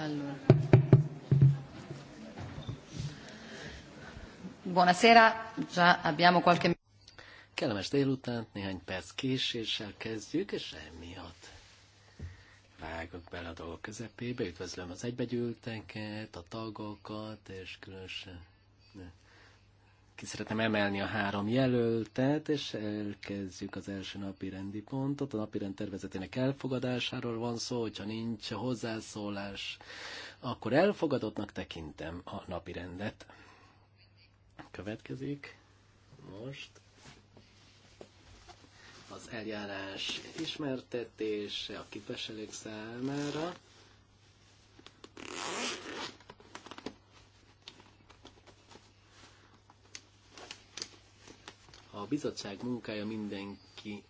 Allora. Buonasera, già abbiamo qualche... Kellemes délután, néhány perc késéssel kezdjük, és emiatt vágok bele a dolgok közepébe, üdvözlöm az egybegyűlteket, a tagokat, és különösen ki szeretem emelni a három jelöltet, és elkezdjük az első napi rendi pontot. A napi rend tervezetének elfogadásáról van szó, hogyha nincs hozzászólás, akkor elfogadottnak tekintem a napi rendet. Következik most az eljárás ismertetése a képviselők számára. A bizottság munkája mindenki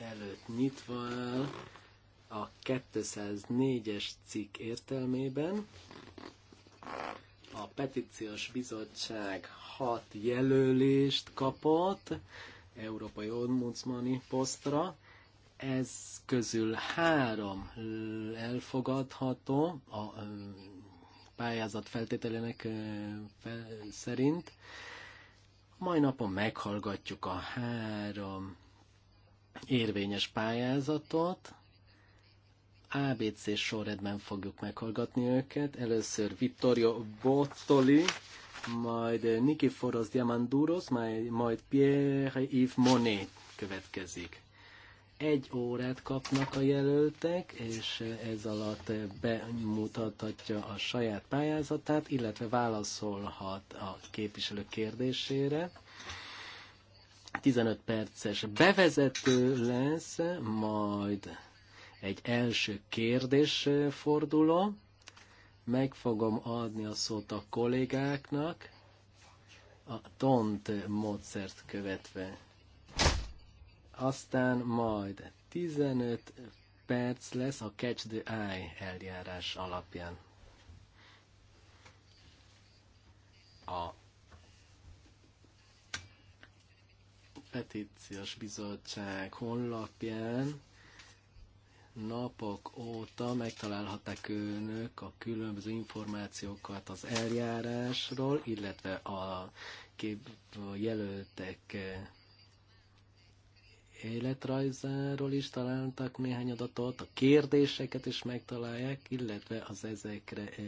előtt nyitva áll a 204-es cikk értelmében. A petíciós bizottság hat jelölést kapott Európai Ombudsmani posztra. Ez közül három elfogadható a pályázat feltételének szerint Mai napon meghallgatjuk a három érvényes pályázatot. ABC sorrendben fogjuk meghallgatni őket. Először Vittorio Bottoli, majd Nikiforos Diamanduros, majd Pierre-Yves Monet következik egy órát kapnak a jelöltek, és ez alatt bemutathatja a saját pályázatát, illetve válaszolhat a képviselő kérdésére. 15 perces bevezető lesz, majd egy első kérdés forduló. Meg fogom adni a szót a kollégáknak, a tont módszert követve aztán majd 15 perc lesz a Catch the Eye eljárás alapján. A petíciós bizottság honlapján napok óta megtalálhatták önök a különböző információkat az eljárásról, illetve a kép jelöltek életrajzáról is találtak néhány adatot, a kérdéseket is megtalálják, illetve az ezekre eh,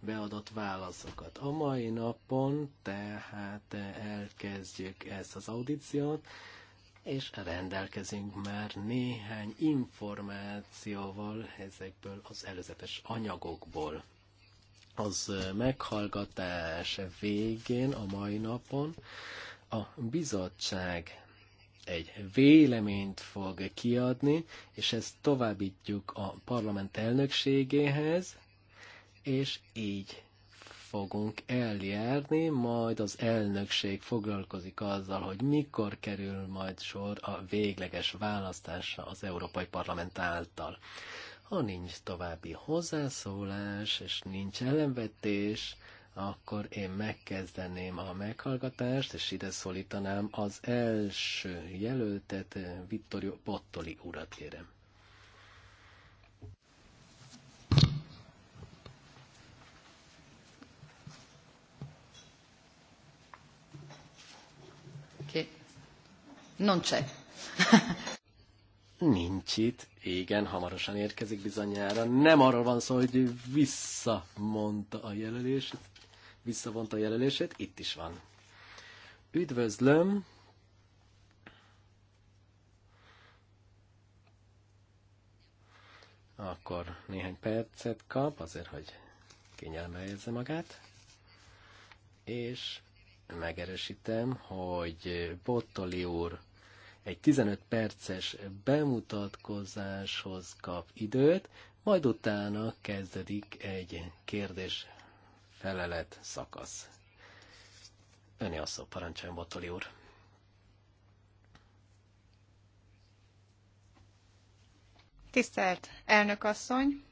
beadott válaszokat. A mai napon tehát eh, elkezdjük ezt az audíciót, és rendelkezünk már néhány információval ezekből az előzetes anyagokból. Az eh, meghallgatás végén a mai napon a bizottság egy véleményt fog kiadni, és ezt továbbítjuk a parlament elnökségéhez, és így fogunk eljárni, majd az elnökség foglalkozik azzal, hogy mikor kerül majd sor a végleges választása az Európai Parlament által. Ha nincs további hozzászólás, és nincs ellenvetés, akkor én megkezdeném a meghallgatást, és ide szólítanám az első jelöltet, Vittorio Bottoli urat kérem. Okay. Non c'è. Nincs itt. Igen, hamarosan érkezik bizonyára. Nem arról van szó, hogy visszamondta a jelölést, visszavonta a jelölését, itt is van. Üdvözlöm! Akkor néhány percet kap, azért, hogy kényelmelje magát. És megerősítem, hogy Bottoli úr egy 15 perces bemutatkozáshoz kap időt, majd utána kezdődik egy kérdés felelet szakasz. Öné a szó, parancsoljon, Botoli úr. Tisztelt elnök asszony,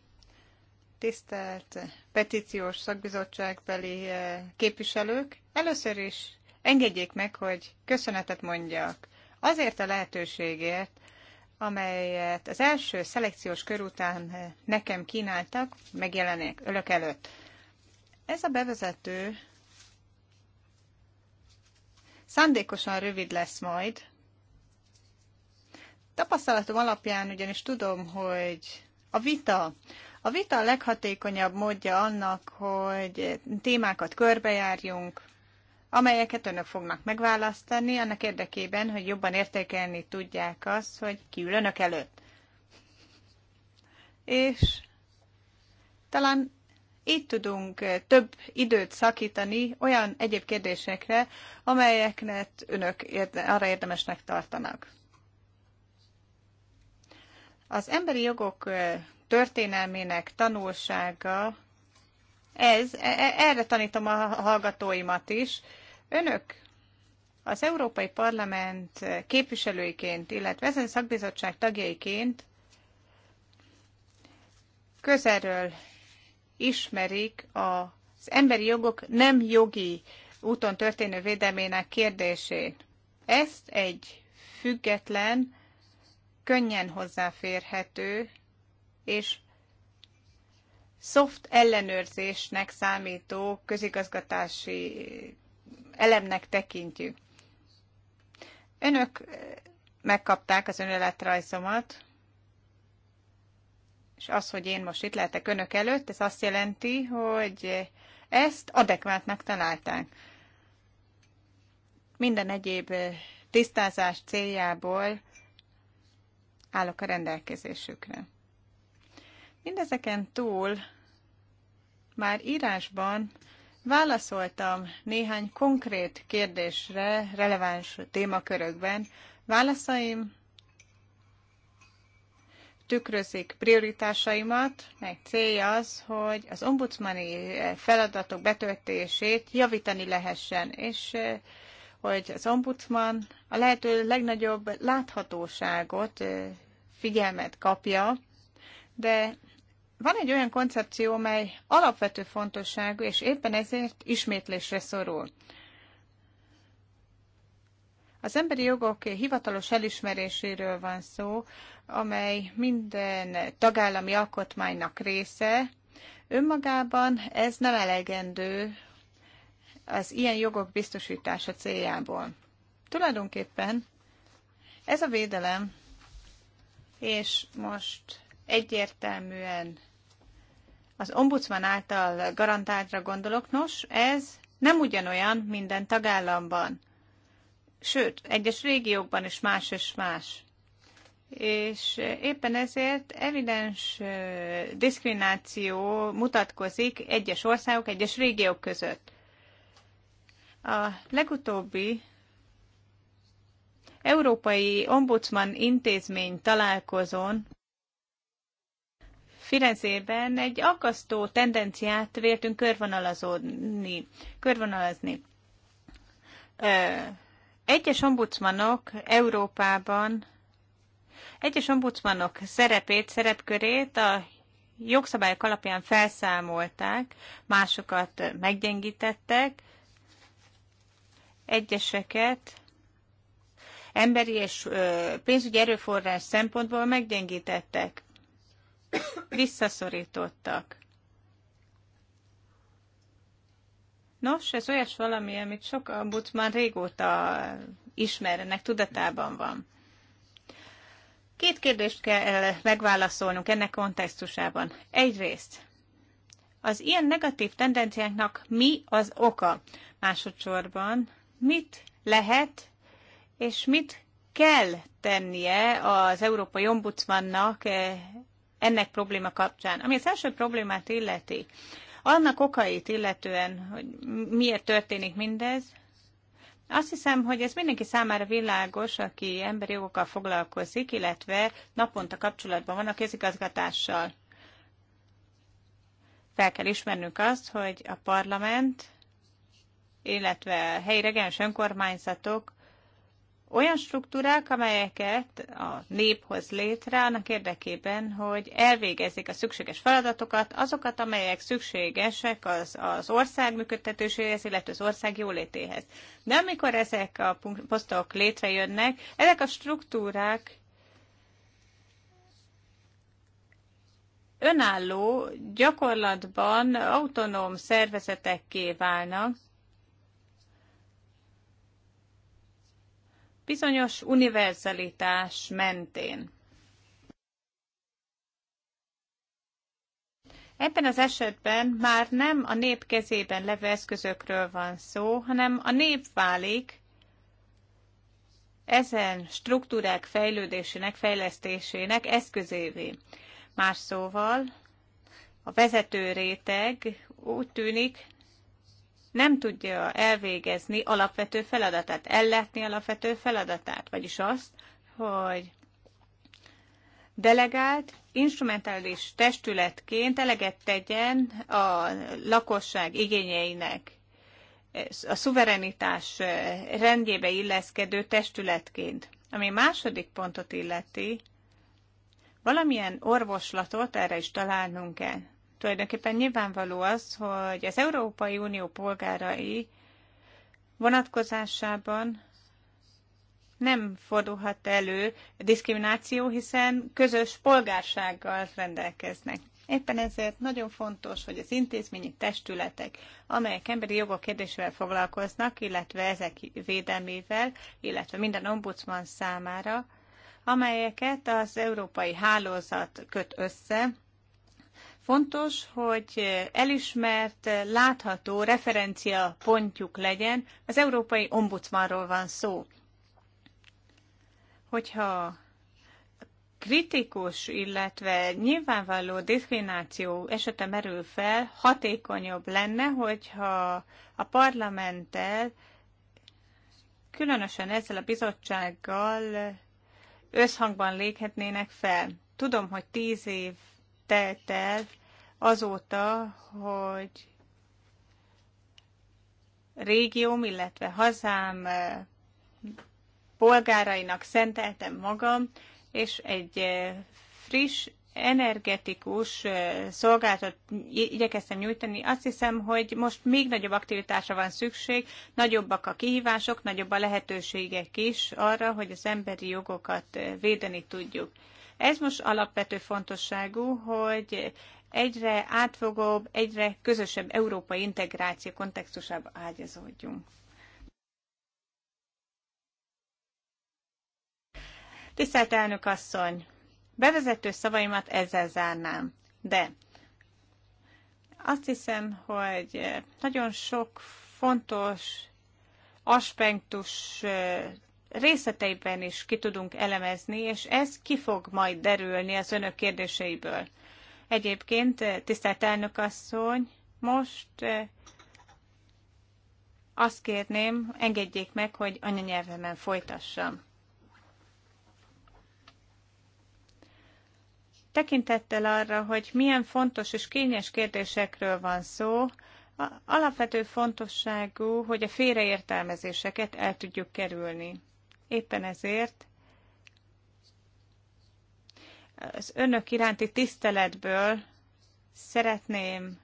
tisztelt petíciós szakbizottságbeli eh, képviselők, először is engedjék meg, hogy köszönetet mondjak azért a lehetőségért, amelyet az első szelekciós kör után eh, nekem kínáltak, megjelenek ölök előtt. Ez a bevezető szándékosan rövid lesz majd. Tapasztalatom alapján ugyanis tudom, hogy a vita, a vita a leghatékonyabb módja annak, hogy témákat körbejárjunk, amelyeket önök fognak megválasztani, annak érdekében, hogy jobban értékelni tudják azt, hogy ki ül önök előtt. És talán így tudunk eh, több időt szakítani olyan egyéb kérdésekre, amelyeknek önök érde, arra érdemesnek tartanak. Az emberi jogok eh, történelmének tanulsága ez, e, e, erre tanítom a hallgatóimat is. Önök az Európai Parlament eh, képviselőiként, illetve ezen szakbizottság tagjaiként közelről ismerik az emberi jogok nem jogi úton történő védelmének kérdését. Ezt egy független, könnyen hozzáférhető és szoft ellenőrzésnek számító közigazgatási elemnek tekintjük. Önök megkapták az önéletrajzomat, és az, hogy én most itt lehetek önök előtt, ez azt jelenti, hogy ezt adekvátnak találták. Minden egyéb tisztázás céljából állok a rendelkezésükre. Mindezeken túl már írásban válaszoltam néhány konkrét kérdésre releváns témakörökben. Válaszaim tükrözik prioritásaimat, mely célja az, hogy az ombudsmani eh, feladatok betöltését javítani lehessen, és eh, hogy az ombudsman a lehető legnagyobb láthatóságot, eh, figyelmet kapja, de van egy olyan koncepció, mely alapvető fontosságú, és éppen ezért ismétlésre szorul. Az emberi jogok hivatalos elismeréséről van szó, amely minden tagállami alkotmánynak része. Önmagában ez nem elegendő az ilyen jogok biztosítása céljából. Tulajdonképpen ez a védelem, és most egyértelműen az ombudsman által garantáltra gondolok, nos, ez nem ugyanolyan minden tagállamban sőt, egyes régiókban is más és más. És éppen ezért evidens diszkrimináció mutatkozik egyes országok, egyes régiók között. A legutóbbi Európai Ombudsman intézmény találkozón Firenzében egy akasztó tendenciát véltünk körvonalazódni, körvonalazni. Egyes ombudsmanok Európában egyes ombudsmanok szerepét, szerepkörét a jogszabályok alapján felszámolták, másokat meggyengítettek, egyeseket emberi és pénzügyi erőforrás szempontból meggyengítettek, visszaszorítottak. Nos, ez olyas valami, amit sok ombudsman régóta ismernek, tudatában van. Két kérdést kell megválaszolnunk ennek kontextusában. Egyrészt, az ilyen negatív tendenciáknak mi az oka? Másodszorban, mit lehet és mit kell tennie az Európai Ombudsmannak eh, ennek probléma kapcsán? Ami az első problémát illeti, annak okait illetően, hogy miért történik mindez, azt hiszem, hogy ez mindenki számára világos, aki emberi jogokkal foglalkozik, illetve naponta kapcsolatban van a közigazgatással. Fel kell ismernünk azt, hogy a parlament, illetve a helyi regens önkormányzatok olyan struktúrák, amelyeket a nép hoz létre annak érdekében, hogy elvégezzék a szükséges feladatokat, azokat, amelyek szükségesek az, az ország működtetőséhez, illetve az ország jólétéhez. De amikor ezek a posztok létrejönnek, ezek a struktúrák önálló, gyakorlatban autonóm szervezetekké válnak, bizonyos univerzalitás mentén. Ebben az esetben már nem a nép kezében levő eszközökről van szó, hanem a nép válik ezen struktúrák fejlődésének, fejlesztésének eszközévé. Más szóval, a vezető réteg úgy tűnik nem tudja elvégezni alapvető feladatát, ellátni alapvető feladatát, vagyis azt, hogy delegált, instrumentális testületként eleget tegyen a lakosság igényeinek, a szuverenitás rendjébe illeszkedő testületként. Ami második pontot illeti, valamilyen orvoslatot erre is találnunk kell tulajdonképpen nyilvánvaló az, hogy az Európai Unió polgárai vonatkozásában nem fordulhat elő diszkrimináció, hiszen közös polgársággal rendelkeznek. Éppen ezért nagyon fontos, hogy az intézményi testületek, amelyek emberi jogok kérdésével foglalkoznak, illetve ezek védelmével, illetve minden ombudsman számára, amelyeket az európai hálózat köt össze, Fontos, hogy elismert, látható referencia pontjuk legyen. Az Európai Ombudsmanról van szó. Hogyha kritikus, illetve nyilvánvaló diszkrimináció esete merül fel, hatékonyabb lenne, hogyha a parlamenttel, különösen ezzel a bizottsággal összhangban léphetnének fel. Tudom, hogy tíz év telt el azóta, hogy régióm, illetve hazám eh, polgárainak szenteltem magam, és egy eh, friss, energetikus eh, szolgáltat igyekeztem nyújtani. Azt hiszem, hogy most még nagyobb aktivitásra van szükség, nagyobbak a kihívások, nagyobb a lehetőségek is arra, hogy az emberi jogokat védeni tudjuk. Ez most alapvető fontosságú, hogy egyre átfogóbb, egyre közösebb európai integráció kontextusába ágyazódjunk. Tisztelt elnök asszony! Bevezető szavaimat ezzel zárnám, de azt hiszem, hogy nagyon sok fontos aspektus részleteiben is ki tudunk elemezni, és ez ki fog majd derülni az önök kérdéseiből. Egyébként, eh, tisztelt elnök asszony, most eh, azt kérném, engedjék meg, hogy anyanyelvemen folytassam. Tekintettel arra, hogy milyen fontos és kényes kérdésekről van szó, alapvető fontosságú, hogy a félreértelmezéseket el tudjuk kerülni. Éppen ezért az önök iránti tiszteletből szeretném,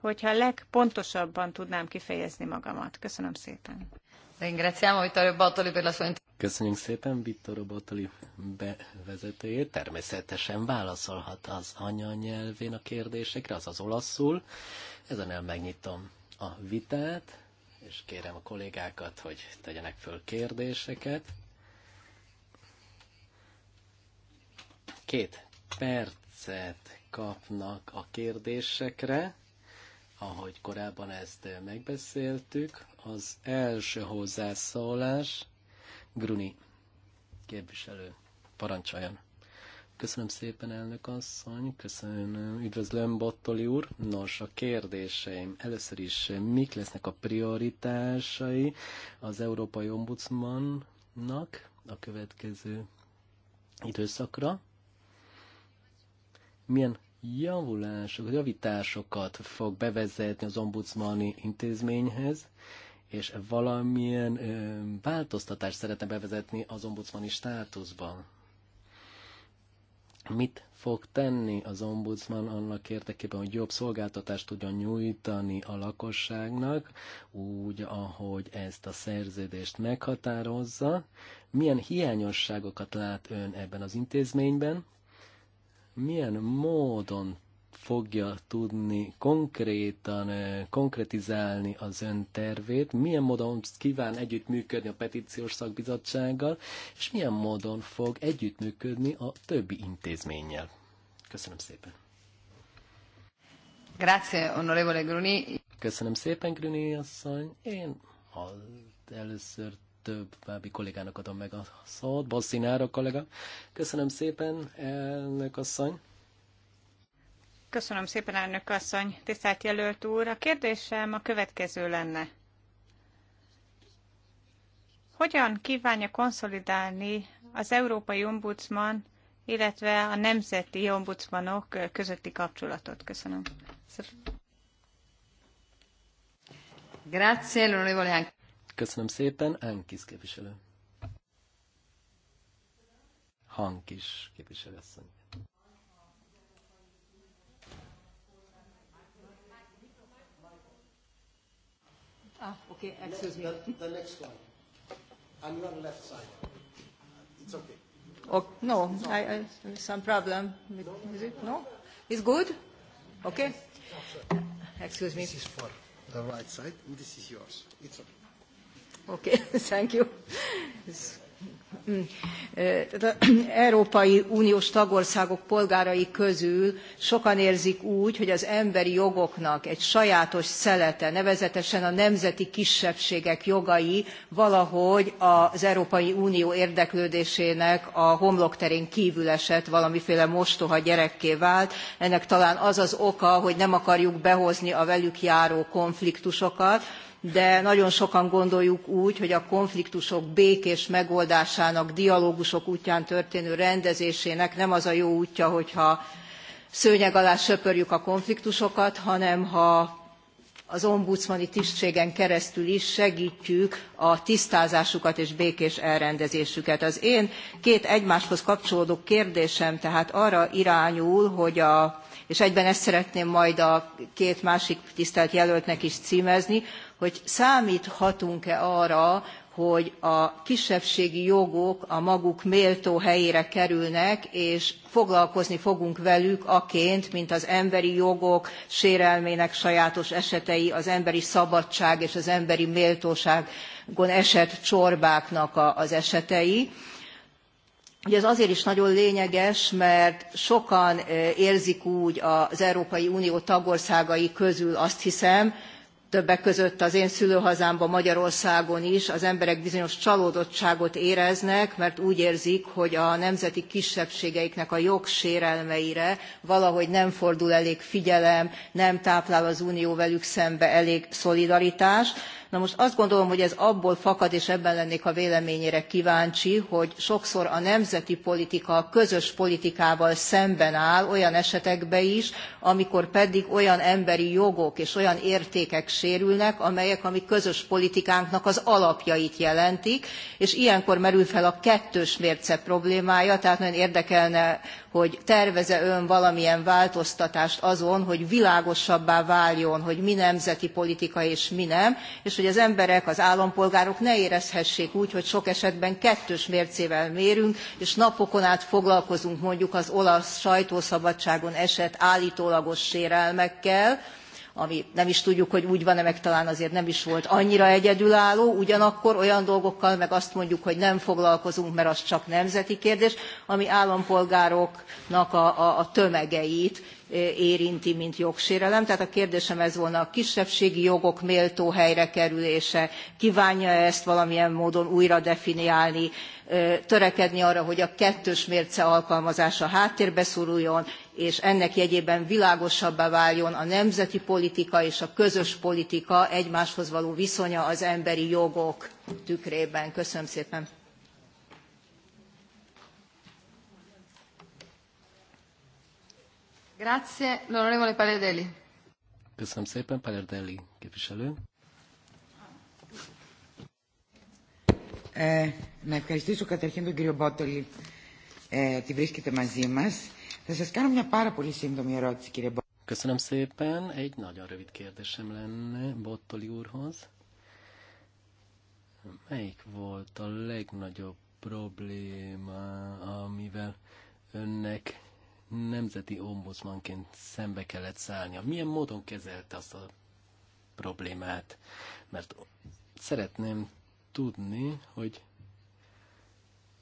hogyha legpontosabban tudnám kifejezni magamat. Köszönöm szépen. Köszönjük szépen Vittorio Bottoli bevezetőjét. Természetesen válaszolhat az anyanyelvén a kérdésekre, az az olaszul. Ezen el megnyitom a vitát és kérem a kollégákat, hogy tegyenek föl kérdéseket. Két percet kapnak a kérdésekre, ahogy korábban ezt megbeszéltük. Az első hozzászólás Gruni képviselő parancsoljon. Köszönöm szépen, elnök asszony, köszönöm, üdvözlöm, Bottoli úr. Nos, a kérdéseim először is, mik lesznek a prioritásai az Európai Ombudsmannak a következő időszakra? Milyen javulások, javításokat fog bevezetni az ombudsmani intézményhez, és valamilyen ö, változtatást szeretne bevezetni az ombudsmani státuszban? Mit fog tenni az ombudsman annak érdekében, hogy jobb szolgáltatást tudjon nyújtani a lakosságnak, úgy, ahogy ezt a szerződést meghatározza? Milyen hiányosságokat lát ön ebben az intézményben? Milyen módon fogja tudni konkrétan eh, konkretizálni az ön tervét, milyen módon kíván együttműködni a petíciós szakbizottsággal, és milyen módon fog együttműködni a többi intézménnyel. Köszönöm szépen. Grazie, onorevole Gruni. Köszönöm szépen, Gruni asszony. Én először több kollégának adom meg a szót. Bosszinára kollega. Köszönöm szépen, elnök asszony. Köszönöm szépen, elnök asszony, tisztelt jelölt úr. A kérdésem a következő lenne. Hogyan kívánja konszolidálni az Európai Ombudsman, illetve a nemzeti ombudsmanok közötti kapcsolatot? Köszönöm. Grazie, l'onorevole Köszönöm szépen, Ankis képviselő. Hankis képviselő asszony. Ah, okay, excuse me. The, the next one. On your left side. It's okay. Oh, no, I, I, some problem. With, is it? No? It's good? Okay. Excuse me. This is for the right side, and this is yours. It's okay. Okay, thank you. It's európai uniós tagországok polgárai közül sokan érzik úgy hogy az emberi jogoknak egy sajátos szelete nevezetesen a nemzeti kisebbségek jogai valahogy az európai unió érdeklődésének a homlokterén kvül esett valamiféle mostoha gyerekké vált. ennek talán az az oka hogy nem akarjuk behozni a velük járó konfliktusokat de nagyon sokan gondoljuk úgy, hogy a konfliktusok békés megoldásának, dialógusok útján történő rendezésének nem az a jó útja, hogyha szőnyeg alá söpörjük a konfliktusokat, hanem ha az ombudsmani tisztségen keresztül is segítjük a tisztázásukat és békés elrendezésüket. Az én két egymáshoz kapcsolódó kérdésem tehát arra irányul, hogy a és egyben ezt szeretném majd a két másik tisztelt jelöltnek is címezni, hogy számíthatunk-e arra, hogy a kisebbségi jogok a maguk méltó helyére kerülnek, és foglalkozni fogunk velük aként, mint az emberi jogok sérelmének sajátos esetei, az emberi szabadság és az emberi méltóságon esett csorbáknak az esetei. Ugye ez azért is nagyon lényeges, mert sokan eh, érzik úgy az Európai Unió tagországai közül azt hiszem, többek között az én szülőhazámban, Magyarországon is az emberek bizonyos csalódottságot éreznek, mert úgy érzik, hogy a nemzeti kisebbségeiknek a jogsérelmeire valahogy nem fordul elég figyelem, nem táplál az Unió velük szembe elég szolidaritás na most azt gondolom hogy ez abból fakad és ebben lennék a véleményére kváncsi hogy sokszor a nemzeti politika a közös politikával szemben áll olyan esetekben is amikor pedig olyan emberi jogok és olyan értékek sérülnek amelyek a mi közös politikánknak az alapjait jelentik és ilyenkor merül fel a kettős mérce problémája tehát nagyon érdekelne hogy terveze ön valamilyen változtatást azon, hogy világosabbá váljon, hogy mi nemzeti politika és mi nem, és hogy az emberek, az állampolgárok ne érezhessék úgy, hogy sok esetben kettős mércével mérünk, és napokon át foglalkozunk mondjuk az olasz sajtószabadságon esett állítólagos sérelmekkel, ami nem is tudjuk, hogy úgy van-e, meg talán azért nem is volt annyira egyedülálló, ugyanakkor olyan dolgokkal meg azt mondjuk, hogy nem foglalkozunk, mert az csak nemzeti kérdés, ami állampolgároknak a, a, a tömegeit érinti, mint jogsérelem. Tehát a kérdésem ez volna a kisebbségi jogok méltó helyre kerülése. Kívánja -e ezt valamilyen módon újra definiálni, törekedni arra, hogy a kettős mérce alkalmazása háttérbe szoruljon, és ennek jegyében világosabbá váljon a nemzeti politika és a közös politika egymáshoz való viszonya az emberi jogok tükrében. Köszönöm szépen! Grazie, l'onorevole Köszönöm szépen, Paledeli képviselő. να ευχαριστήσω καταρχήν τον κύριο Μπότολη ε, ότι βρίσκεται μαζί μας. Θα σας κάνω μια πάρα πολύ σύντομη ερώτηση, κύριε Μπότολη. Köszönöm szépen. Egy nagyon rövid kérdésem lenne Bottoli úrhoz. Melyik volt a legnagyobb probléma, amivel önnek nemzeti ombudsmanként szembe kellett szállnia. Milyen módon kezelte azt a problémát? Mert szeretném tudni, hogy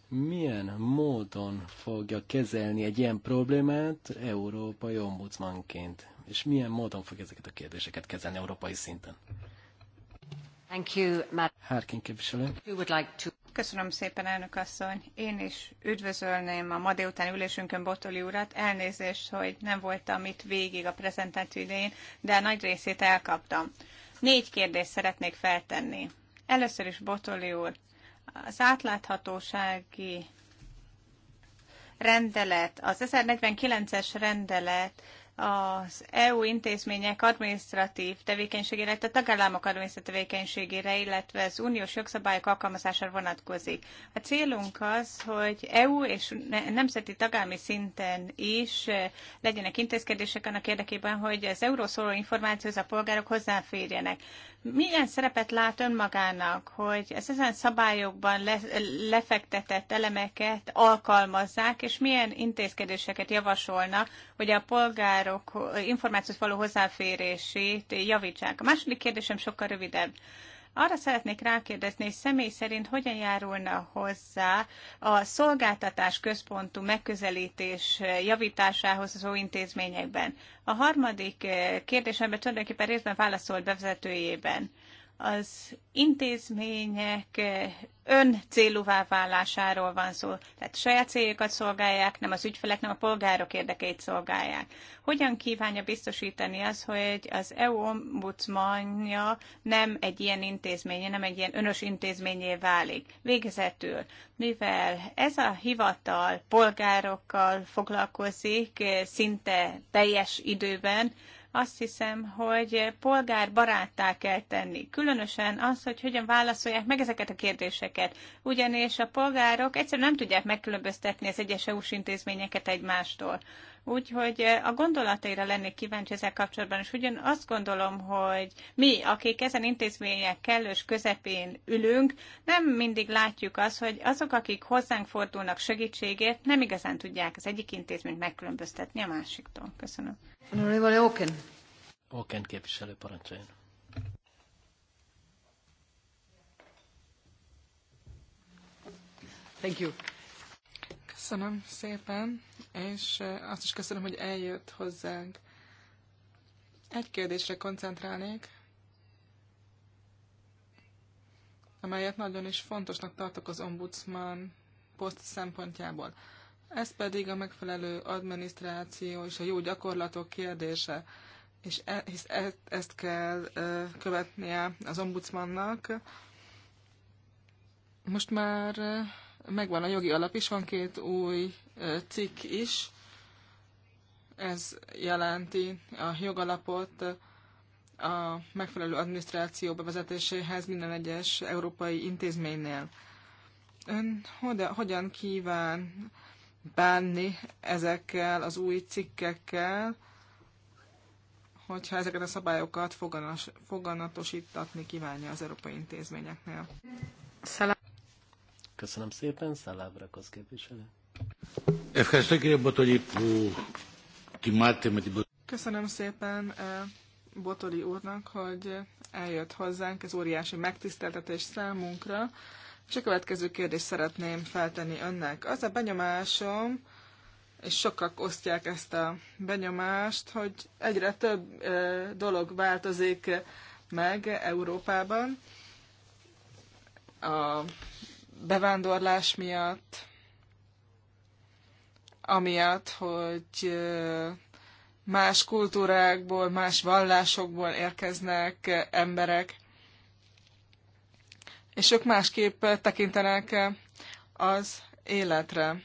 milyen módon fogja kezelni egy ilyen problémát európai ombudsmanként, és milyen módon fog ezeket a kérdéseket kezelni európai szinten. Thank you, Harkin képviselő. Who would like to... Köszönöm szépen, elnök asszony. Én is üdvözölném a ma délután ülésünkön Botoli urat. Elnézést, hogy nem voltam itt végig a prezentáció idején, de a nagy részét elkaptam. Négy kérdést szeretnék feltenni. Először is Botoli úr, az átláthatósági rendelet, az 1049-es rendelet az EU intézmények adminisztratív tevékenységére, tehát a tagállamok adminisztratív tevékenységére, illetve az uniós jogszabályok alkalmazására vonatkozik. A célunk az, hogy EU és nemzeti tagállami szinten is eh, legyenek intézkedések annak érdekében, hogy az euró szóló információhoz a polgárok hozzáférjenek. Milyen szerepet lát önmagának, hogy ez ezen szabályokban le, lefektetett elemeket alkalmazzák, és milyen intézkedéseket javasolnak, hogy a polgárok információt való hozzáférését javítsák? A második kérdésem sokkal rövidebb. Arra szeretnék rákérdezni, személy szerint hogyan járulna hozzá a szolgáltatás központú megközelítés javításához az intézményekben. A harmadik eh, kérdésemben tulajdonképpen részben válaszolt bevezetőjében az intézmények eh, öncélúvá válásáról van szó. Tehát saját céljukat szolgálják, nem az ügyfelek, nem a polgárok érdekeit szolgálják. Hogyan kívánja biztosítani az, hogy az EU ombudsmanja nem egy ilyen intézménye, nem egy ilyen önös intézményé válik? Végezetül, mivel ez a hivatal polgárokkal foglalkozik eh, szinte teljes időben, azt hiszem, hogy polgárbaráttá kell tenni. Különösen az, hogy hogyan válaszolják meg ezeket a kérdéseket. Ugyanis a polgárok egyszerűen nem tudják megkülönböztetni az egyes EU-s intézményeket egymástól. Úgyhogy eh, a gondolataira lennék kíváncsi ezzel kapcsolatban, és ugyan azt gondolom, hogy mi, akik ezen intézmények kellős közepén ülünk, nem mindig látjuk azt, hogy azok, akik hozzánk fordulnak segítségért, nem igazán tudják az egyik intézményt megkülönböztetni a másiktól. Köszönöm. Honorable Oken. Oken képviselő parancsoljon. Thank you. Köszönöm szépen, és azt is köszönöm, hogy eljött hozzánk. Egy kérdésre koncentrálnék, amelyet nagyon is fontosnak tartok az ombudsman poszt szempontjából. Ez pedig a megfelelő adminisztráció és a jó gyakorlatok kérdése, és e, hisz e, ezt kell e, követnie az ombudsmannak. Most már e, megvan a jogi alap is, van két új cikk is, ez jelenti a jogalapot a megfelelő adminisztráció bevezetéséhez minden egyes európai intézménynél. Ön hogyan kíván bánni ezekkel az új cikkekkel, hogyha ezeket a szabályokat foganatosítatni kívánja az európai intézményeknél? Szalá Köszönöm szépen, Szalábrakosz képviselő. Köszönöm szépen eh, Botoli úrnak, hogy eljött hozzánk, ez óriási megtiszteltetés számunkra. És a következő kérdést szeretném feltenni önnek. Az a benyomásom, és sokak osztják ezt a benyomást, hogy egyre több eh, dolog változik meg Európában. A bevándorlás miatt, amiatt, hogy más kultúrákból, más vallásokból érkeznek emberek, és ők másképp tekintenek az életre.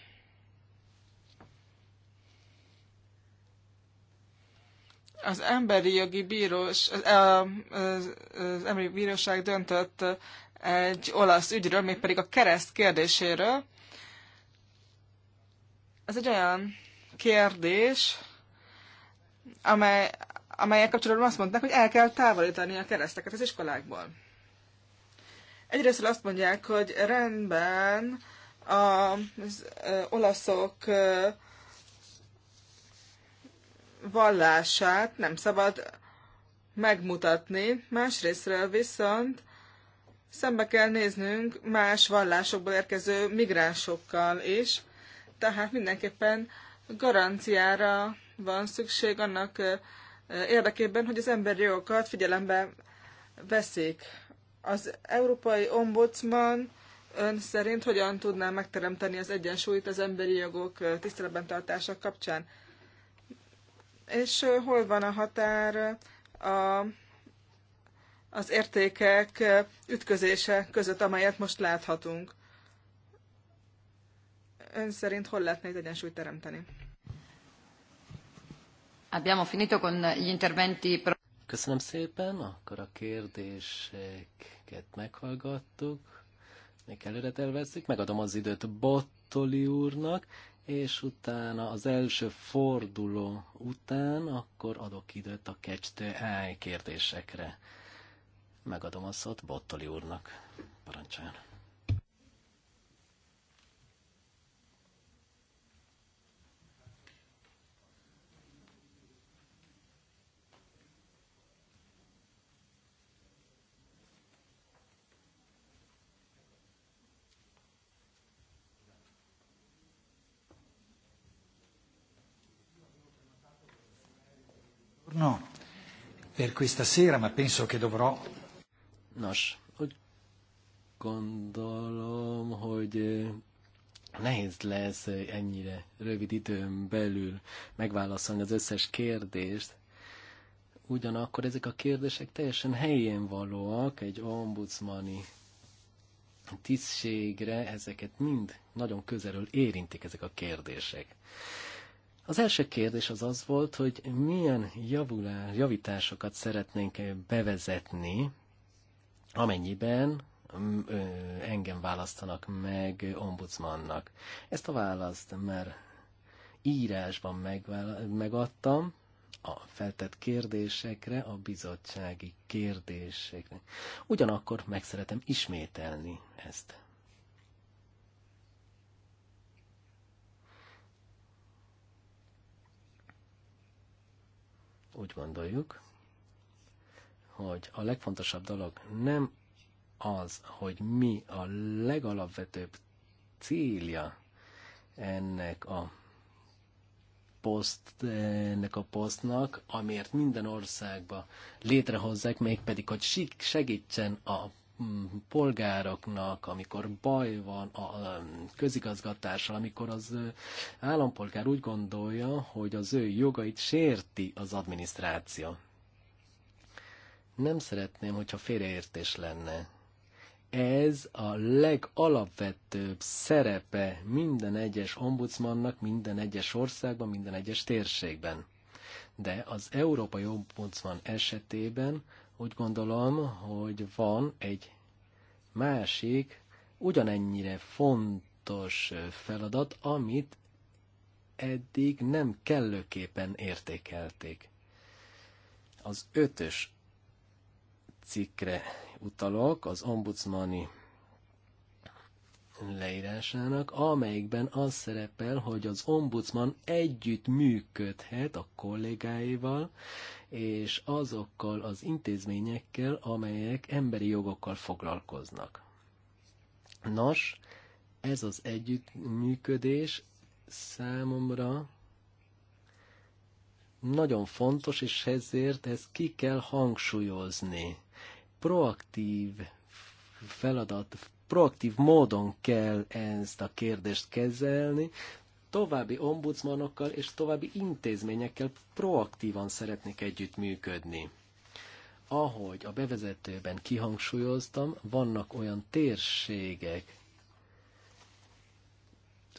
Az emberi jogi bírós, az, az, az emberi bíróság döntött egy olasz ügyről, mégpedig a kereszt kérdéséről. Ez egy olyan kérdés, amely, amelyek kapcsolatban azt mondták, hogy el kell távolítani a kereszteket az iskolákból. Egyrészt azt mondják, hogy rendben az olaszok vallását nem szabad megmutatni, másrésztről viszont szembe kell néznünk más vallásokból érkező migránsokkal is, tehát mindenképpen garanciára van szükség annak érdekében, hogy az emberi jogokat figyelembe veszik. Az Európai Ombudsman ön szerint hogyan tudná megteremteni az egyensúlyt az emberi jogok tiszteletben tartása kapcsán? És hol van a határ a az értékek ütközése között, amelyet most láthatunk. Ön szerint hol lehetne egy egyensúlyt teremteni? Abbiamo finito con gli interventi. Köszönöm szépen, akkor a kérdéseket meghallgattuk. Még előre tervezzük, megadom az időt Bottoli úrnak, és utána az első forduló után akkor adok időt a catch kérdésekre. Megadom a szót Bottoli úrnak. Parancsoljon. No, per questa sera, ma penso che dovrò Nos, úgy gondolom, hogy eh, nehéz lesz eh, ennyire rövid időn belül megválaszolni az összes kérdést, ugyanakkor ezek a kérdések teljesen helyén valóak egy ombudsmani tisztségre, ezeket mind nagyon közelről érintik ezek a kérdések. Az első kérdés az az volt, hogy milyen javulás, javításokat szeretnénk bevezetni amennyiben mm, engem választanak meg ombudsmannak. Ezt a választ már írásban megadtam a feltett kérdésekre, a bizottsági kérdésekre. Ugyanakkor meg szeretem ismételni ezt. Úgy gondoljuk, hogy a legfontosabb dolog nem az, hogy mi a legalapvetőbb célja ennek a poszt, ennek a posztnak, amiért minden országba létrehozzák, mégpedig, hogy segítsen a mm, polgároknak, amikor baj van a közigazgatással, amikor az állampolgár úgy gondolja, hogy az ő jogait sérti az adminisztráció. Nem szeretném, hogyha félreértés lenne. Ez a legalapvetőbb szerepe minden egyes ombudsmannak minden egyes országban, minden egyes térségben. De az Európai Ombudsman esetében úgy gondolom, hogy van egy másik, ugyanennyire fontos feladat, amit eddig nem kellőképpen értékelték. Az ötös cikkre utalok, az ombudsmani leírásának, amelyikben az szerepel, hogy az ombudsman együtt működhet a kollégáival és azokkal az intézményekkel, amelyek emberi jogokkal foglalkoznak. Nos, ez az együttműködés számomra nagyon fontos, és ezért ezt ki kell hangsúlyozni proaktív feladat, proaktív módon kell ezt a kérdést kezelni, további ombudsmanokkal és további intézményekkel proaktívan szeretnék együttműködni. Ahogy a bevezetőben kihangsúlyoztam, vannak olyan térségek,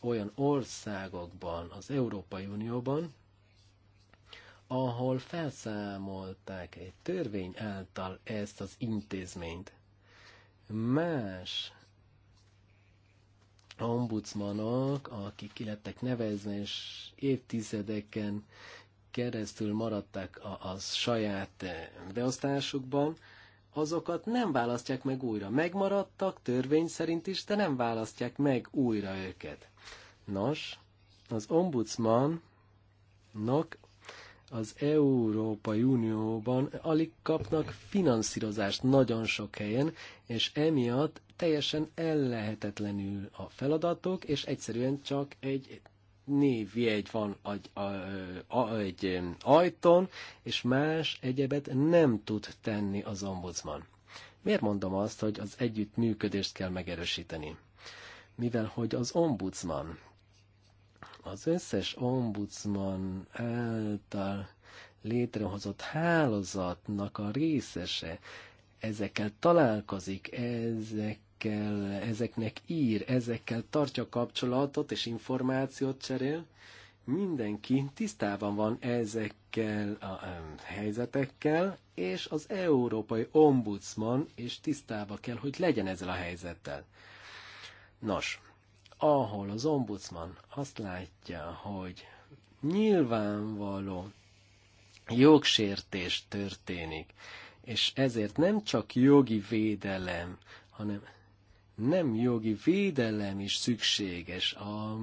olyan országokban, az Európai Unióban, ahol felszámolták egy törvény által ezt az intézményt. Más ombudsmanok, akik kilettek lettek nevezve, és évtizedeken keresztül maradtak a, a saját eh, beosztásukban, azokat nem választják meg újra. Megmaradtak törvény szerint is, de nem választják meg újra őket. Nos, az ombudsmannak az Európai Unióban alig kapnak finanszírozást nagyon sok helyen, és emiatt teljesen ellehetetlenül a feladatok, és egyszerűen csak egy névjegy van egy, egy ajtón, és más egyebet nem tud tenni az ombudsman. Miért mondom azt, hogy az együttműködést kell megerősíteni? Mivel hogy az ombudsman az összes ombudsman által létrehozott hálózatnak a részese ezekkel találkozik, ezekkel, ezeknek ír, ezekkel tartja kapcsolatot és információt cserél, mindenki tisztában van ezekkel a helyzetekkel, és az Európai Ombudsman is tisztában kell, hogy legyen ezzel a helyzettel. Nos, ahol az ombudsman azt látja, hogy nyilvánvaló jogsértés történik, és ezért nem csak jogi védelem, hanem nem jogi védelem is szükséges. A...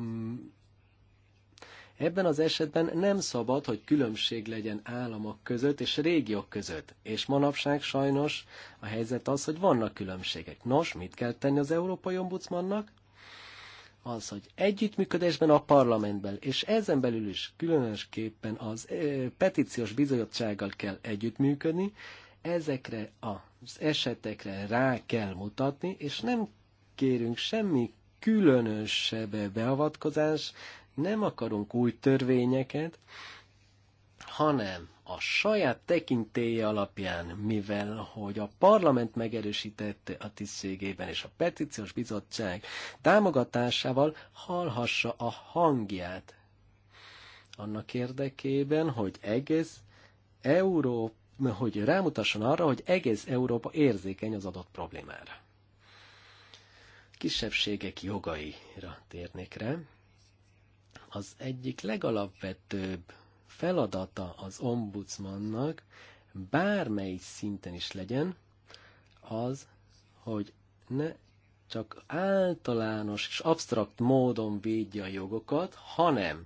Ebben az esetben nem szabad, hogy különbség legyen államok között és régiók között. És manapság sajnos a helyzet az, hogy vannak különbségek. Nos, mit kell tenni az Európai Ombudsmannak? az, hogy együttműködésben a parlamentben, és ezen belül is különösképpen az petíciós bizottsággal kell együttműködni, ezekre az esetekre rá kell mutatni, és nem kérünk semmi különösebb beavatkozás, nem akarunk új törvényeket, hanem a saját tekintéje alapján, mivel hogy a parlament megerősítette a tisztségében és a petíciós bizottság támogatásával hallhassa a hangját. Annak érdekében, hogy egész Európa, hogy rámutasson arra, hogy egész Európa érzékeny az adott problémára. Kisebbségek jogaira térnék rá. Az egyik legalapvetőbb feladata az ombudsmannak, bármely szinten is legyen, az, hogy ne csak általános és absztrakt módon védje a jogokat, hanem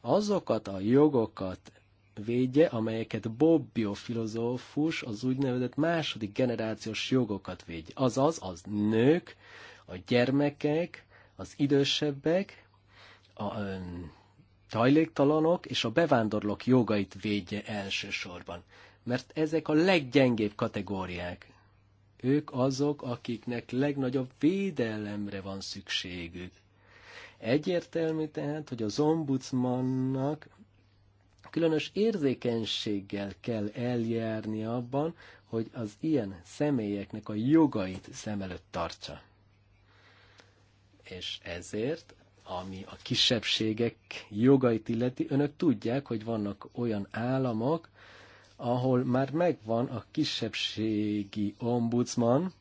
azokat a jogokat védje, amelyeket Bobbio filozófus az úgynevezett második generációs jogokat védje. Azaz az nők, a gyermekek, az idősebbek, a, hajléktalanok és a bevándorlók jogait védje elsősorban. Mert ezek a leggyengébb kategóriák. Ők azok, akiknek legnagyobb védelemre van szükségük. Egyértelmű tehát, hogy az ombudsmannak különös érzékenységgel kell eljárni abban, hogy az ilyen személyeknek a jogait szem előtt tartsa. És ezért ami a kisebbségek jogait illeti, önök tudják, hogy vannak olyan államok, ahol már megvan a kisebbségi ombudsman,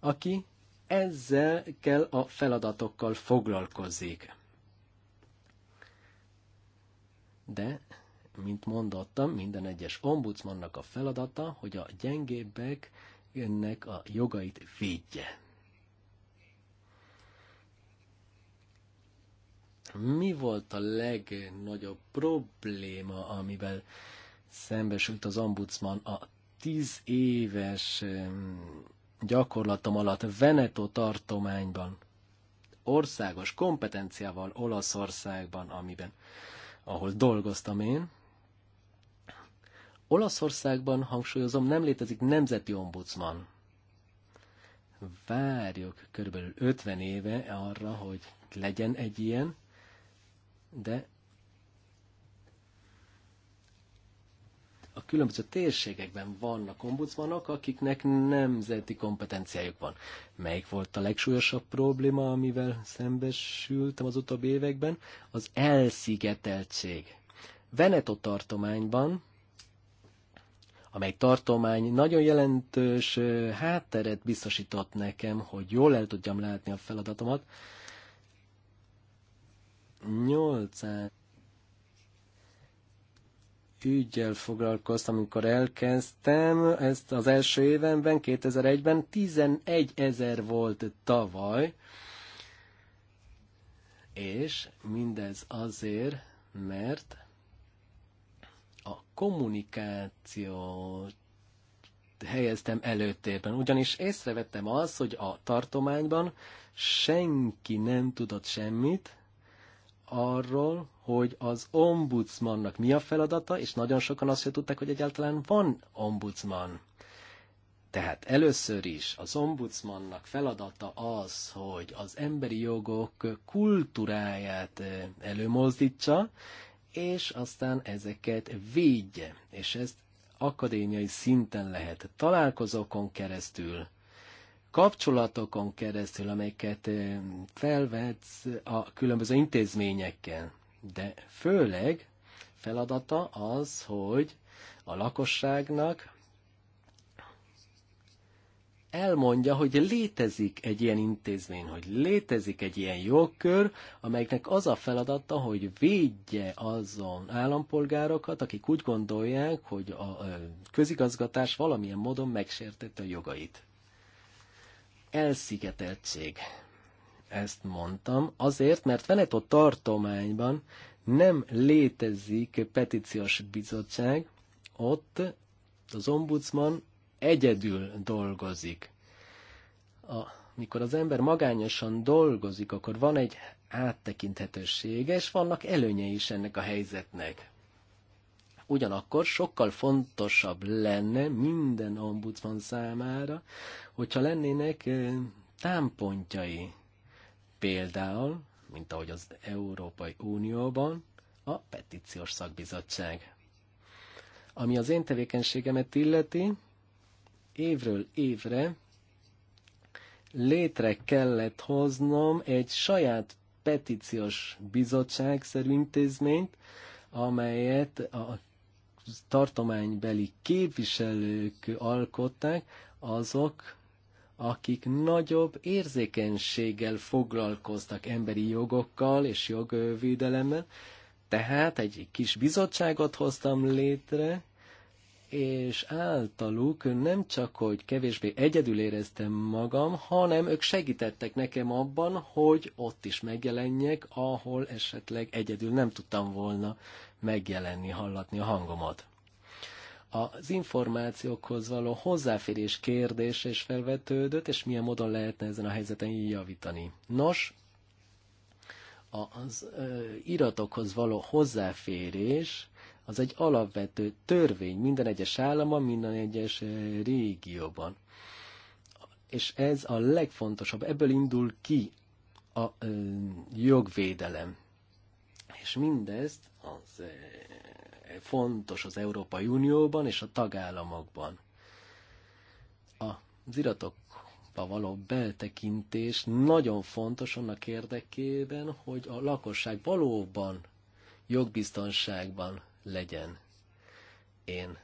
aki ezzel kell a feladatokkal foglalkozik. De, mint mondottam, minden egyes ombudsmannak a feladata, hogy a gyengébbek ennek a jogait védje. Mi volt a legnagyobb probléma, amivel szembesült az ombudsman a tíz éves gyakorlatom alatt Veneto tartományban, országos kompetenciával Olaszországban, amiben, ahol dolgoztam én. Olaszországban, hangsúlyozom, nem létezik nemzeti ombudsman. Várjuk körülbelül 50 éve arra, hogy legyen egy ilyen, de a különböző térségekben vannak ombudsmanok, akiknek nemzeti kompetenciájuk van. Melyik volt a legsúlyosabb probléma, amivel szembesültem az utóbbi években? Az elszigeteltség. Veneto tartományban, amely tartomány nagyon jelentős eh, hátteret biztosított nekem, hogy jól el tudjam látni a feladatomat, nyolcán ügyel foglalkoztam, amikor elkezdtem ezt az első évenben, 2001-ben, 11 ezer volt tavaly, és mindez azért, mert a kommunikációt helyeztem előtérben, ugyanis észrevettem azt, hogy a tartományban senki nem tudott semmit, arról, hogy az ombudsmannak mi a feladata, és nagyon sokan azt se tudták, hogy egyáltalán van ombudsman. Tehát először is az ombudsmannak feladata az, hogy az emberi jogok kultúráját előmozdítsa, és aztán ezeket védje. És ezt akadémiai szinten lehet találkozókon keresztül, kapcsolatokon keresztül, amelyeket felvetsz a különböző intézményekkel. De főleg feladata az, hogy a lakosságnak elmondja, hogy létezik egy ilyen intézmény, hogy létezik egy ilyen jogkör, amelynek az a feladata, hogy védje azon állampolgárokat, akik úgy gondolják, hogy a közigazgatás valamilyen módon megsértette a jogait elszigeteltség. Ezt mondtam azért, mert Veneto tartományban nem létezik petíciós bizottság, ott az ombudsman egyedül dolgozik. A, mikor az ember magányosan dolgozik, akkor van egy áttekinthetősége, és vannak előnyei is ennek a helyzetnek. Ugyanakkor sokkal fontosabb lenne minden ombudsman számára, hogyha lennének támpontjai. Például, mint ahogy az Európai Unióban, a petíciós szakbizottság. Ami az én tevékenységemet illeti, évről évre létre kellett hoznom egy saját petíciós bizottságszerű intézményt, amelyet a tartománybeli képviselők alkották, azok, akik nagyobb érzékenységgel foglalkoztak emberi jogokkal és jogvédelemmel, tehát egy kis bizottságot hoztam létre, és általuk nem csak, hogy kevésbé egyedül éreztem magam, hanem ők segítettek nekem abban, hogy ott is megjelenjek, ahol esetleg egyedül nem tudtam volna megjelenni, hallatni a hangomat. Az információkhoz való hozzáférés kérdés is felvetődött, és milyen módon lehetne ezen a helyzeten javítani. Nos, az iratokhoz való hozzáférés az egy alapvető törvény minden egyes államban, minden egyes eh, régióban. És ez a legfontosabb, ebből indul ki a ö, eh, jogvédelem. És mindezt az ö, eh, fontos az Európai Unióban és a tagállamokban. Az iratokba való beltekintés nagyon fontos annak érdekében, hogy a lakosság valóban jogbiztonságban legyen. Én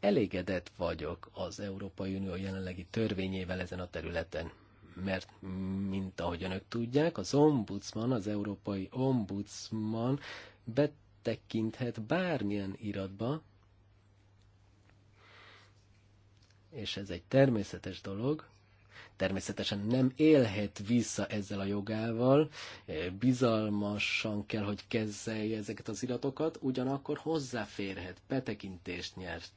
elégedett vagyok az Európai Unió jelenlegi törvényével ezen a területen. Mert, mint ahogy önök tudják, az ombudsman, az európai ombudsman betekinthet bármilyen iratba, és ez egy természetes dolog, természetesen nem élhet vissza ezzel a jogával, e, bizalmasan kell, hogy kezelje ezeket az iratokat, ugyanakkor hozzáférhet, betekintést nyert.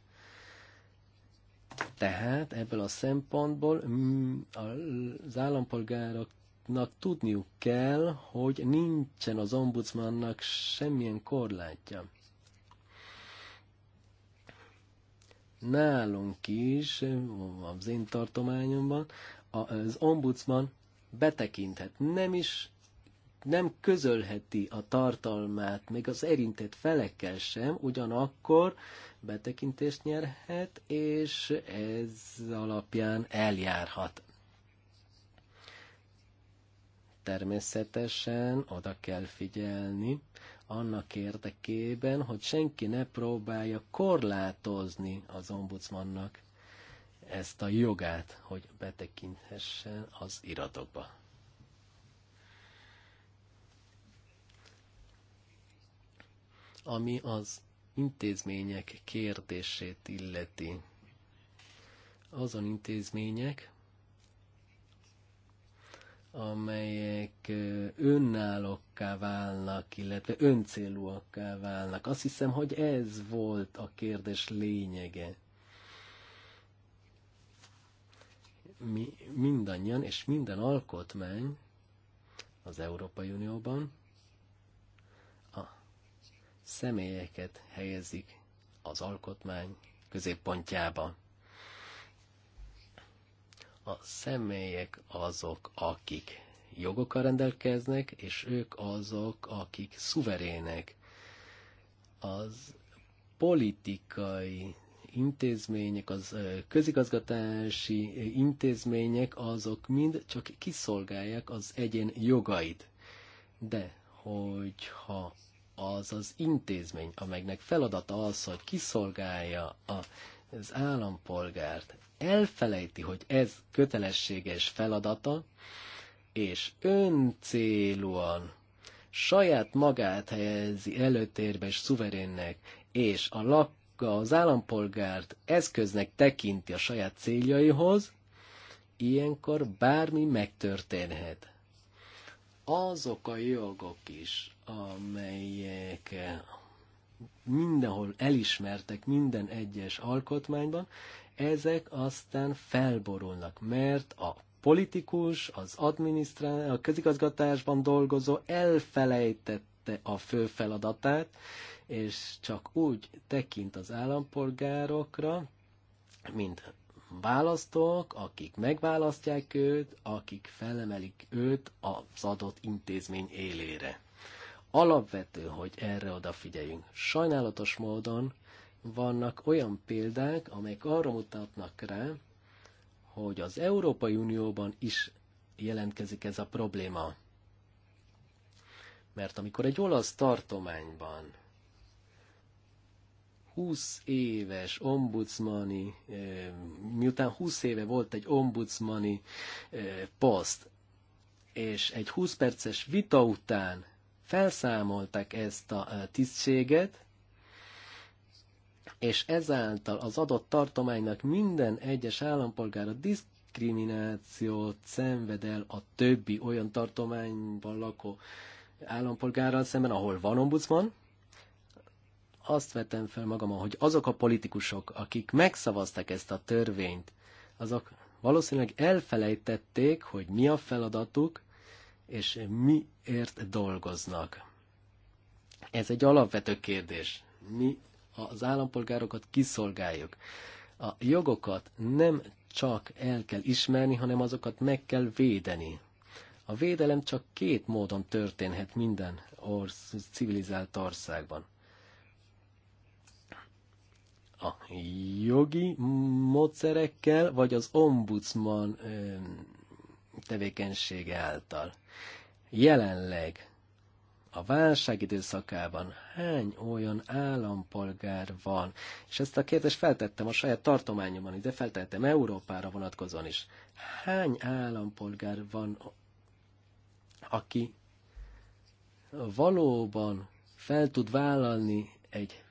Tehát ebből a szempontból mm, az állampolgároknak tudniuk kell, hogy nincsen az ombudsmannak semmilyen korlátja. nálunk is, az én tartományomban, az ombudsman betekinthet, nem is nem közölheti a tartalmát, még az érintett felekkel sem, ugyanakkor betekintést nyerhet, és ez alapján eljárhat. Természetesen oda kell figyelni annak érdekében, hogy senki ne próbálja korlátozni az ombudsmannak ezt a jogát, hogy betekinthessen az iratokba. Ami az intézmények kérdését illeti, azon intézmények, amelyek önállókká válnak, illetve öncélúakká válnak. Azt hiszem, hogy ez volt a kérdés lényege. mi mindannyian és minden alkotmány az Európai Unióban a személyeket helyezik az alkotmány középpontjába. A személyek azok, akik jogokkal rendelkeznek, és ők azok, akik szuverének. Az politikai intézmények, az közigazgatási intézmények, azok mind csak kiszolgálják az egyén jogait. De hogyha az az intézmény, amelynek feladata az, hogy kiszolgálja az állampolgárt, elfelejti, hogy ez kötelességes feladata, és öncélúan saját magát helyezi előtérbe és szuverénnek, és a lak az állampolgárt eszköznek tekinti a saját céljaihoz, ilyenkor bármi megtörténhet. Azok a jogok is, amelyek mindenhol elismertek minden egyes alkotmányban, ezek aztán felborulnak, mert a politikus, az adminisztrál, a közigazgatásban dolgozó elfelejtette a fő feladatát, és csak úgy tekint az állampolgárokra, mint választók, akik megválasztják őt, akik felemelik őt az adott intézmény élére. Alapvető, hogy erre odafigyeljünk. Sajnálatos módon vannak olyan példák, amelyek arra mutatnak rá, hogy az Európai Unióban is jelentkezik ez a probléma. Mert amikor egy olasz tartományban 20 éves ombudsmani, eh, miután 20 éve volt egy ombudsmani eh, poszt, és egy 20 perces vita után felszámolták ezt a eh, tisztséget, és ezáltal az adott tartománynak minden egyes állampolgára diszkriminációt szenved el a többi olyan tartományban lakó állampolgárral szemben, ahol van ombudsman, azt vetem fel magamon, hogy azok a politikusok, akik megszavazták ezt a törvényt, azok valószínűleg elfelejtették, hogy mi a feladatuk, és miért dolgoznak. Ez egy alapvető kérdés. Mi az állampolgárokat kiszolgáljuk. A jogokat nem csak el kell ismerni, hanem azokat meg kell védeni. A védelem csak két módon történhet minden orsz, civilizált országban a jogi módszerekkel, vagy az ombudsman tevékenysége által. Jelenleg a válság időszakában hány olyan állampolgár van? És ezt a kérdést feltettem a saját tartományomban is, de feltettem Európára vonatkozóan is. Hány állampolgár van, aki valóban fel tud vállalni egy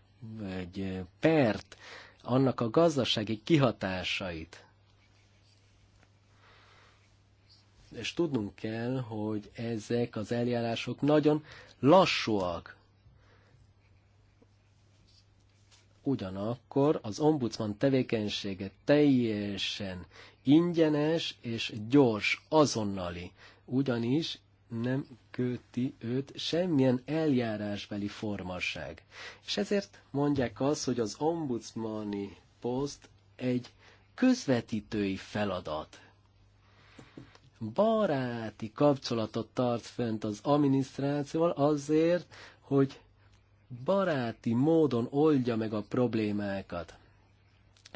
egy pert, annak a gazdasági kihatásait. És tudnunk kell, hogy ezek az eljárások nagyon lassúak. Ugyanakkor az ombudsman tevékenysége teljesen ingyenes és gyors, azonnali. Ugyanis nem köti őt semmilyen eljárásbeli formasság. És ezért mondják azt, hogy az ombudsmani poszt egy közvetítői feladat. Baráti kapcsolatot tart fent az adminisztrációval azért, hogy baráti módon oldja meg a problémákat.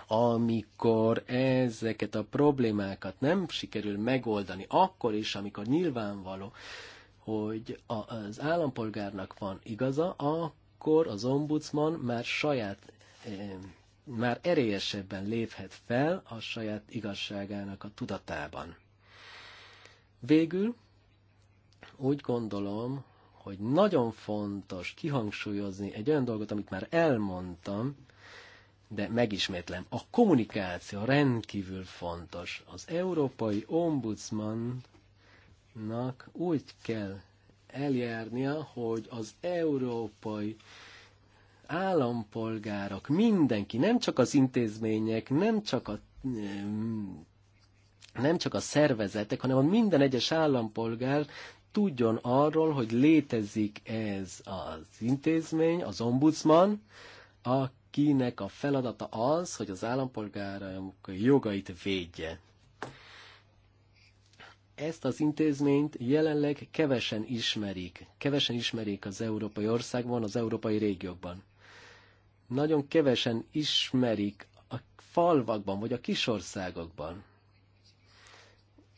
Amikor ezeket a problémákat nem sikerül megoldani, akkor is, amikor nyilvánvaló, hogy az állampolgárnak van igaza, akkor az ombudsman már saját eh, már erélyesebben léphet fel a saját igazságának a tudatában. Végül úgy gondolom, hogy nagyon fontos kihangsúlyozni egy olyan dolgot, amit már elmondtam, de megismétlem. A kommunikáció rendkívül fontos. Az Európai Ombudsman nak úgy kell eljárnia, hogy az európai állampolgárok, mindenki, nem csak az intézmények, nem csak a nem csak a szervezetek, hanem a minden egyes állampolgár tudjon arról, hogy létezik ez az intézmény, az ombudsman, akinek a feladata az, hogy az állampolgárok jogait védje ezt az intézményt jelenleg kevesen ismerik. Kevesen ismerik az európai országban, az európai régiókban. Nagyon kevesen ismerik a falvakban, vagy a kisországokban.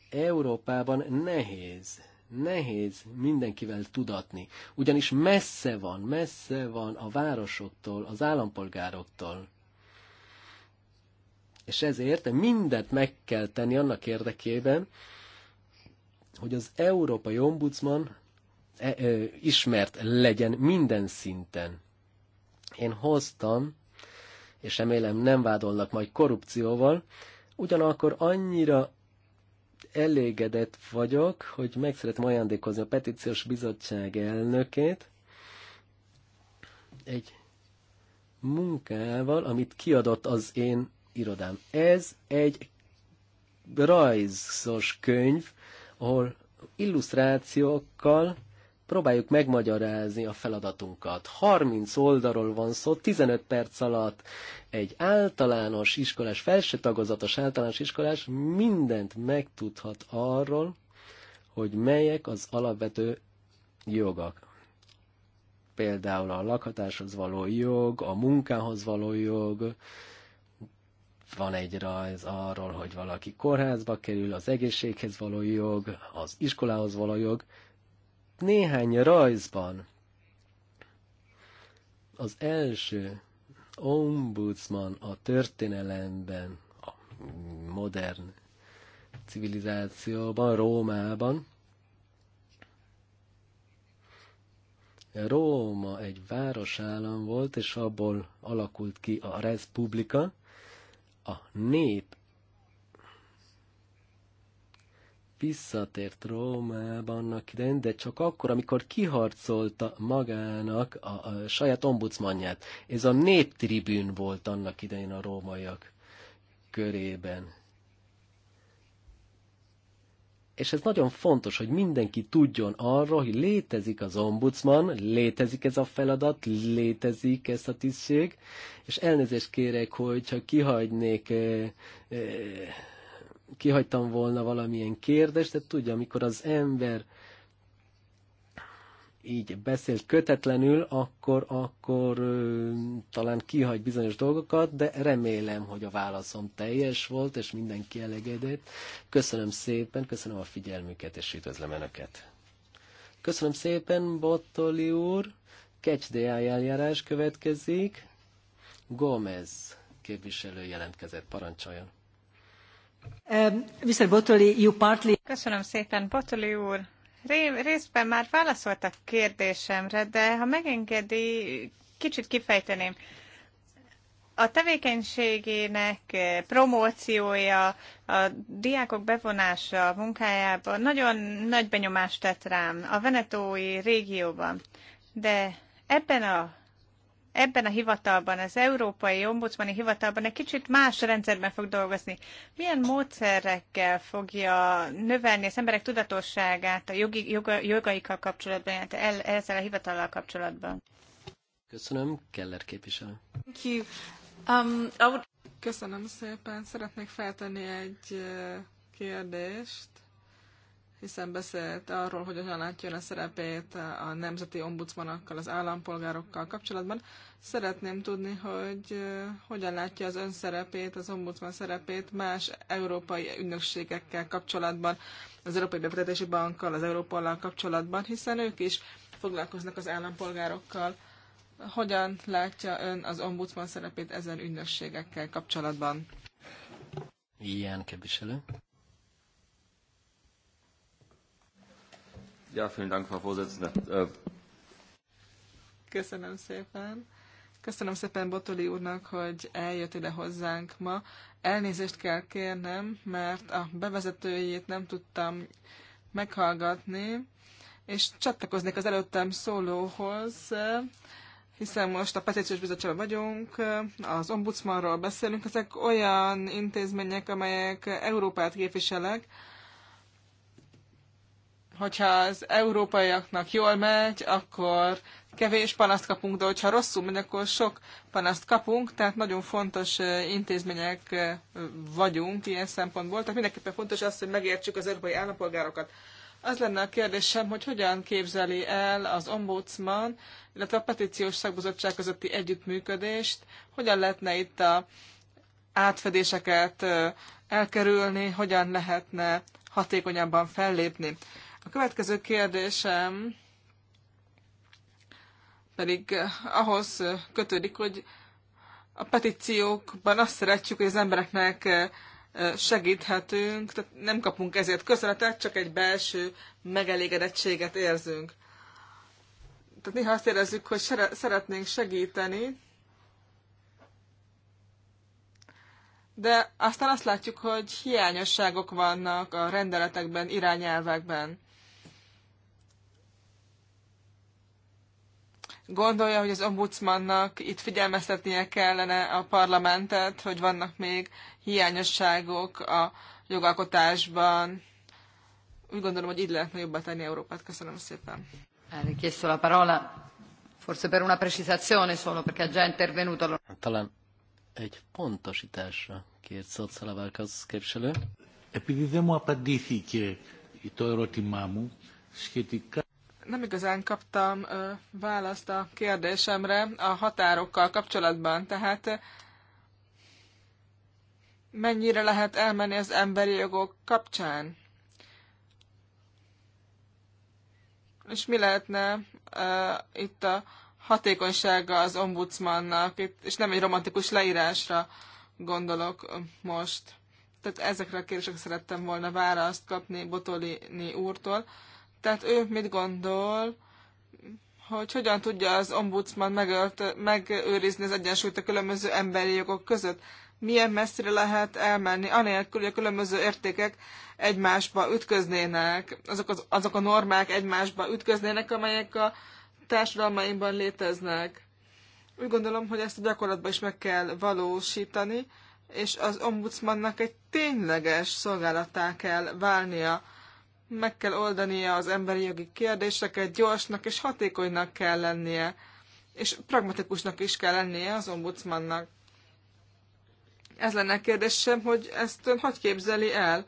Európában nehéz, nehéz mindenkivel tudatni, ugyanis messze van, messze van a városoktól, az állampolgároktól. És ezért mindent meg kell tenni annak érdekében, hogy az Európai Ombudsman e, ismert legyen minden szinten. Én hoztam, és remélem nem vádolnak majd korrupcióval, ugyanakkor annyira elégedett vagyok, hogy meg szeretem ajándékozni a petíciós bizottság elnökét egy munkával, amit kiadott az én irodám. Ez egy rajzos könyv, ahol illusztrációkkal próbáljuk megmagyarázni a feladatunkat. 30 oldalról van szó, 15 perc alatt egy általános iskolás, felső tagozatos általános iskolás mindent megtudhat arról, hogy melyek az alapvető jogak. Például a lakhatáshoz való jog, a munkához való jog, van egy rajz arról, hogy valaki kórházba kerül, az egészséghez való jog, az iskolához való jog. Néhány rajzban az első ombudsman a történelemben, a modern civilizációban, Rómában, Róma egy városállam volt, és abból alakult ki a Respublika, a nép visszatért Rómában, annak idején, de csak akkor, amikor kiharcolta magának a, a saját ombudsmanját. Ez a néptribűn volt annak idején a rómaiak körében és ez nagyon fontos, hogy mindenki tudjon arról, hogy létezik az ombudsman, létezik ez a feladat, létezik ez a tisztség, és elnézést kérek, hogyha kihagynék, eh, eh, kihagytam volna valamilyen kérdést, de tudja, amikor az ember így beszél kötetlenül, akkor, akkor ö, talán kihagy bizonyos dolgokat, de remélem, hogy a válaszom teljes volt, és mindenki elegedett. Köszönöm szépen, köszönöm a figyelmüket, és üdvözlöm Önöket. Köszönöm szépen, Bottoli úr. Kecsdéjáj eljárás következik. Gómez képviselő jelentkezett, parancsoljon. Um, Bottoli, you partly... Köszönöm szépen, Bottoli úr részben már válaszoltak kérdésemre, de ha megengedi, kicsit kifejteném. A tevékenységének eh, promóciója, a diákok bevonása a munkájába nagyon nagy benyomást tett rám a Venetói régióban. De ebben a ebben a hivatalban, az Európai Ombudsmani Hivatalban egy kicsit más rendszerben fog dolgozni. Milyen módszerekkel fogja növelni az emberek tudatosságát a jogi, joga, jogaikkal kapcsolatban, tehát el, ezzel a hivatallal kapcsolatban? Köszönöm, Keller képviselő. Thank you. Um, I would... Köszönöm szépen. Szeretnék feltenni egy eh, kérdést hiszen beszélt arról, hogy hogyan látja a szerepét a nemzeti ombudsmanakkal, az állampolgárokkal kapcsolatban. Szeretném tudni, hogy hogyan látja az ön szerepét, az ombudsman szerepét más európai ügynökségekkel kapcsolatban, az Európai Befektetési Bankkal, az Európollal kapcsolatban, hiszen ők is foglalkoznak az állampolgárokkal. Hogyan látja ön az ombudsman szerepét ezen ügynökségekkel kapcsolatban? Ilyen képviselő. Ja, vielen Dank, Frau Vorsitzende. Äh, Köszönöm szépen. Köszönöm szépen Botoli úrnak, hogy eljött ide hozzánk ma. Elnézést kell kérnem, mert a bevezetőjét nem tudtam meghallgatni, és csatlakoznék az előttem szólóhoz, hiszen most a Petíciós Bizottságban vagyunk, az ombudsmanról beszélünk, ezek olyan intézmények, amelyek Európát képviselek, hogyha az európaiaknak jól megy, akkor kevés panaszt kapunk, de hogyha rosszul megy, akkor sok panaszt kapunk, tehát nagyon fontos intézmények vagyunk ilyen szempontból, tehát mindenképpen fontos az, hogy megértsük az európai állampolgárokat. Az lenne a kérdésem, hogy hogyan képzeli el az ombudsman, illetve a petíciós szakbizottság közötti együttműködést, hogyan lehetne itt a átfedéseket elkerülni, hogyan lehetne hatékonyabban fellépni. A következő kérdésem pedig eh, ahhoz eh, kötődik, hogy a petíciókban azt szeretjük, hogy az embereknek eh, segíthetünk, tehát nem kapunk ezért köszönetet, csak egy belső megelégedettséget érzünk. Tehát néha azt érezzük, hogy szeretnénk segíteni, de aztán azt látjuk, hogy hiányosságok vannak a rendeletekben, irányelvekben. gondolja, hogy az ombudsmannak itt figyelmeztetnie kellene a parlamentet, hogy vannak még hiányosságok a jogalkotásban. Úgy gondolom, hogy így lehetne jobban tenni Európát. Köszönöm szépen. Eh, forse per una precisazione solo, perché ha già intervenuto. Hát talán egy pontosításra kért Szocialavárkasz képviselő. Επειδή δεν μου απαντήθηκε το ερώτημά μου σχετικά nem igazán kaptam ö, választ a kérdésemre a határokkal kapcsolatban. Tehát mennyire lehet elmenni az emberi jogok kapcsán? És mi lehetne ö, itt a hatékonysága az ombudsmannak, itt, és nem egy romantikus leírásra gondolok most. Tehát ezekre a kérdésekre szerettem volna választ kapni Botolini úrtól. Ö, tehát ő mit gondol, hogy hogyan tudja az ombudsman megölt, megőrizni az egyensúlyt a különböző emberi jogok között? Milyen messzire lehet elmenni, anélkül, hogy a különböző értékek egymásba ütköznének, azok, az, azok a normák egymásba ütköznének, amelyek a társadalmainkban léteznek. Úgy gondolom, hogy ezt a gyakorlatban is meg kell valósítani, és az ombudsmannak egy tényleges szolgálattá kell válnia meg kell oldania az emberi jogi kérdéseket, gyorsnak és hatékonynak kell lennie, és pragmatikusnak is kell lennie az ombudsmannak. Ez lenne a kérdésem, hogy ezt ön hogy képzeli el?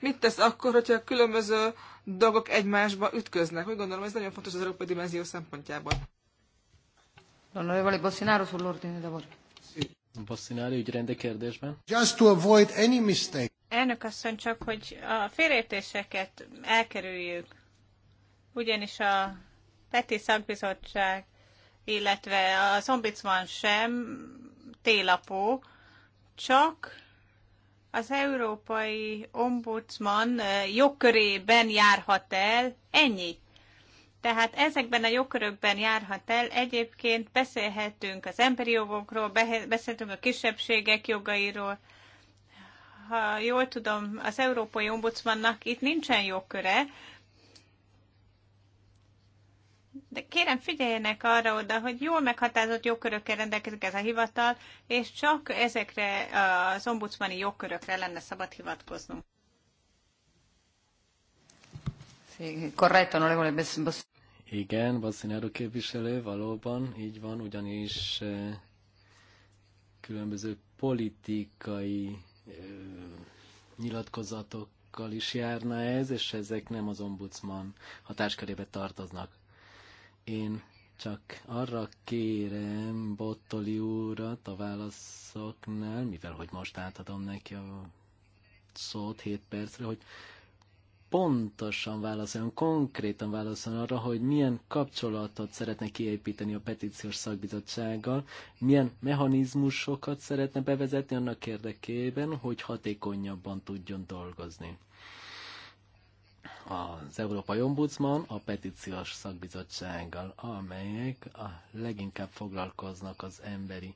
Mit tesz akkor, hogyha a különböző dolgok egymásba ütköznek? Úgy gondolom, ez nagyon fontos az európai dimenzió szempontjából. L'onorevole Bossinaro ügyrende kérdésben. Just to avoid any mistake. Elnök asszony, csak hogy a félértéseket elkerüljük, ugyanis a Peti Szakbizottság, illetve az ombudsman sem télapó, csak az európai ombudsman eh, jogkörében járhat el, ennyi. Tehát ezekben a jogkörökben járhat el. Egyébként beszélhetünk az emberi jogokról, beszélhetünk a kisebbségek jogairól, ha jól tudom, az Európai Ombudsmannak itt nincsen jogköre, de kérem figyeljenek arra oda, hogy jól meghatározott jogkörökkel rendelkezik ez a hivatal, és csak ezekre az ombudsmani jogkörökre lenne szabad hivatkoznunk. Igen, Bassinero képviselő, valóban így van, ugyanis eh, különböző politikai nyilatkozatokkal is járna ez, és ezek nem az ombudsman hatáskörébe tartoznak. Én csak arra kérem Bottoli úrat a válaszoknál, mivel hogy most átadom neki a szót 7 percre, hogy pontosan válaszoljon, konkrétan válaszoljon arra, hogy milyen kapcsolatot szeretne kiépíteni a petíciós szakbizottsággal, milyen mechanizmusokat szeretne bevezetni annak érdekében, hogy hatékonyabban tudjon dolgozni. Az Európai Ombudsman a petíciós szakbizottsággal, amelyek a leginkább foglalkoznak az emberi,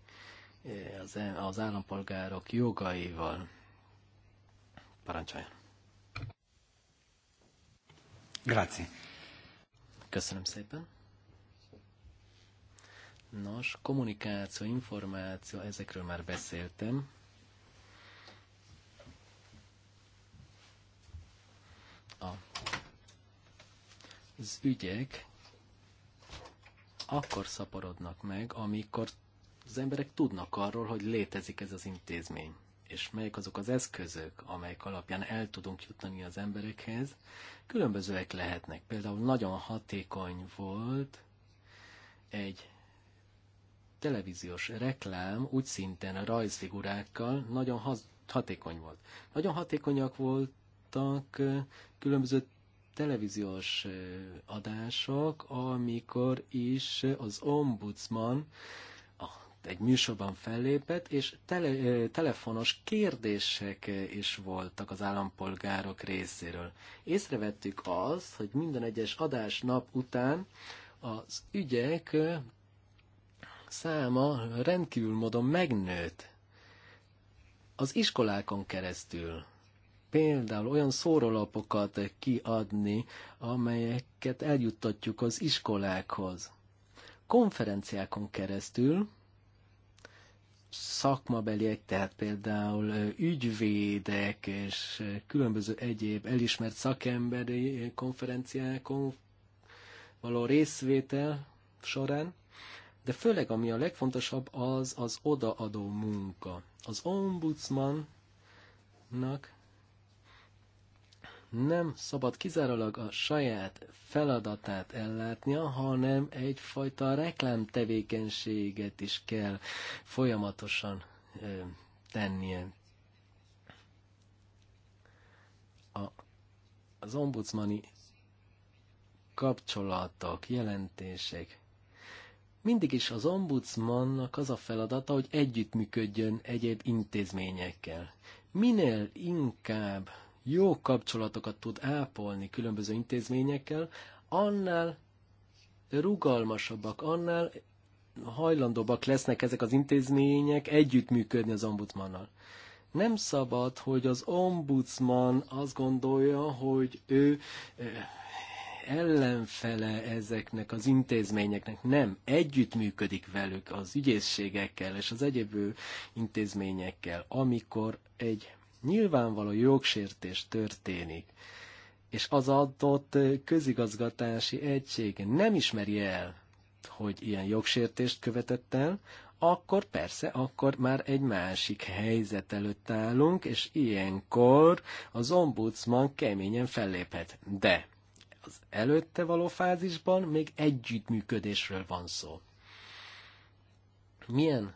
eh, az, az állampolgárok jogaival. Parancsoljon! Grazie. Köszönöm szépen. Nos, kommunikáció, információ, ezekről már beszéltem. A, az ügyek akkor szaporodnak meg, amikor az emberek tudnak arról, hogy létezik ez az intézmény és melyek azok az eszközök, amelyek alapján el tudunk jutni az emberekhez, különbözőek lehetnek. Például nagyon hatékony volt egy televíziós reklám, úgy szinten a rajzfigurákkal, nagyon hatékony volt. Nagyon hatékonyak voltak különböző televíziós adások, amikor is az ombudsman egy műsorban fellépett, és tele, telefonos kérdések is voltak az állampolgárok részéről. Észrevettük az, hogy minden egyes adás nap után az ügyek száma rendkívül módon megnőtt. Az iskolákon keresztül például olyan szórólapokat kiadni, amelyeket eljuttatjuk az iskolákhoz. Konferenciákon keresztül szakmabeliek, tehát például ügyvédek és különböző egyéb elismert szakemberi konferenciákon való részvétel során, de főleg ami a legfontosabb, az az odaadó munka. Az ombudsmannak nem szabad kizárólag a saját feladatát ellátnia, hanem egyfajta reklámtevékenységet is kell folyamatosan ö, tennie. A, az ombudsmani kapcsolatok, jelentések. Mindig is az ombudsmannak az a feladata, hogy együttműködjön egyéb intézményekkel. Minél inkább jó kapcsolatokat tud ápolni különböző intézményekkel, annál rugalmasabbak, annál hajlandóbbak lesznek ezek az intézmények együttműködni az ombudsmannal. Nem szabad, hogy az ombudsman azt gondolja, hogy ő ellenfele ezeknek az intézményeknek. Nem, együttműködik velük az ügyészségekkel és az egyéb intézményekkel, amikor egy Nyilvánvaló jogsértés történik, és az adott közigazgatási egység nem ismeri el, hogy ilyen jogsértést követett el, akkor persze, akkor már egy másik helyzet előtt állunk, és ilyenkor az ombudsman keményen felléphet. De az előtte való fázisban még együttműködésről van szó. Milyen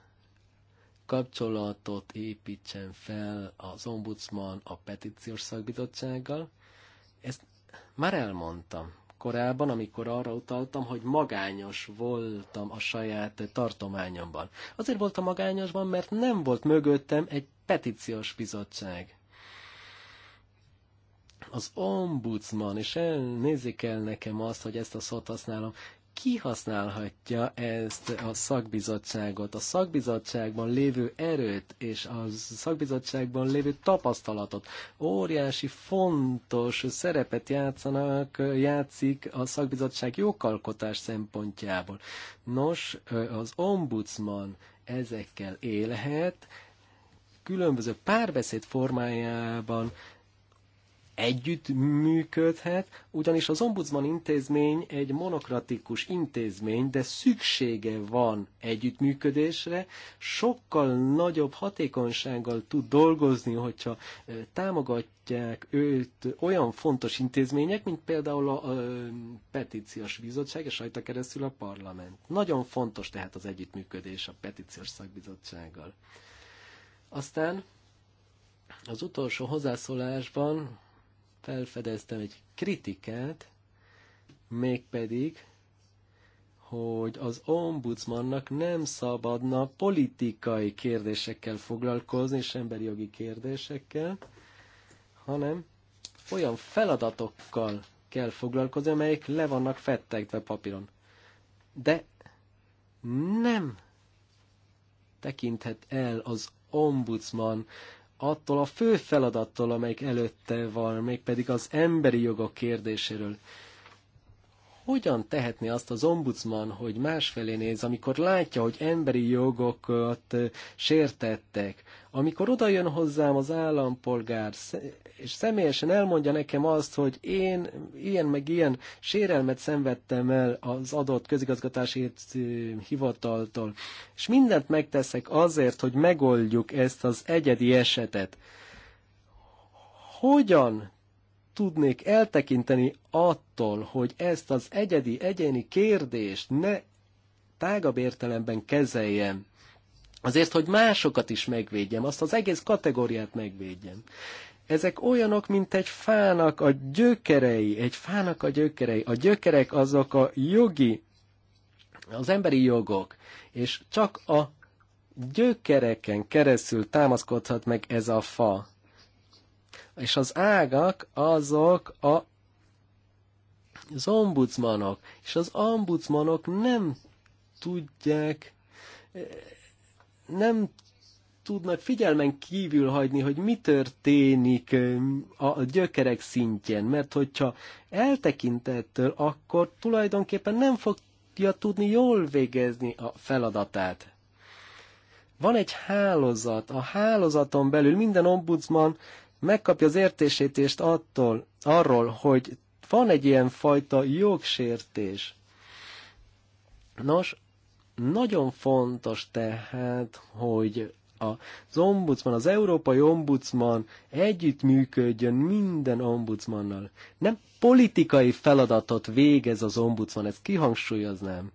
kapcsolatot építsen fel az ombudsman a petíciós szakbizottsággal. Ezt már elmondtam korábban, amikor arra utaltam, hogy magányos voltam a saját tartományomban. Azért voltam magányosban, mert nem volt mögöttem egy petíciós bizottság. Az ombudsman, és elnézik el nekem azt, hogy ezt a szót használom, kihasználhatja ezt a szakbizottságot, a szakbizottságban lévő erőt és a szakbizottságban lévő tapasztalatot. Óriási, fontos szerepet játszanak, játszik a szakbizottság jogalkotás szempontjából. Nos, az ombudsman ezekkel élhet, különböző párbeszéd formájában együtt működhet, ugyanis az ombudsman intézmény egy monokratikus intézmény, de szüksége van együttműködésre, sokkal nagyobb hatékonysággal tud dolgozni, hogyha támogatják őt olyan fontos intézmények, mint például a, a petíciós bizottság, és rajta keresztül a parlament. Nagyon fontos tehát az együttműködés a petíciós szakbizottsággal. Aztán az utolsó hozzászólásban felfedeztem egy kritikát, mégpedig, hogy az ombudsmannak nem szabadna politikai kérdésekkel foglalkozni, és emberi jogi kérdésekkel, hanem olyan feladatokkal kell foglalkozni, amelyek le vannak fettegve papíron. De nem tekinthet el az ombudsman attól a fő feladattól, amelyik előtte van, mégpedig az emberi jogok kérdéséről. Hogyan tehetné azt az ombudsman, hogy másfelé néz, amikor látja, hogy emberi jogokat eh, sértettek, amikor oda jön hozzám az állampolgár, és személyesen elmondja nekem azt, hogy én ilyen meg ilyen sérelmet szenvedtem el az adott közigazgatási eh, hivataltól, és mindent megteszek azért, hogy megoldjuk ezt az egyedi esetet. Hogyan tudnék eltekinteni attól, hogy ezt az egyedi, egyéni kérdést ne tágabb értelemben kezeljem. Azért, hogy másokat is megvédjem, azt az egész kategóriát megvédjem. Ezek olyanok, mint egy fának a gyökerei, egy fának a gyökerei. A gyökerek azok a jogi, az emberi jogok, és csak a gyökereken keresztül támaszkodhat meg ez a fa és az ágak azok a az ombudsmanok, és az ombudsmanok nem tudják, eh, nem tudnak figyelmen kívül hagyni, hogy mi történik eh, a gyökerek szintjén, mert hogyha eltekintettől, akkor tulajdonképpen nem fogja tudni jól végezni a feladatát. Van egy hálózat, a hálózaton belül minden ombudsman megkapja az értésítést attól, arról, hogy van egy ilyen fajta jogsértés. Nos, nagyon fontos tehát, hogy az ombudsman, az európai ombudsman együttműködjön minden ombudsmannal. Nem politikai feladatot végez az ombudsman, ezt kihangsúlyoznám.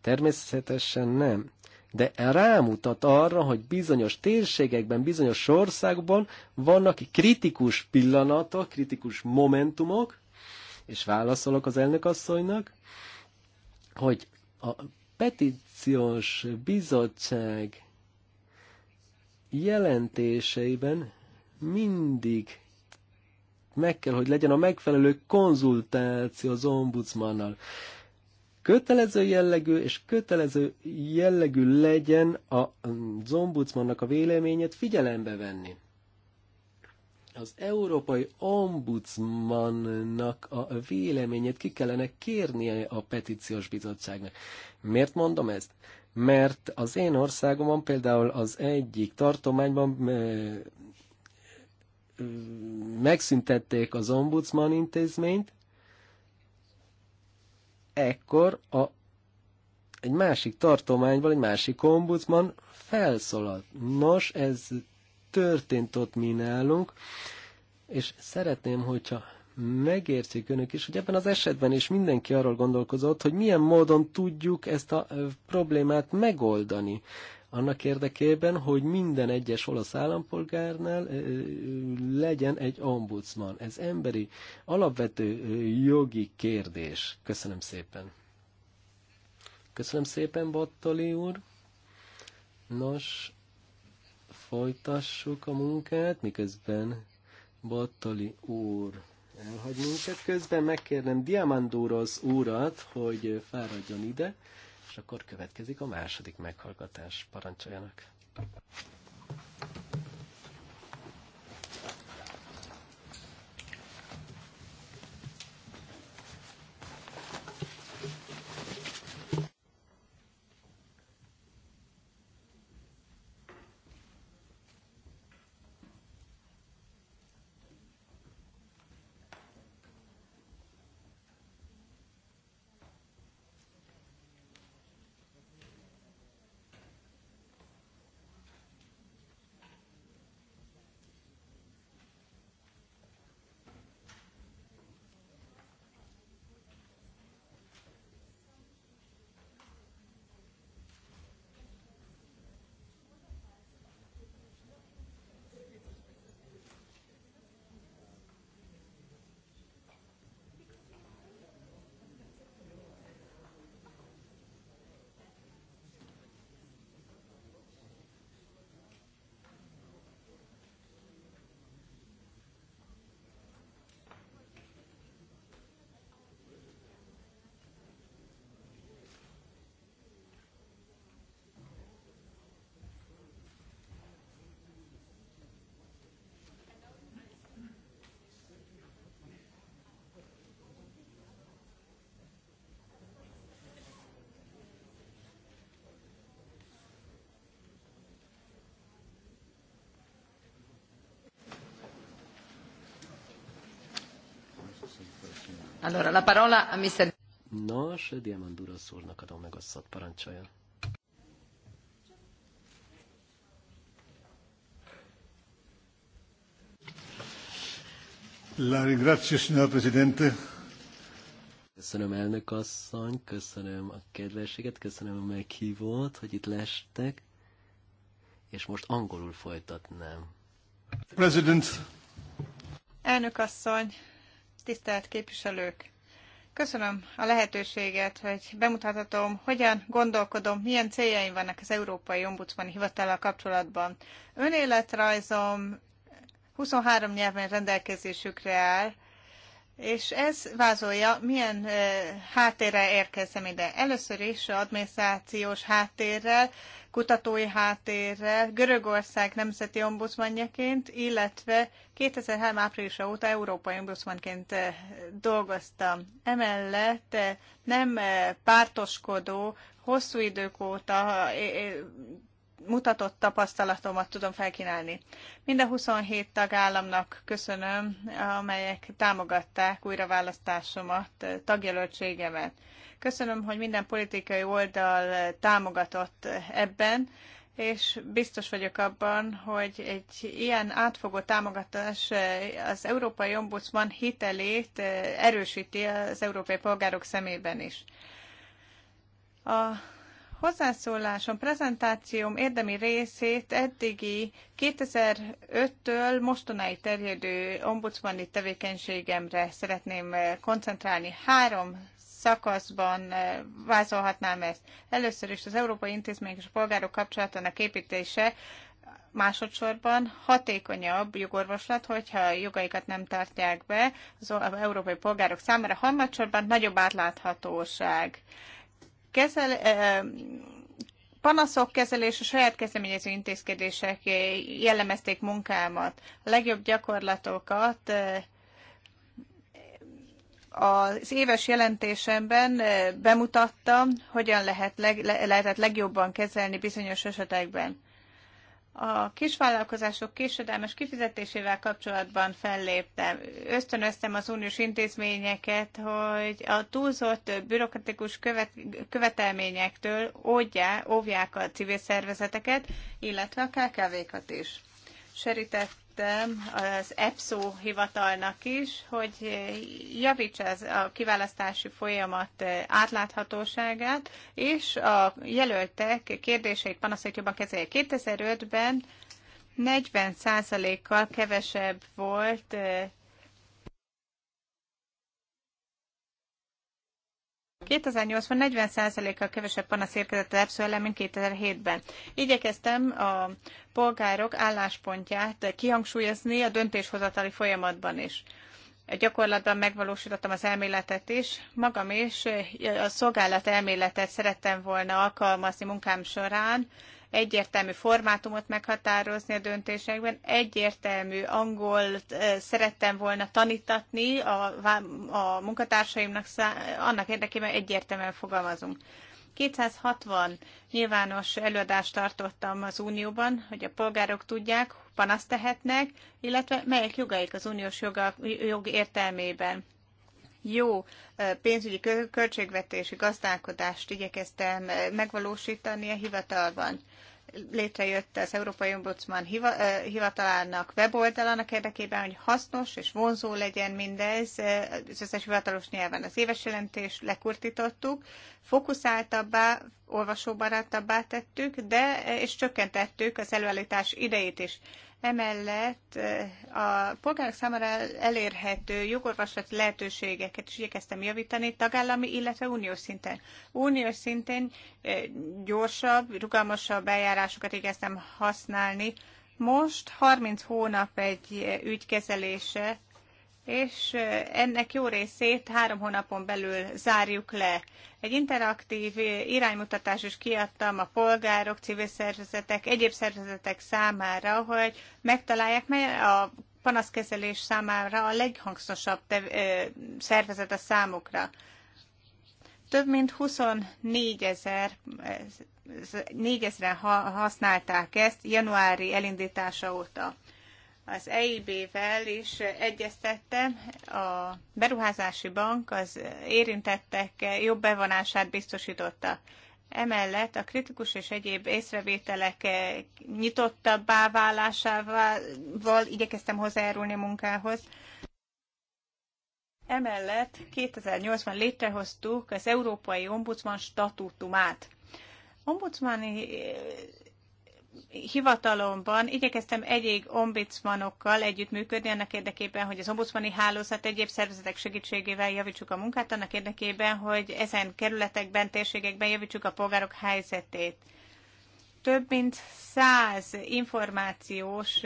Természetesen nem de rámutat arra, hogy bizonyos térségekben, bizonyos országban vannak kritikus pillanatok, kritikus momentumok, és válaszolok az asszonynak, hogy a petíciós bizottság jelentéseiben mindig meg kell, hogy legyen a megfelelő konzultáció az ombudsmannal kötelező jellegű és kötelező jellegű legyen a ombudsmannak a véleményét figyelembe venni. Az európai ombudsmannak a véleményét ki kellene kérnie a petíciós bizottságnak. Miért mondom ezt? Mert az én országomban például az egyik tartományban megszüntették az ombudsman intézményt, ekkor a, egy másik tartományban, egy másik ombudsman felszólalt. Nos, ez történt ott mi nálunk, és szeretném, hogyha megértsék önök is, hogy ebben az esetben is mindenki arról gondolkozott, hogy milyen módon tudjuk ezt a problémát megoldani annak érdekében, hogy minden egyes olasz állampolgárnál legyen egy ombudsman. Ez emberi, alapvető jogi kérdés. Köszönöm szépen. Köszönöm szépen, Battali úr. Nos, folytassuk a munkát, miközben Battali úr elhagy minket. Közben megkérnem az úrat, hogy fáradjon ide. És akkor következik a második meghallgatás. Parancsoljanak! Allora, la parola a Mr. Nos, Diamandurosz úrnak adom meg a szót, parancsolja. La ringrazio, signor Presidente. Köszönöm elnök asszony, köszönöm a kedvességet, köszönöm a meghívót, hogy itt lestek, és most angolul folytatnám. President. Elnök asszony, tisztelt képviselők! Köszönöm a lehetőséget, hogy bemutathatom, hogyan gondolkodom, milyen céljaim vannak az Európai Ombudsmani Hivatallal kapcsolatban. Önéletrajzom 23 nyelven rendelkezésükre áll, és ez vázolja, milyen háttérrel érkezem ide. Először is adminisztrációs háttérrel, kutatói háttérrel, Görögország nemzeti ombudsmanjaként, illetve 2003 áprilisa óta európai ombudsmanként dolgoztam. Emellett nem pártoskodó, hosszú idők óta mutatott tapasztalatomat tudom felkínálni. Mind a 27 tagállamnak köszönöm, amelyek támogatták újraválasztásomat, eh, tagjelöltségemet. Köszönöm, hogy minden politikai oldal támogatott ebben, és biztos vagyok abban, hogy egy ilyen átfogó támogatás eh, az Európai Ombudsman hitelét eh, erősíti az európai polgárok szemében is. A hozzászólásom, prezentációm érdemi részét eddigi 2005-től mostanáig terjedő ombudsmani tevékenységemre szeretném eh, koncentrálni. Három szakaszban eh, vázolhatnám ezt. Először is az Európai Intézmények és a polgárok kapcsolatának építése, Másodszorban hatékonyabb jogorvoslat, hogyha jogaikat nem tartják be az európai polgárok számára. Harmadsorban nagyobb átláthatóság kezel, panaszok kezelése, saját kezdeményező intézkedések jellemezték munkámat. A legjobb gyakorlatokat az éves jelentésemben bemutattam, hogyan lehet leg, lehetett legjobban kezelni bizonyos esetekben a kisvállalkozások késedelmes kifizetésével kapcsolatban felléptem. Ösztönöztem az uniós intézményeket, hogy a túlzott bürokratikus követ, követelményektől ódjá, óvják a civil szervezeteket, illetve a KKV-kat is. Serített üzentem az EPSO hivatalnak is, hogy javítsa ez a kiválasztási folyamat átláthatóságát, és a jelöltek kérdéseit, panaszait jobban kezelje. 2005-ben 40%-kal kevesebb volt 2008-ban 40%-kal kevesebb panasz érkezett az EPSZO ellen, mint 2007-ben. Igyekeztem a polgárok álláspontját kihangsúlyozni a döntéshozatali folyamatban is. Gyakorlatban megvalósítottam az elméletet is. Magam is a szolgálat elméletet szerettem volna alkalmazni munkám során, egyértelmű formátumot meghatározni a döntésekben. Egyértelmű angolt eh, szerettem volna tanítatni a, a munkatársaimnak, annak érdekében egyértelműen fogalmazunk. 260 nyilvános előadást tartottam az Unióban, hogy a polgárok tudják, panaszt tehetnek, illetve melyek jogaik az uniós joga, jog értelmében. Jó eh, pénzügyi költségvetési gazdálkodást igyekeztem eh, megvalósítani a hivatalban létrejött az Európai Ombudsman hivatalának weboldalának érdekében, hogy hasznos és vonzó legyen mindez az összes hivatalos nyelven. Az éves jelentés lekurtítottuk, fokuszáltabbá, olvasóbarátabbá tettük, de és csökkentettük az előállítás idejét is. Emellett eh, a polgárok számára elérhető jogorvoslati lehetőségeket is igyekeztem javítani tagállami, illetve uniós szinten. Uniós szinten eh, gyorsabb, rugalmasabb eljárásokat igyekeztem használni. Most 30 hónap egy eh, ügykezelése és ennek jó részét három hónapon belül zárjuk le. Egy interaktív iránymutatás is kiadtam a polgárok, civil szervezetek, egyéb szervezetek számára, hogy megtalálják mely a panaszkezelés számára a leghangsznosabb szervezet a számukra. Több mint 24 ezer 4000-en használták ezt januári elindítása óta az EIB-vel is egyeztettem. A beruházási bank az érintettek jobb bevonását biztosította. Emellett a kritikus és egyéb észrevételek nyitottabbá válásával igyekeztem hozzájárulni a munkához. Emellett 2008-ban létrehoztuk az Európai Ombudsman statútumát. Ombudsmani hivatalomban igyekeztem egyéb ombudsmanokkal együttműködni annak érdekében, hogy az ombudsmani hálózat egyéb szervezetek segítségével javítsuk a munkát, annak érdekében, hogy ezen kerületekben, térségekben javítsuk a polgárok helyzetét. Több mint száz információs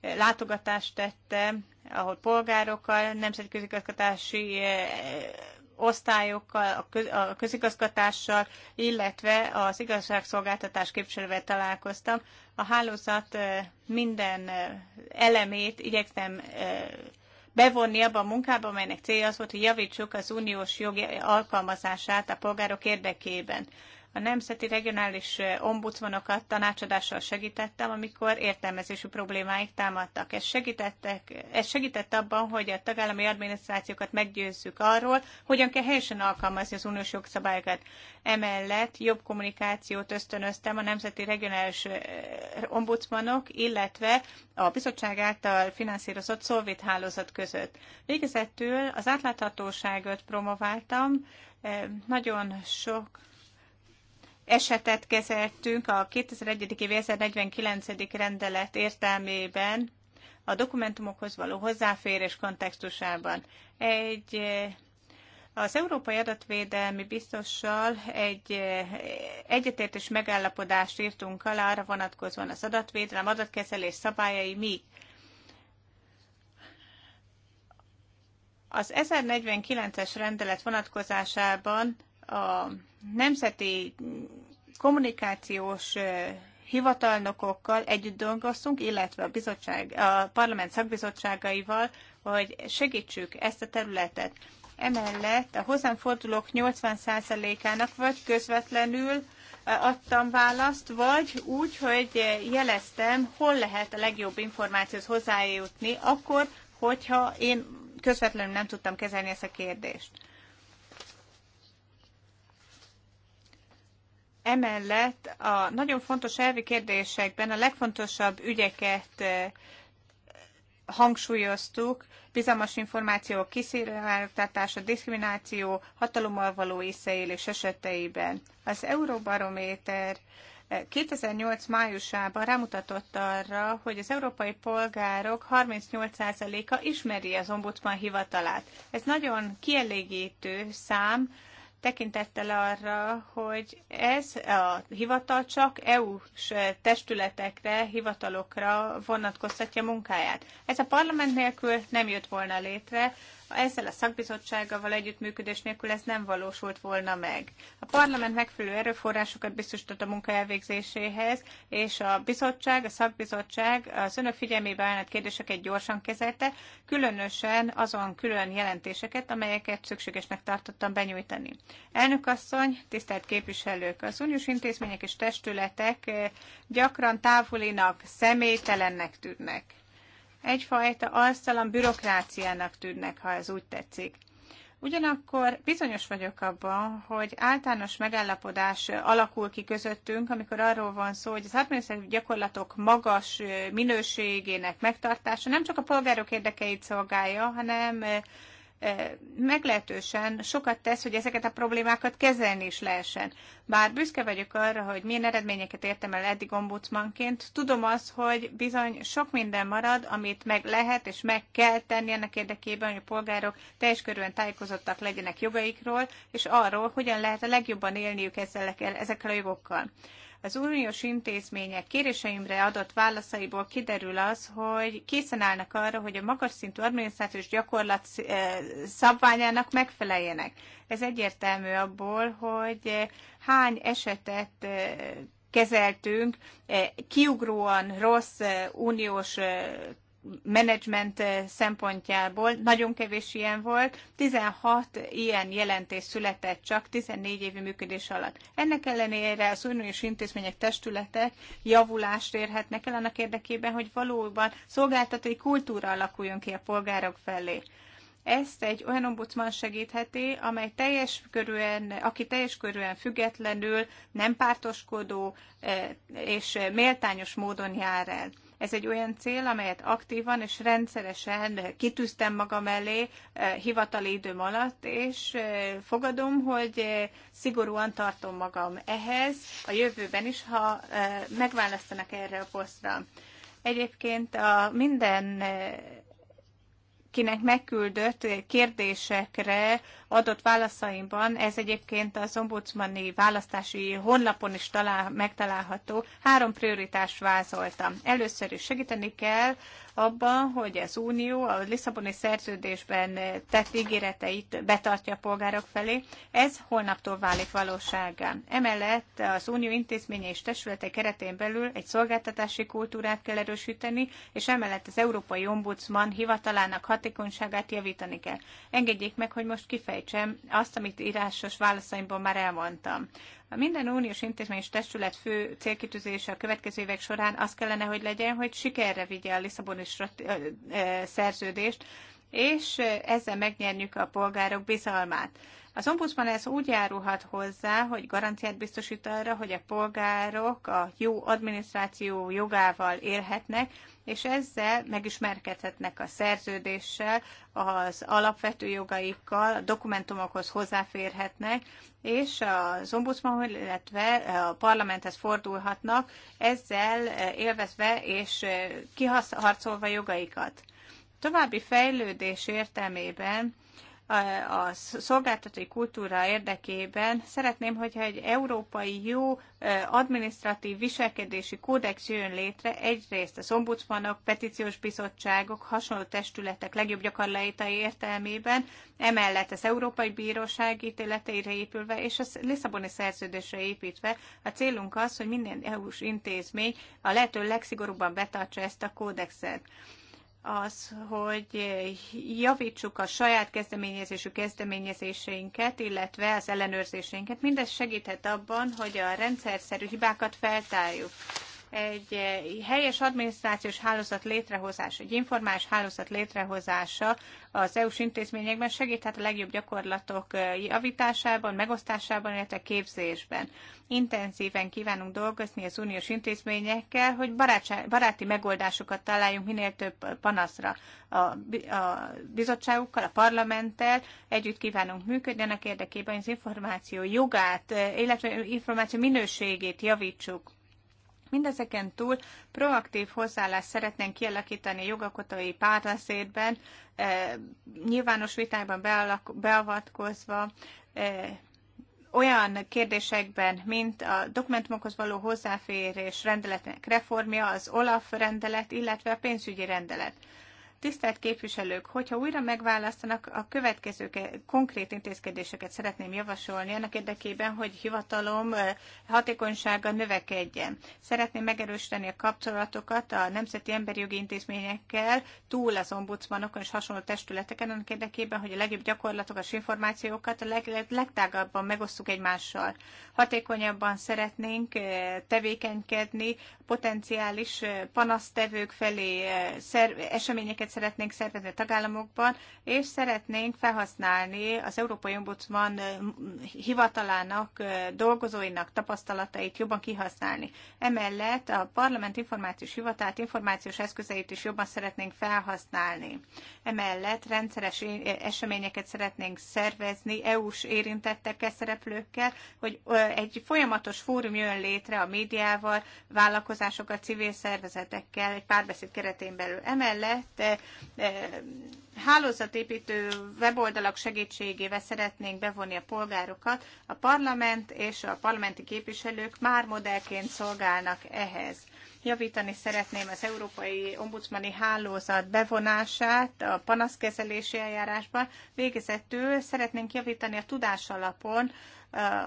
látogatást tette, ahol polgárokkal, nemzetközi közgatási osztályokkal, a közigazgatással, illetve az igazságszolgáltatás képviselővel találkoztam. A hálózat minden elemét igyektem bevonni abba a munkába, amelynek célja az volt, hogy javítsuk az uniós jogi alkalmazását a polgárok érdekében a nemzeti regionális ombudsmanokat tanácsadással segítettem, amikor értelmezésű problémáik támadtak. Ez, segítettek, ez segített abban, hogy a tagállami adminisztrációkat meggyőzzük arról, hogyan kell helyesen alkalmazni az uniós jogszabályokat. Emellett jobb kommunikációt ösztönöztem a nemzeti regionális ombudsmanok, illetve a bizottság által finanszírozott szolvét hálózat között. Végezetül az átláthatóságot promováltam, nagyon sok esetet kezeltünk a 2001. év 1049. rendelet értelmében a dokumentumokhoz való hozzáférés kontextusában. Egy az Európai Adatvédelmi Biztossal egy egyetértés megállapodást írtunk alá, arra vonatkozóan az adatvédelem, adatkezelés szabályai mi. Az 1049-es rendelet vonatkozásában a nemzeti kommunikációs hivatalnokokkal együtt dolgoztunk, illetve a, bizottság, a parlament szakbizottságaival, hogy segítsük ezt a területet. Emellett a hozzám fordulók 80%-ának vagy közvetlenül adtam választ, vagy úgy, hogy jeleztem, hol lehet a legjobb információhoz hozzájutni, akkor, hogyha én közvetlenül nem tudtam kezelni ezt a kérdést. emellett a nagyon fontos elvi kérdésekben a legfontosabb ügyeket eh, hangsúlyoztuk, bizalmas információ kiszivárogtatása, diszkrimináció, hatalommal való visszaélés eseteiben. Az Euróbarométer 2008 eh, májusában rámutatott arra, hogy az európai polgárok 38%-a ismeri az ombudsman hivatalát. Ez nagyon kielégítő szám, tekintettel arra, hogy ez a hivatal csak EU-s testületekre, hivatalokra vonatkoztatja munkáját. Ez a parlament nélkül nem jött volna létre, ezzel a szakbizottságával együttműködés nélkül ez nem valósult volna meg. A parlament megfelelő erőforrásokat biztosított a munka elvégzéséhez, és a bizottság, a szakbizottság az önök figyelmébe ajánlott kérdéseket gyorsan kezelte, különösen azon külön jelentéseket, amelyeket szükségesnek tartottam benyújtani. Elnök asszony, tisztelt képviselők, az uniós intézmények és testületek gyakran távolinak, személytelennek tűnnek egyfajta alszalan bürokráciának tűnnek, ha ez úgy tetszik. Ugyanakkor bizonyos vagyok abban, hogy általános megállapodás alakul ki közöttünk, amikor arról van szó, hogy az adminisztratív gyakorlatok magas minőségének megtartása nem csak a polgárok érdekeit szolgálja, hanem meglehetősen sokat tesz, hogy ezeket a problémákat kezelni is lehessen. Bár büszke vagyok arra, hogy milyen eredményeket értem el eddig ombudsmanként, tudom azt, hogy bizony sok minden marad, amit meg lehet és meg kell tenni ennek érdekében, hogy a polgárok teljes körülön tájékozottak legyenek jogaikról, és arról, hogyan lehet a legjobban élniük ezzel, ezekkel a jogokkal. Az uniós intézmények kéréseimre adott válaszaiból kiderül az, hogy készen állnak arra, hogy a magas szintű adminisztrációs gyakorlat eh, szabványának megfeleljenek. Ez egyértelmű abból, hogy eh, hány esetet eh, kezeltünk kiugróan rossz uniós menedzsment eh, szempontjából nagyon kevés ilyen volt, 16 ilyen jelentés született csak 14 évi működés alatt. Ennek ellenére az uniós intézmények, testületek javulást érhetnek el annak érdekében, hogy valóban szolgáltatói kultúra alakuljon ki a polgárok felé. Ezt egy olyan ombudsman segítheti, amely teljes körülön, aki teljes körülön függetlenül, nem pártoskodó eh, és méltányos módon jár el. Ez egy olyan cél, amelyet aktívan és rendszeresen kitűztem magam elé eh, hivatali időm alatt, és eh, fogadom, hogy eh, szigorúan tartom magam ehhez a jövőben is, ha megválasztanak erre a posztra. Egyébként a minden akinek megküldött kérdésekre adott válaszaimban, ez egyébként az ombudsmani választási honlapon is talál, megtalálható, három prioritást vázoltam. Először is segíteni kell abban, hogy az Unió a Lisszaboni szerződésben tett ígéreteit betartja a polgárok felé. Ez holnaptól válik valósággá. Emellett az Unió intézménye és testülete keretén belül egy szolgáltatási kultúrát kell erősíteni, és emellett az Európai Ombudsman hivatalának hatékonyságát javítani kell. Engedjék meg, hogy most kifejtsem azt, amit írásos válaszaimban már elmondtam. A minden uniós intézmény és testület fő célkitűzése a következő évek során az kellene, hogy legyen, hogy sikerre vigye a Lisszaboni szerződést, és ezzel megnyerjük a polgárok bizalmát. Az ombudsman ez úgy járulhat hozzá, hogy garanciát biztosít arra, hogy a polgárok a jó adminisztráció jogával élhetnek, és ezzel megismerkedhetnek a szerződéssel, az alapvető jogaikkal, a dokumentumokhoz hozzáférhetnek, és az ombudsman, illetve a parlamenthez fordulhatnak, ezzel élvezve és kiharcolva jogaikat. További fejlődés értelmében a szolgáltatói kultúra érdekében szeretném, hogyha egy európai jó adminisztratív viselkedési kódex jön létre, egyrészt a ombudsmanok, petíciós bizottságok, hasonló testületek legjobb gyakorlatai értelmében, emellett az Európai Bíróság ítéleteire épülve és a Lisszaboni szerződésre építve. A célunk az, hogy minden EU-s intézmény a lehető legszigorúbban betartsa ezt a kódexet az, hogy javítsuk a saját kezdeményezésű kezdeményezéseinket, illetve az ellenőrzéseinket. Mindez segíthet abban, hogy a rendszerszerű hibákat feltárjuk egy eh, helyes adminisztrációs hálózat létrehozása, egy informális hálózat létrehozása az EU-s intézményekben tehát a legjobb gyakorlatok eh, javításában, megosztásában, illetve képzésben. Intenzíven kívánunk dolgozni az uniós intézményekkel, hogy baráti megoldásokat találjunk minél több panaszra. A, a bizottságukkal, a parlamenttel együtt kívánunk működni, ennek érdekében az információ jogát, eh, illetve információ minőségét javítsuk Mindezeken túl proaktív hozzáállást szeretnénk kialakítani jogakotói párbeszédben, eh, nyilvános vitákban beavatkozva, eh, olyan kérdésekben, mint a dokumentumokhoz való hozzáférés rendeletnek reformja, az OLAF rendelet, illetve a pénzügyi rendelet. Tisztelt képviselők, hogyha újra megválasztanak, a következő eh, konkrét intézkedéseket szeretném javasolni annak érdekében, hogy hivatalom eh, hatékonysága növekedjen. Szeretném megerősíteni a kapcsolatokat a nemzeti emberi jogi intézményekkel, túl az ombudsmanokon és hasonló testületeken, annak érdekében, hogy a legjobb gyakorlatokat és információkat a leg, legtágabban megosztjuk egymással. Hatékonyabban szeretnénk eh, tevékenykedni potenciális panasztevők felé eseményeket szeretnénk szervezni a tagállamokban, és szeretnénk felhasználni az Európai Ombudsman hivatalának, dolgozóinak tapasztalatait jobban kihasználni. Emellett a Parlament Információs Hivatát információs eszközeit is jobban szeretnénk felhasználni. Emellett rendszeres eseményeket szeretnénk szervezni EU-s érintettekkel, szereplőkkel, hogy egy folyamatos fórum jön létre a médiával, vállalkozásokkal, vállalkozásokat, civil szervezetekkel egy párbeszéd keretén belül. Emellett eh, eh, hálózatépítő weboldalak segítségével szeretnénk bevonni a polgárokat. A parlament és a parlamenti képviselők már modellként szolgálnak ehhez. Javítani szeretném az Európai Ombudsmani Hálózat bevonását a panaszkezelési eljárásban. Végezetül szeretnénk javítani a alapon,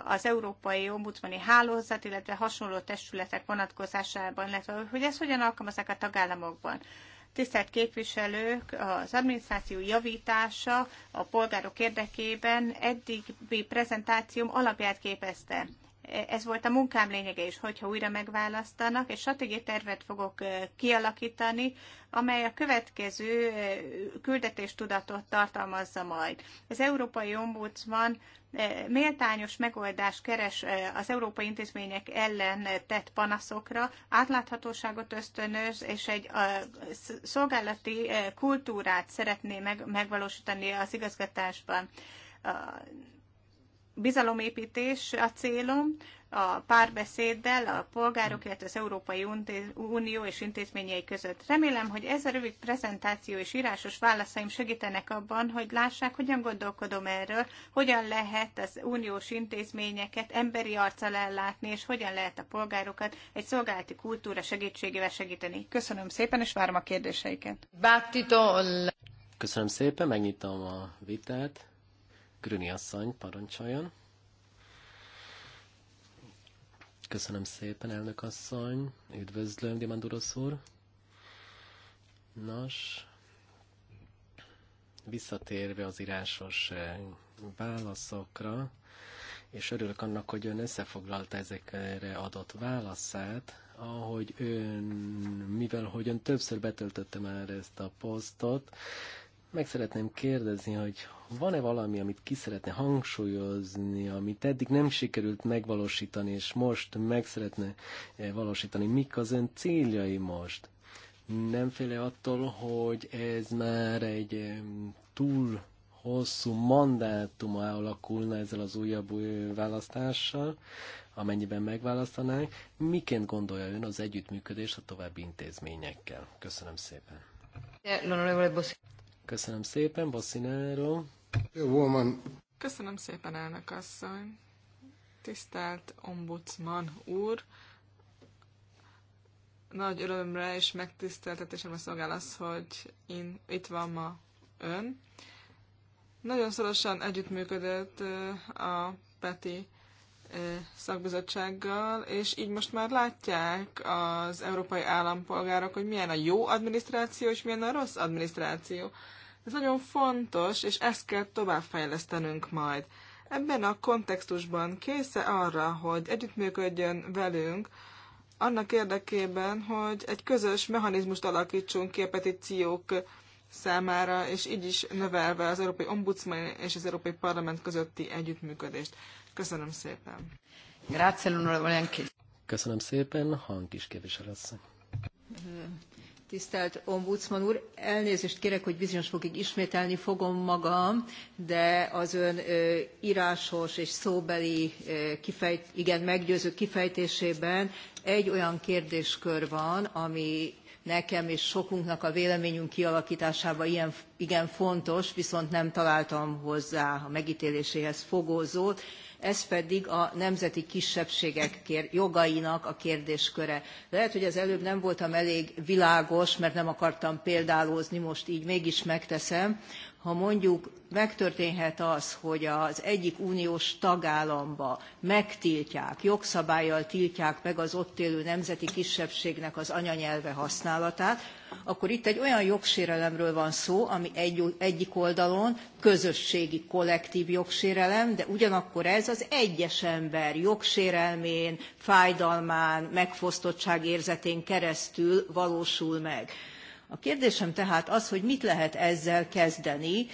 az Európai Ombudsmani Hálózat, illetve hasonló testületek vonatkozásában, illetve hogy ezt hogyan alkalmazzák a tagállamokban. Tisztelt képviselők, az adminisztráció javítása a polgárok érdekében eddigi prezentációm alapját képezte ez volt a munkám lényege is, hogyha újra megválasztanak, és stratégiai tervet fogok kialakítani, amely a következő küldetéstudatot tartalmazza majd. Az Európai Ombudsman méltányos megoldás keres az európai intézmények ellen tett panaszokra, átláthatóságot ösztönöz, és egy szolgálati kultúrát szeretné megvalósítani az igazgatásban bizalomépítés a célom, a párbeszéddel a polgárok, illetve az Európai Unió és intézményei között. Remélem, hogy ez a rövid prezentáció és írásos válaszaim segítenek abban, hogy lássák, hogyan gondolkodom erről, hogyan lehet az uniós intézményeket emberi arccal ellátni, és hogyan lehet a polgárokat egy szolgálati kultúra segítségével segíteni. Köszönöm szépen, és várom a kérdéseiket. Köszönöm szépen, megnyitom a vitát. Grüni asszony, parancsoljon. Köszönöm szépen, elnök asszony. Üdvözlöm, Dimandurosz úr. Nos, visszatérve az írásos eh, válaszokra, és örülök annak, hogy ön összefoglalta ezekre adott válaszát, ahogy ön, mivel hogy ön többször betöltötte már ezt a posztot, meg szeretném kérdezni, hogy van-e valami, amit ki szeretne hangsúlyozni, amit eddig nem sikerült megvalósítani, és most meg szeretne eh, valósítani? Mik az ön céljai most? Nem féle attól, hogy ez már egy eh, túl hosszú mandátum alakulna ezzel az újabb új eh, választással, amennyiben megválasztanánk. Miként gondolja ön az együttműködést a további intézményekkel? Köszönöm szépen. Köszönöm szépen, Bosszináró. Jó, woman. Köszönöm szépen, elnök asszony. Tisztelt ombudsman úr, nagy örömre és megtiszteltetésemre szolgál az, hogy én itt van ma ön. Nagyon szorosan együttműködött a Peti szakbizottsággal, és így most már látják az európai állampolgárok, hogy milyen a jó adminisztráció, és milyen a rossz adminisztráció. Ez nagyon fontos, és ezt kell továbbfejlesztenünk majd. Ebben a kontextusban késze arra, hogy együttműködjön velünk, annak érdekében, hogy egy közös mechanizmust alakítsunk ki a petíciók számára, és így is növelve az Európai Ombudsman és az Európai Parlament közötti együttműködést. Köszönöm szépen. Grazie, Köszönöm szépen, hang is képviselőasszony. Tisztelt Ombudsman úr, elnézést kérek, hogy bizonyos fokig ismételni fogom magam, de az ön írásos és szóbeli, kifejt, igen, meggyőző kifejtésében egy olyan kérdéskör van, ami nekem és sokunknak a véleményünk kialakításában ilyen, igen fontos, viszont nem találtam hozzá a megítéléséhez fogózót ez pedig a nemzeti kisebbségek jogainak a kérdésköre. Lehet, hogy az előbb nem voltam elég világos, mert nem akartam példálózni, most így mégis megteszem, ha mondjuk megtörténhet az, hogy az egyik uniós tagállamba megtiltják, jogszabályjal tiltják meg az ott élő nemzeti kisebbségnek az anyanyelve használatát, akkor itt egy olyan jogsérelemről van szó, ami egy, egyik oldalon közösségi, kollektív jogsérelem, de ugyanakkor ez az egyes ember jogsérelmén, fájdalmán, megfosztottság érzetén keresztül valósul meg. A kérdésem tehát az, hogy mit lehet ezzel kezdeni,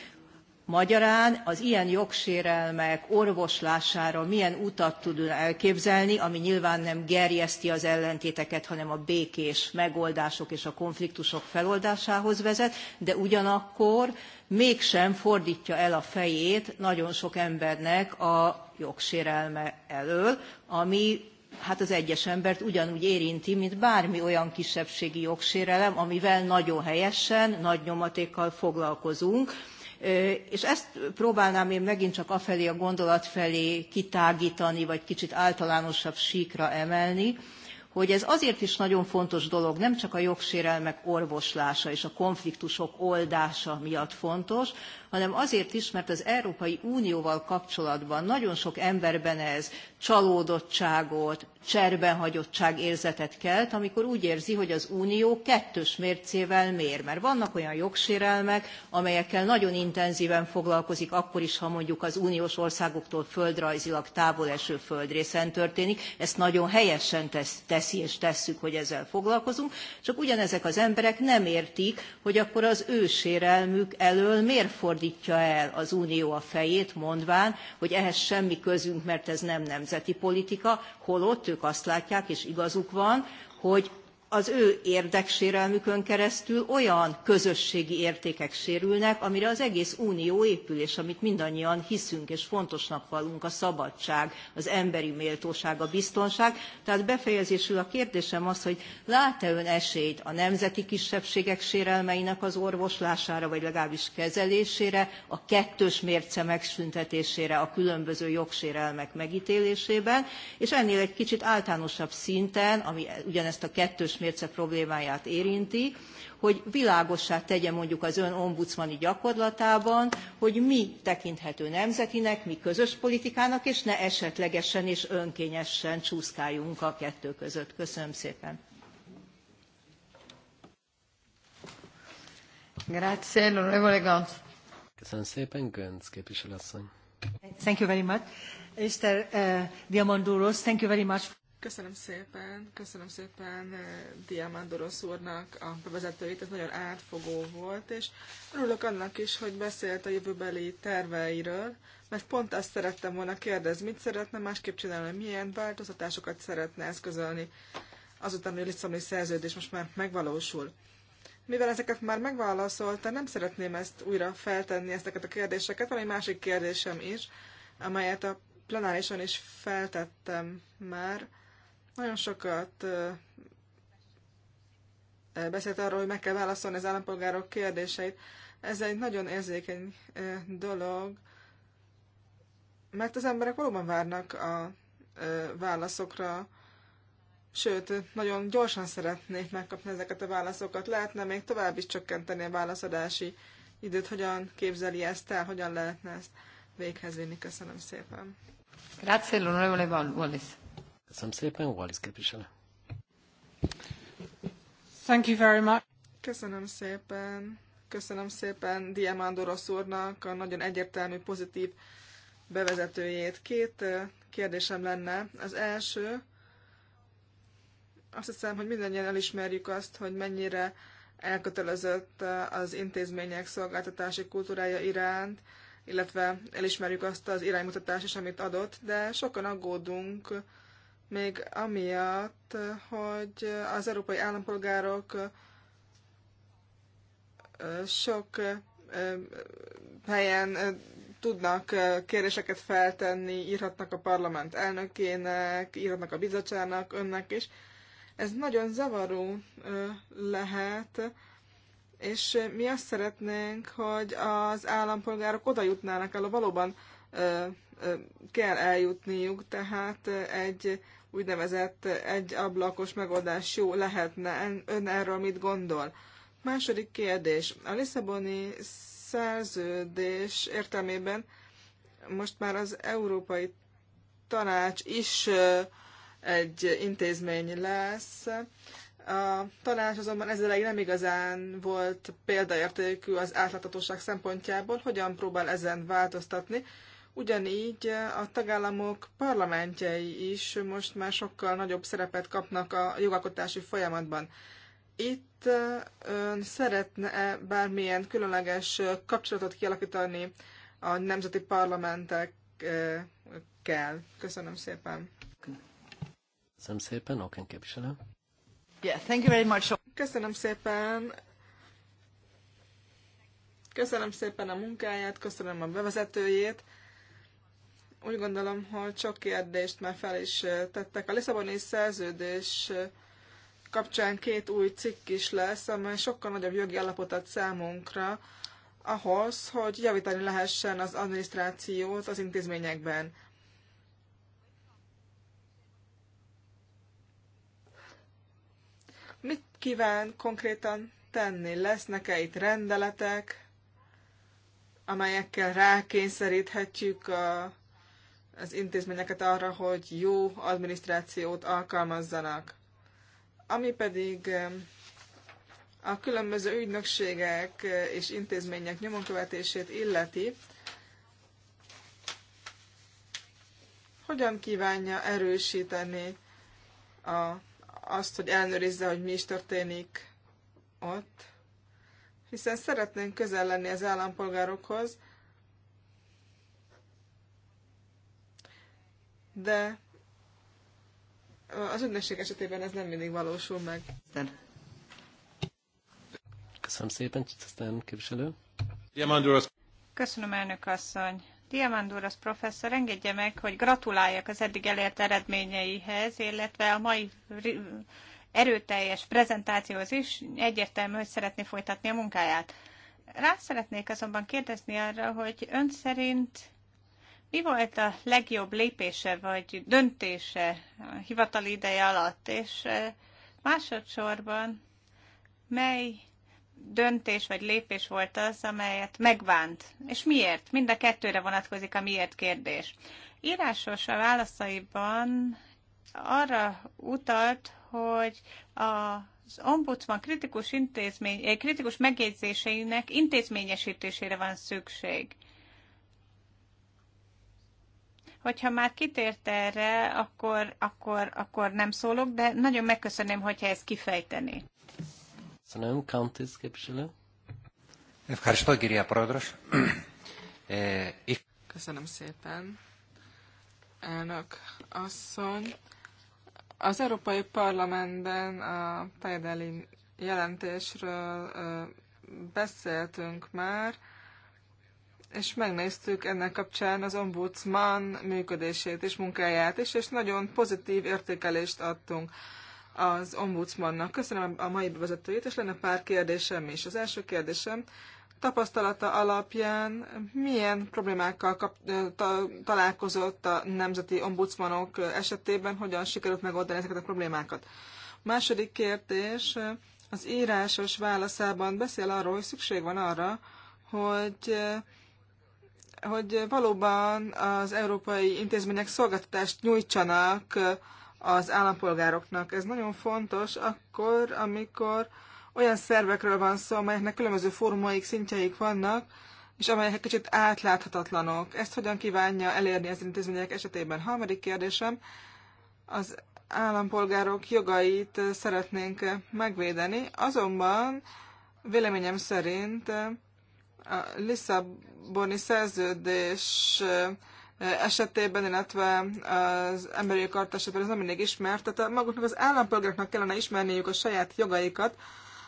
Magyarán az ilyen jogsérelmek orvoslására milyen utat tud elképzelni, ami nyilván nem gerjeszti az ellentéteket, hanem a békés megoldások és a konfliktusok feloldásához vezet, de ugyanakkor mégsem fordítja el a fejét nagyon sok embernek a jogsérelme elől, ami hát az egyes embert ugyanúgy érinti, mint bármi olyan kisebbségi jogsérelem, amivel nagyon helyesen, nagy nyomatékkal foglalkozunk és ezt próbálnám én megint csak afelé a gondolat felé kitágítani, vagy kicsit általánosabb síkra emelni, hogy ez azért is nagyon fontos dolog, nem csak a jogsérelmek orvoslása és a konfliktusok oldása miatt fontos, hanem azért is, mert az Európai Unióval kapcsolatban nagyon sok emberben ez csalódottságot, cserbenhagyottság érzetet kelt, amikor úgy érzi, hogy az Unió kettős mércével mér. Mert vannak olyan jogsérelmek, amelyekkel nagyon intenzíven foglalkozik, akkor is, ha mondjuk az uniós országoktól földrajzilag távol eső földrészen történik. Ezt nagyon helyesen teszi és tesszük, hogy ezzel foglalkozunk. Csak ugyanezek az emberek nem értik, hogy akkor az ő sérelmük elől miért fordul fordítja el az Unió a fejét, mondván, hogy ehhez semmi közünk, mert ez nem nemzeti politika, holott ők azt látják, és igazuk van, hogy az ő érdeksérelmükön keresztül olyan közösségi értékek sérülnek, amire az egész unió épül, és amit mindannyian hiszünk és fontosnak vallunk, a szabadság, az emberi méltóság, a biztonság. Tehát befejezésül a kérdésem az, hogy lát-e ön esélyt a nemzeti kisebbségek sérelmeinek az orvoslására, vagy legalábbis kezelésére, a kettős mérce megszüntetésére, a különböző jogsérelmek megítélésében, és ennél egy kicsit általánosabb szinten, ami ugyanezt a kettős kettes mérce problémáját érinti, hogy világossá tegye mondjuk az ön ombudsmani gyakorlatában, hogy mi tekinthető nemzetinek, mi közös politikának, és ne esetlegesen és önkényesen csúszkáljunk a kettő között. Köszönöm szépen. Grazie, l'onorevole Gantz. Köszönöm szépen, Gönc képviselőasszony. Thank you very much. Mr. Uh, Diamandouros, thank you very much. Köszönöm szépen, köszönöm szépen eh, Diamandoros úrnak a bevezetőjét, ez nagyon átfogó volt, és örülök annak is, hogy beszélt a jövőbeli terveiről, mert pont azt szerettem volna kérdezni, mit szeretne másképp csinálni, milyen változtatásokat szeretne eszközölni azután, hogy a Lisszaboni szerződés most már megvalósul. Mivel ezeket már megválaszolta, nem szeretném ezt újra feltenni, ezeket a kérdéseket. Van egy másik kérdésem is, amelyet a plenárison is feltettem már. Nagyon sokat beszélt arról, hogy meg kell válaszolni az állampolgárok kérdéseit. Ez egy nagyon érzékeny dolog, mert az emberek valóban várnak a válaszokra, sőt, nagyon gyorsan szeretnék megkapni ezeket a válaszokat. Lehetne még tovább is csökkenteni a válaszadási időt, hogyan képzeli ezt el, hogyan lehetne ezt véghez vinni. Köszönöm szépen. Grazie, l'onorevole Wallis. Köszönöm szépen, Wallis képviselő. Thank you very much. Köszönöm szépen. Köszönöm szépen Diamandorosz úrnak a nagyon egyértelmű, pozitív bevezetőjét. Két kérdésem lenne. Az első, azt hiszem, hogy mindannyian elismerjük azt, hogy mennyire elkötelezett az intézmények szolgáltatási kultúrája iránt, illetve elismerjük azt az iránymutatást is, amit adott, de sokan aggódunk még amiatt, hogy az európai állampolgárok sok helyen tudnak kéréseket feltenni, írhatnak a parlament elnökének, írhatnak a bizottságnak, önnek is. Ez nagyon zavaró lehet, és mi azt szeretnénk, hogy az állampolgárok oda jutnának el, valóban kell eljutniuk, tehát egy úgynevezett egy ablakos megoldás jó lehetne. Ön erről mit gondol? Második kérdés. A Lisszaboni szerződés értelmében most már az Európai Tanács is egy intézmény lesz. A tanács azonban ezzel nem igazán volt példaértékű az átláthatóság szempontjából. Hogyan próbál ezen változtatni? Ugyanígy a tagállamok parlamentjei is most már sokkal nagyobb szerepet kapnak a jogalkotási folyamatban. Itt ön szeretne -e bármilyen különleges kapcsolatot kialakítani a nemzeti parlamentekkel? Köszönöm szépen. Köszönöm szépen, Oken képviselő. Yeah, thank you very much. Köszönöm szépen. Köszönöm szépen a munkáját, köszönöm a bevezetőjét. Úgy gondolom, hogy sok kérdést már fel is eh, tettek. A Lisszaboni szerződés eh, kapcsán két új cikk is lesz, amely sokkal nagyobb jogi alapot ad számunkra ahhoz, hogy javítani lehessen az adminisztrációt az intézményekben. Mit kíván konkrétan tenni? Lesznek-e itt rendeletek, amelyekkel rákényszeríthetjük a az intézményeket arra, hogy jó adminisztrációt alkalmazzanak. Ami pedig a különböző ügynökségek eh, és intézmények nyomonkövetését illeti, hogyan kívánja erősíteni a, azt, hogy elnőrizze, hogy mi is történik ott, hiszen szeretnénk közel lenni az állampolgárokhoz, de az ünnepség esetében ez nem mindig valósul meg. Köszönöm szépen, Csicsasztán képviselő. Diamanduros. Köszönöm, elnök asszony. Diamanduros professzor, engedje meg, hogy gratuláljak az eddig elért eredményeihez, illetve a mai erőteljes prezentációhoz is egyértelmű, hogy szeretné folytatni a munkáját. Rá szeretnék azonban kérdezni arra, hogy ön szerint mi volt a legjobb lépése vagy döntése a hivatali ideje alatt, és másodszorban mely döntés vagy lépés volt az, amelyet megvánt, És miért? Mind a kettőre vonatkozik a miért kérdés. Írásos a válaszaiban arra utalt, hogy az ombudsman kritikus, intézmény, eh, kritikus megjegyzéseinek intézményesítésére van szükség. Hogyha már kitért erre, akkor, akkor, akkor nem szólok, de nagyon megköszönném, hogyha ezt kifejteni. Köszönöm, Countess képviselő. Köszönöm szépen. Elnök asszony, az Európai Parlamentben a Pajdeli jelentésről beszéltünk már, és megnéztük ennek kapcsán az ombudsman működését és munkáját is, és nagyon pozitív értékelést adtunk az ombudsmannak. Köszönöm a mai bevezetőjét, és lenne pár kérdésem is. Az első kérdésem, tapasztalata alapján milyen problémákkal kap, ta, találkozott a nemzeti ombudsmanok esetében, hogyan sikerült megoldani ezeket a problémákat? A második kérdés, az írásos válaszában beszél arról, hogy szükség van arra, hogy hogy valóban az európai intézmények szolgáltatást nyújtsanak az állampolgároknak. Ez nagyon fontos akkor, amikor olyan szervekről van szó, amelyeknek különböző formaik, szintjeik vannak, és amelyek kicsit átláthatatlanok. Ezt hogyan kívánja elérni az intézmények esetében? Harmadik kérdésem, az állampolgárok jogait szeretnénk megvédeni, azonban véleményem szerint a Lisszaboni szerződés eh, esetében, illetve az emberi kart esetében ez nem mindig ismert, tehát maguknak az állampolgároknak kellene ismerniük a saját jogaikat,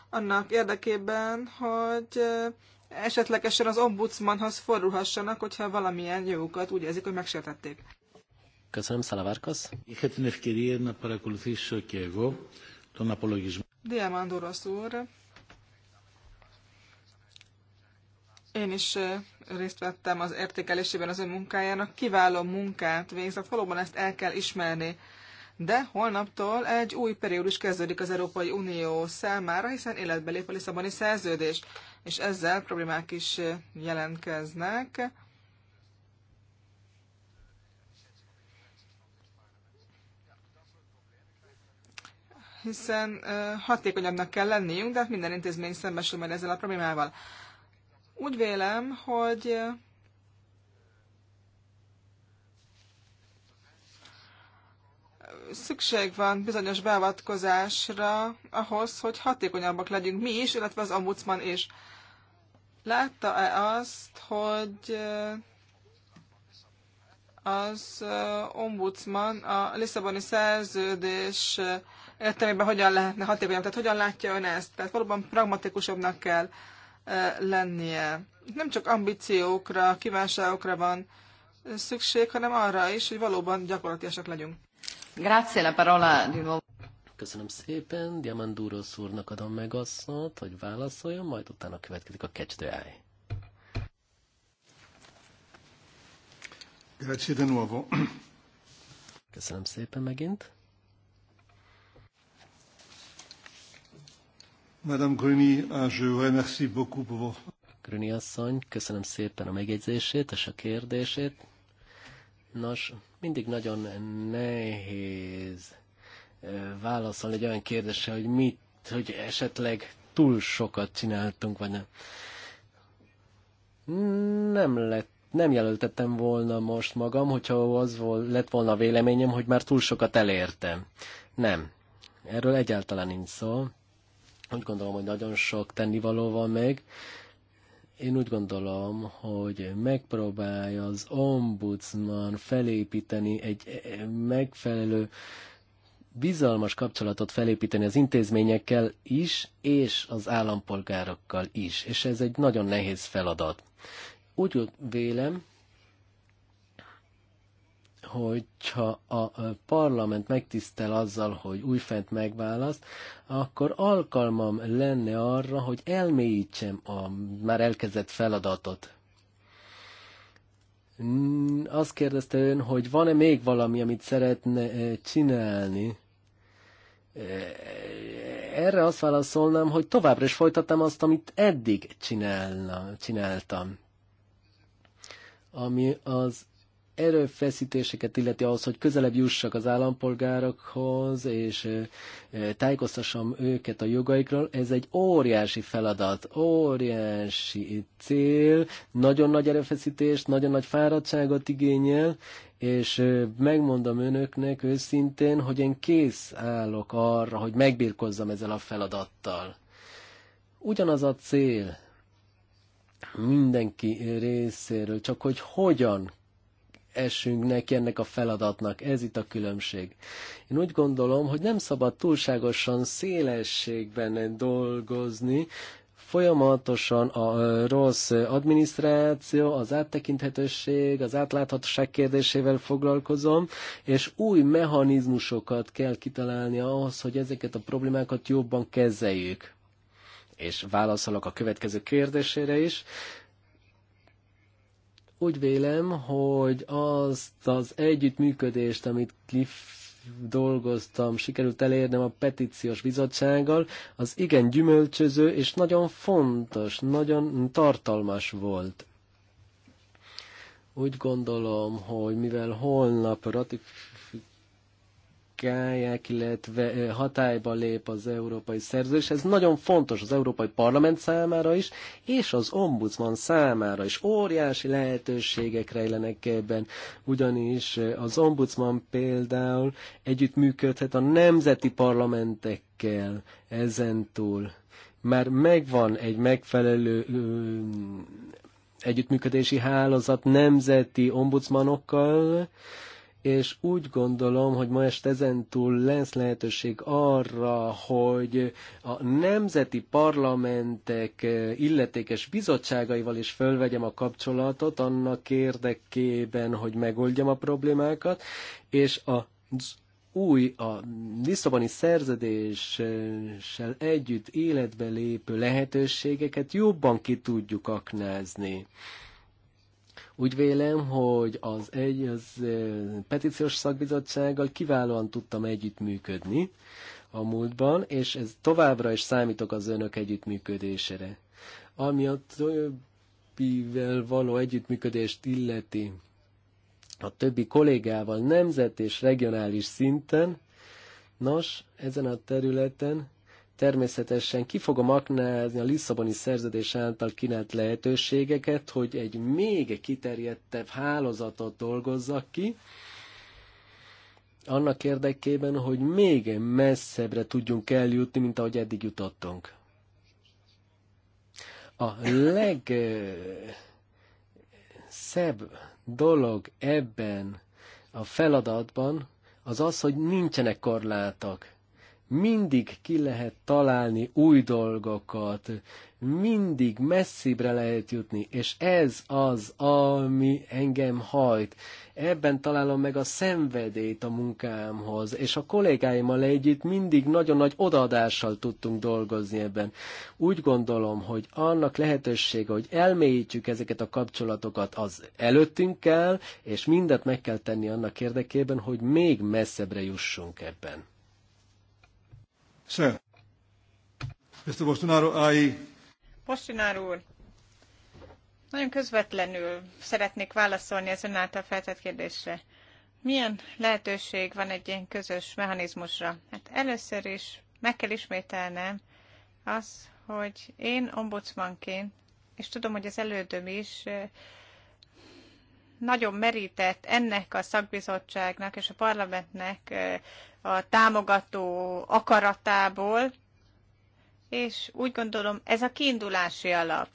annak érdekében, hogy eh, esetlegesen az ombudsmanhoz fordulhassanak, hogyha valamilyen jogukat úgy érzik, hogy megsértették. Köszönöm, Szalavárkasz. Είχα την ευκαιρία να παρακολουθήσω και εγώ τον úr, Én is részt vettem az értékelésében az ön munkájának. Kiváló munkát végzett, valóban ezt el kell ismerni. De holnaptól egy új periódus kezdődik az Európai Unió számára, hiszen életbe lép a Lisszaboni szerződés, és ezzel problémák is jelentkeznek. hiszen hatékonyabbnak kell lenniünk, de minden intézmény szembesül majd ezzel a problémával. Úgy vélem, hogy szükség van bizonyos beavatkozásra ahhoz, hogy hatékonyabbak legyünk mi is, illetve az ombudsman is. Látta-e azt, hogy az ombudsman a Lisszaboni szerződés értelmében hogyan lehetne hatékonyabb? Tehát hogyan látja ön ezt? Tehát valóban pragmatikusabbnak kell lennie. Nem csak ambíciókra, kívánságokra van szükség, hanem arra is, hogy valóban gyakorlatilag legyünk. Grazie la parola di nuovo. Köszönöm szépen, Diamanduro úrnak adom meg a szót, hogy válaszoljon, majd utána következik a Catch the Eye. Grazie de nuovo. Köszönöm szépen megint. Madame Gruny, euh, je vous remercie beaucoup pour vos... Gruny asszony, köszönöm szépen a megjegyzését és a kérdését. Nos, mindig nagyon nehéz válaszolni egy olyan kérdésre, hogy mit, hogy esetleg túl sokat csináltunk, vagy nem. Nem lett nem jelöltettem volna most magam, hogyha az vol, lett volna a véleményem, hogy már túl sokat elértem. Nem. Erről egyáltalán nincs szó. Úgy gondolom, hogy nagyon sok tennivaló van még. Én úgy gondolom, hogy megpróbálja az ombudsman felépíteni egy eh, megfelelő bizalmas kapcsolatot felépíteni az intézményekkel is, és az állampolgárokkal is. És ez egy nagyon nehéz feladat. Úgy vélem, hogyha a parlament megtisztel azzal, hogy újfent megválaszt, akkor alkalmam lenne arra, hogy elmélyítsem a már elkezdett feladatot. Azt kérdezte ön, hogy van-e még valami, amit szeretne e, csinálni? E, erre azt válaszolnám, hogy továbbra is folytatom azt, amit eddig csinálna, csináltam. Ami az erőfeszítéseket illeti ahhoz, hogy közelebb jussak az állampolgárokhoz, és tájékoztassam őket a jogaikról, ez egy óriási feladat, óriási cél, nagyon nagy erőfeszítést, nagyon nagy fáradtságot igényel, és megmondom önöknek őszintén, hogy én kész állok arra, hogy megbírkozzam ezzel a feladattal. Ugyanaz a cél mindenki részéről, csak hogy hogyan esünk neki ennek a feladatnak. Ez itt a különbség. Én úgy gondolom, hogy nem szabad túlságosan szélességben dolgozni, folyamatosan a rossz adminisztráció, az áttekinthetőség, az átláthatóság kérdésével foglalkozom, és új mechanizmusokat kell kitalálni ahhoz, hogy ezeket a problémákat jobban kezeljük. És válaszolok a következő kérdésére is. Úgy vélem, hogy azt az együttműködést, amit Cliff dolgoztam, sikerült elérnem a petíciós bizottsággal, az igen gyümölcsöző és nagyon fontos, nagyon tartalmas volt. Úgy gondolom, hogy mivel holnap ratifikáció ratifikálják, illetve hatályba lép az európai szerződés. Ez nagyon fontos az Európai Parlament számára is, és az ombudsman számára is. Óriási lehetőségek rejlenek ebben, ugyanis az ombudsman például együttműködhet a nemzeti parlamentekkel ezentúl. Már megvan egy megfelelő együttműködési hálózat nemzeti ombudsmanokkal, és úgy gondolom, hogy ma este ezentúl lesz lehetőség arra, hogy a nemzeti parlamentek eh, illetékes bizottságaival is fölvegyem a kapcsolatot annak érdekében, hogy megoldjam a problémákat, és a új, a Lisszaboni szerződéssel együtt életbe lépő lehetőségeket jobban ki tudjuk aknázni. Úgy vélem, hogy az egy az petíciós szakbizottsággal kiválóan tudtam együttműködni a múltban, és ez továbbra is számítok az önök együttműködésére. Ami a többivel való együttműködést illeti, a többi kollégával nemzet és regionális szinten, nos, ezen a területen természetesen ki fogom aknázni a Lisszaboni szerződés által kínált lehetőségeket, hogy egy még kiterjedtebb hálózatot dolgozzak ki, annak érdekében, hogy még messzebbre tudjunk eljutni, mint ahogy eddig jutottunk. A legszebb dolog ebben a feladatban az az, hogy nincsenek korlátok mindig ki lehet találni új dolgokat, mindig messzibre lehet jutni, és ez az, ami engem hajt. Ebben találom meg a szenvedét a munkámhoz, és a kollégáimmal együtt mindig nagyon nagy odaadással tudtunk dolgozni ebben. Úgy gondolom, hogy annak lehetősége, hogy elmélyítjük ezeket a kapcsolatokat az előttünk kell, és mindent meg kell tenni annak érdekében, hogy még messzebbre jussunk ebben. Mr. úr, nagyon közvetlenül szeretnék válaszolni az ön által feltett kérdésre. Milyen lehetőség van egy ilyen közös mechanizmusra? Hát először is meg kell ismételnem az, hogy én ombudsmanként, és tudom, hogy az elődöm is nagyon merített ennek a szakbizottságnak és a parlamentnek a támogató akaratából, és úgy gondolom ez a kiindulási alap.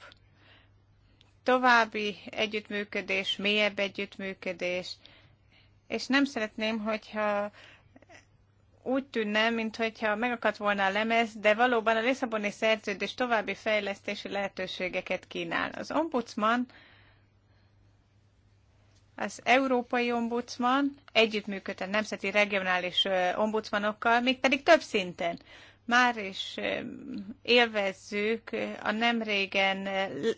További együttműködés, mélyebb együttműködés, és nem szeretném, hogyha úgy tűnne, mintha megakadt volna a lemez, de valóban a Lisszaboni szerződés további fejlesztési lehetőségeket kínál. Az ombudsman az Európai Ombudsman együttműködhet nemzeti regionális ombudsmanokkal, mégpedig több szinten már is élvezzük a nem régen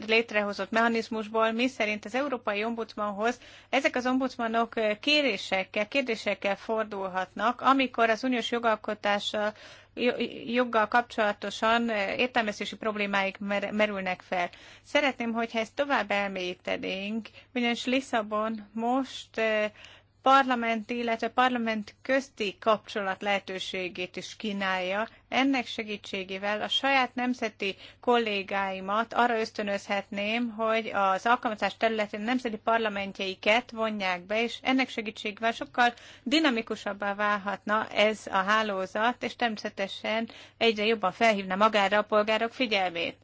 létrehozott mechanizmusból, mi szerint az Európai Ombudsmanhoz ezek az ombudsmanok kérésekkel, kérdésekkel fordulhatnak, amikor az uniós jogalkotással joggal kapcsolatosan eh, értelmezési problémáik merülnek fel. Szeretném, hogyha ezt tovább elmélyítenénk, ugyanis Lisszabon most eh, parlament, illetve parlament közti kapcsolat lehetőségét is kínálja. Ennek segítségével a saját nemzeti kollégáimat arra ösztönözhetném, hogy az alkalmazás területén nemzeti parlamentjeiket vonják be, és ennek segítségével sokkal dinamikusabbá válhatna ez a hálózat, és természetesen egyre jobban felhívna magára a polgárok figyelmét.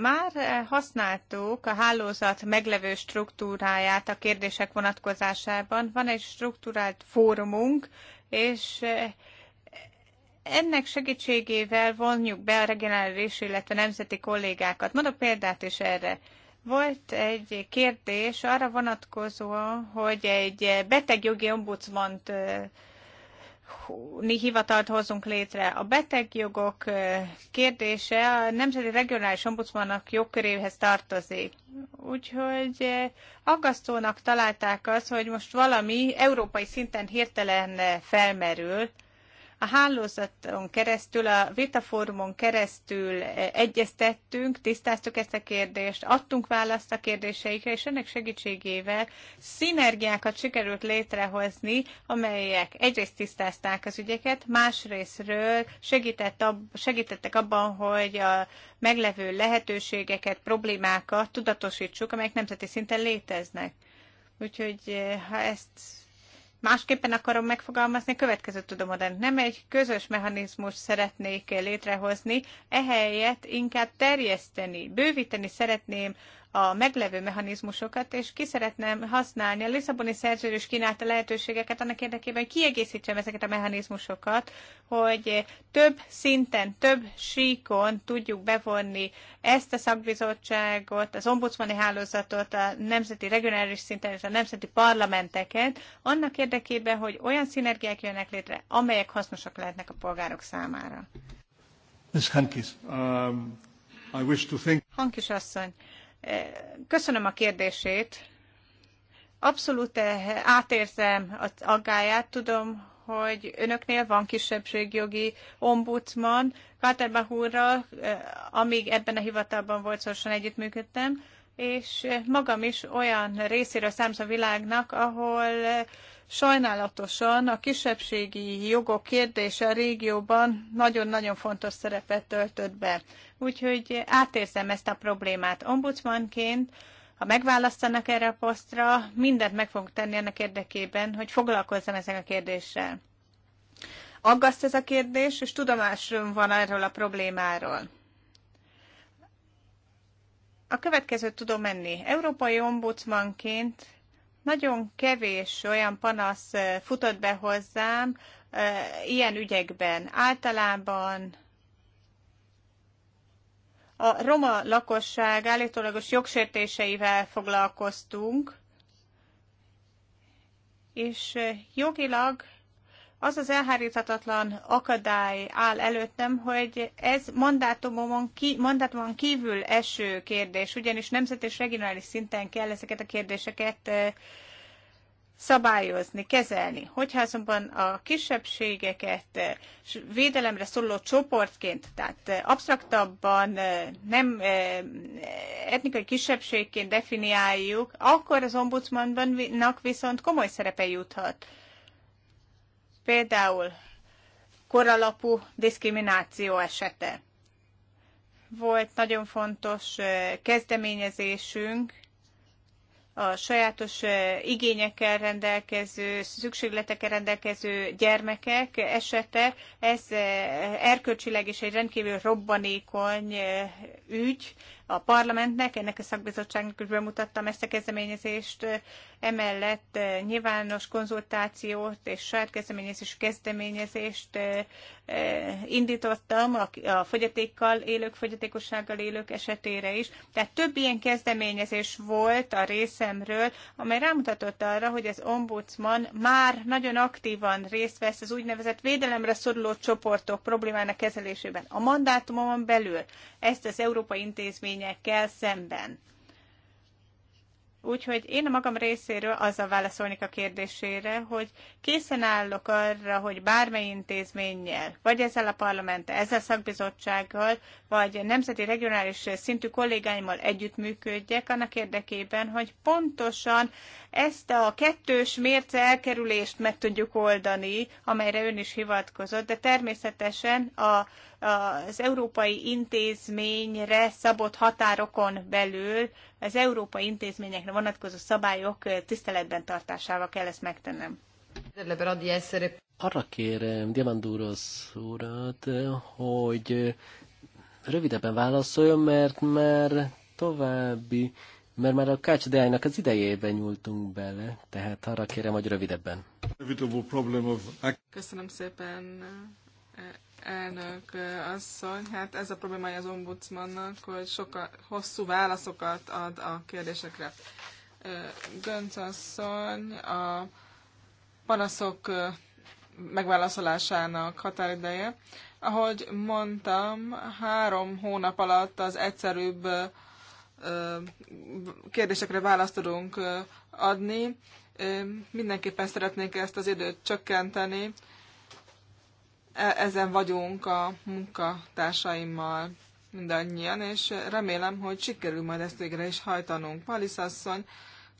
Már eh, használtuk a hálózat meglevő struktúráját a kérdések vonatkozásában. Van egy struktúrált fórumunk, és eh, ennek segítségével vonjuk be a regionális, illetve nemzeti kollégákat. Mondok példát is erre. Volt egy kérdés arra vonatkozóan, hogy egy beteg jogi ombudsmant eh, hivatalt hozunk létre. A betegjogok kérdése a Nemzeti Regionális Ombudsmannak jogköréhez tartozik. Úgyhogy aggasztónak találták az, hogy most valami európai szinten hirtelen felmerül, a hálózaton keresztül, a vitaforumon keresztül e, egyeztettünk, tisztáztuk ezt a kérdést, adtunk választ a kérdéseikre, és ennek segítségével szinergiákat sikerült létrehozni, amelyek egyrészt tisztázták az ügyeket, másrésztről segített ab, segítettek abban, hogy a meglevő lehetőségeket, problémákat tudatosítsuk, amelyek nemzeti szinten léteznek. Úgyhogy e, ha ezt Másképpen akarom megfogalmazni a következő tudomodat. Nem egy közös mechanizmus szeretnék létrehozni, ehelyett inkább terjeszteni, bővíteni szeretném a meglevő mechanizmusokat, és ki szeretném használni a Lisszaboni szerződés kínálta lehetőségeket annak érdekében, hogy kiegészítsem ezeket a mechanizmusokat, hogy több szinten, több síkon tudjuk bevonni ezt a szakbizottságot, az ombudsmani hálózatot, a nemzeti regionális szinten és a nemzeti parlamenteket, annak érdekében, hogy olyan szinergiák jönnek létre, amelyek hasznosak lehetnek a polgárok számára. Ms. Hankis, um, I wish to think... Hankis asszony, Köszönöm a kérdését. Abszolút eh, átérzem az aggáját. Tudom, hogy önöknél van kisebbségjogi ombudsman. Káterbach úrral, eh, amíg ebben a hivatalban volt, szorosan együttműködtem és magam is olyan részéről számsz a világnak, ahol sajnálatosan a kisebbségi jogok kérdése a régióban nagyon-nagyon fontos szerepet töltött be. Úgyhogy átérzem ezt a problémát. Ombudsmanként, ha megválasztanak erre a posztra, mindent meg fogunk tenni ennek érdekében, hogy foglalkozzam ezzel a kérdéssel. Aggaszt ez a kérdés, és tudomásom van erről a problémáról a következőt tudom menni. Európai ombudsmanként nagyon kevés olyan panasz futott be hozzám ilyen ügyekben. Általában a roma lakosság állítólagos jogsértéseivel foglalkoztunk, és jogilag az az elháríthatatlan akadály áll előttem, hogy ez mandátumon, ki, mandátumon kívül eső kérdés, ugyanis nemzet és regionális szinten kell ezeket a kérdéseket szabályozni, kezelni. Hogyha azonban a kisebbségeket védelemre szóló csoportként, tehát absztraktabban, nem etnikai kisebbségként definiáljuk, akkor az ombudsmannak viszont komoly szerepe juthat Például koralapú diszkrimináció esete. Volt nagyon fontos kezdeményezésünk, a sajátos igényekkel rendelkező, szükségletekkel rendelkező gyermekek esete, ez erkölcsileg is egy rendkívül robbanékony ügy, a parlamentnek, ennek a szakbizottságnak is bemutattam ezt a kezdeményezést, emellett nyilvános konzultációt és saját kezdeményezés kezdeményezést indítottam a fogyatékkal élők, fogyatékossággal élők esetére is. Tehát több ilyen kezdeményezés volt a részemről, amely rámutatott arra, hogy az ombudsman már nagyon aktívan részt vesz az úgynevezett védelemre szoruló csoportok problémának kezelésében. A mandátumon belül ezt az Európai Intézmény körülményekkel szemben. Úgyhogy én a magam részéről azzal válaszolnék a kérdésére, hogy készen állok arra, hogy bármely intézménnyel, vagy ezzel a parlamenttel, ezzel a szakbizottsággal, vagy nemzeti regionális szintű kollégáimmal együttműködjek annak érdekében, hogy pontosan ezt a kettős mérce elkerülést meg tudjuk oldani, amelyre ön is hivatkozott, de természetesen a, a, az európai intézményre szabott határokon belül az európai intézményekre vonatkozó szabályok tiszteletben tartásával kell ezt megtennem. Arra kérem Diamandúros urat, hogy rövidebben válaszoljon, mert már további mert már a Kács Deánynak az idejében nyúltunk bele, tehát arra kérem, hogy rövidebben. Köszönöm szépen, elnök asszony. Hát ez a problémája az ombudsmannak, hogy soka, hosszú válaszokat ad a kérdésekre. Gönc asszony, a panaszok megválaszolásának határideje. Ahogy mondtam, három hónap alatt az egyszerűbb kérdésekre választ tudunk adni. Mindenképpen szeretnénk ezt az időt csökkenteni. E, ezen vagyunk a munkatársaimmal mindannyian, és remélem, hogy sikerül majd ezt végre is hajtanunk. Malisz asszony,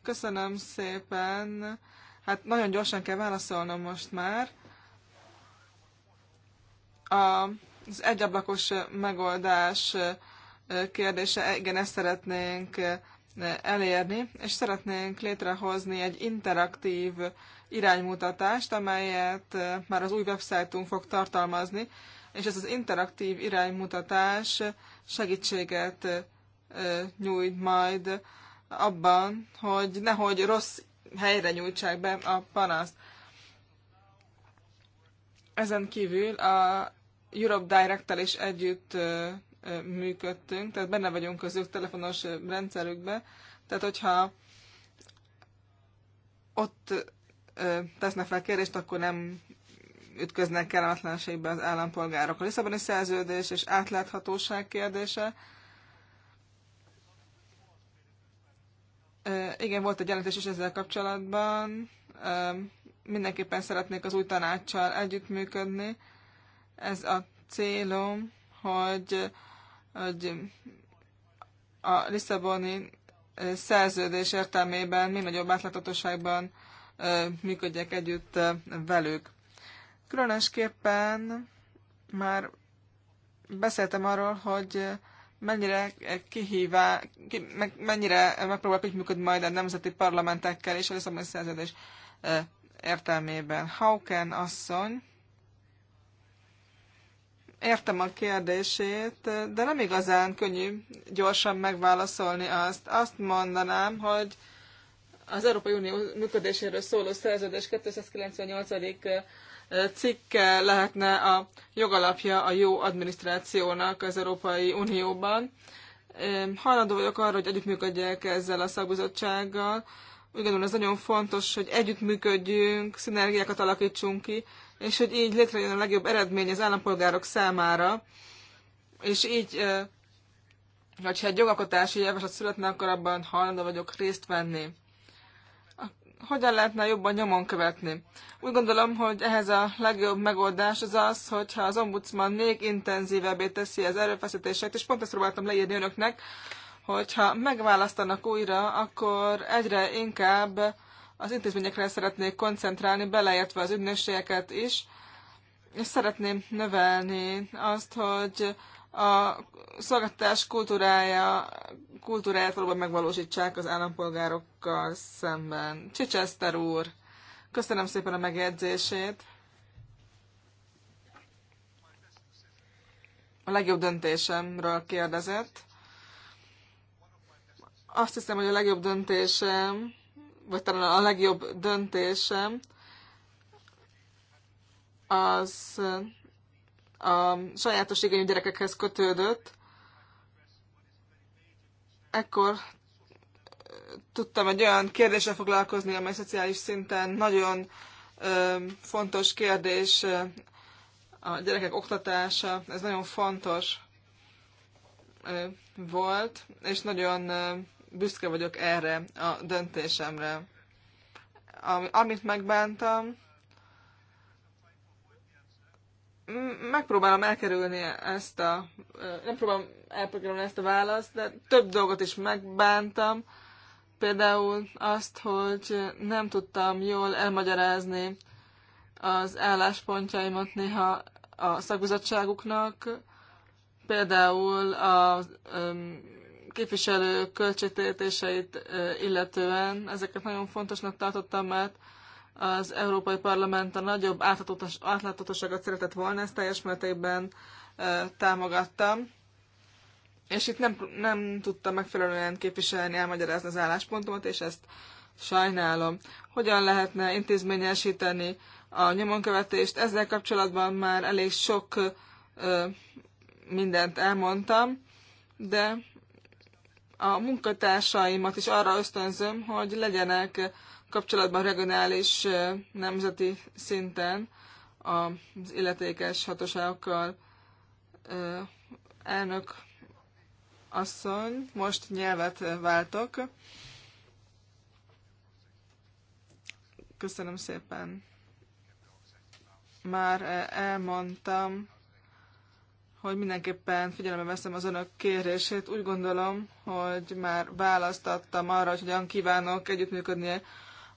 köszönöm szépen. Hát nagyon gyorsan kell válaszolnom most már. A, az egyablakos megoldás kérdése, igen, ezt szeretnénk eh, elérni, és szeretnénk létrehozni egy interaktív iránymutatást, amelyet eh, már az új websájtunk fog tartalmazni, és ez az interaktív iránymutatás segítséget eh, nyújt majd abban, hogy nehogy rossz helyre nyújtsák be a panaszt. Ezen kívül a Europe Direct-tel is együtt működtünk, tehát benne vagyunk az ők telefonos rendszerükbe, tehát hogyha ott tesznek fel kérést, akkor nem ütköznek kellemetlenségbe az állampolgárok. A Lisszaboni szerződés és átláthatóság kérdése. Igen, volt egy jelentés is ezzel kapcsolatban. Mindenképpen szeretnék az új tanácssal együttműködni. Ez a célom, hogy hogy a Lisszaboni szerződés értelmében mi nagyobb átláthatóságban működjek együtt velük. Különösképpen már beszéltem arról, hogy mennyire kihívá, ki, meg, mennyire megpróbálok így működni majd a nemzeti parlamentekkel és a Lisszaboni szerződés értelmében. Hauken asszony értem a kérdését, de nem igazán könnyű gyorsan megválaszolni azt. Azt mondanám, hogy az Európai Unió működéséről szóló szerződés 298 cikke lehetne a jogalapja a jó adminisztrációnak az Európai Unióban. Hajlandó vagyok arra, hogy együttműködjek ezzel a szakbizottsággal. Ugyanúgy ez nagyon fontos, hogy együttműködjünk, szinergiákat alakítsunk ki és hogy így létrejön a legjobb eredmény az állampolgárok számára, és így, hogyha egy jogalkotási javaslat születne, akkor abban hajlandó vagyok részt venni. Hogyan lehetne jobban nyomon követni? Úgy gondolom, hogy ehhez a legjobb megoldás az az, hogyha az ombudsman még intenzívebbé teszi az erőfeszítéseket, és pont ezt próbáltam leírni önöknek, hogyha megválasztanak újra, akkor egyre inkább az intézményekre szeretnék koncentrálni, beleértve az ügynökségeket is, és szeretném növelni azt, hogy a szolgáltatás kultúrája, kultúráját valóban megvalósítsák az állampolgárokkal szemben. Csicseszter úr, köszönöm szépen a megjegyzését. A legjobb döntésemről kérdezett. Azt hiszem, hogy a legjobb döntésem vagy talán a legjobb döntésem, az a sajátos igényű gyerekekhez kötődött. Ekkor tudtam egy olyan kérdéssel foglalkozni, amely szociális szinten nagyon fontos kérdés, a gyerekek oktatása, ez nagyon fontos volt, és nagyon büszke vagyok erre a döntésemre. Amit megbántam, megpróbálom elkerülni ezt a, nem próbálom elkerülni ezt a választ, de több dolgot is megbántam. Például azt, hogy nem tudtam jól elmagyarázni az álláspontjaimat néha a szakbizottságuknak, például a képviselő költségtérítéseit illetően ezeket nagyon fontosnak tartottam, mert az Európai Parlament a nagyobb átláthatóságot szeretett volna, ezt teljes mértékben támogattam. És itt nem, nem tudtam megfelelően képviselni, elmagyarázni az álláspontomat, és ezt sajnálom. Hogyan lehetne intézményesíteni a nyomonkövetést? Ezzel kapcsolatban már elég sok ö, mindent elmondtam, de a munkatársaimat is arra ösztönzöm, hogy legyenek kapcsolatban regionális nemzeti szinten az illetékes hatóságokkal. Elnök asszony, most nyelvet váltok. Köszönöm szépen. Már elmondtam hogy mindenképpen figyelembe veszem az önök kérését. Úgy gondolom, hogy már választattam arra, hogy hogyan kívánok együttműködni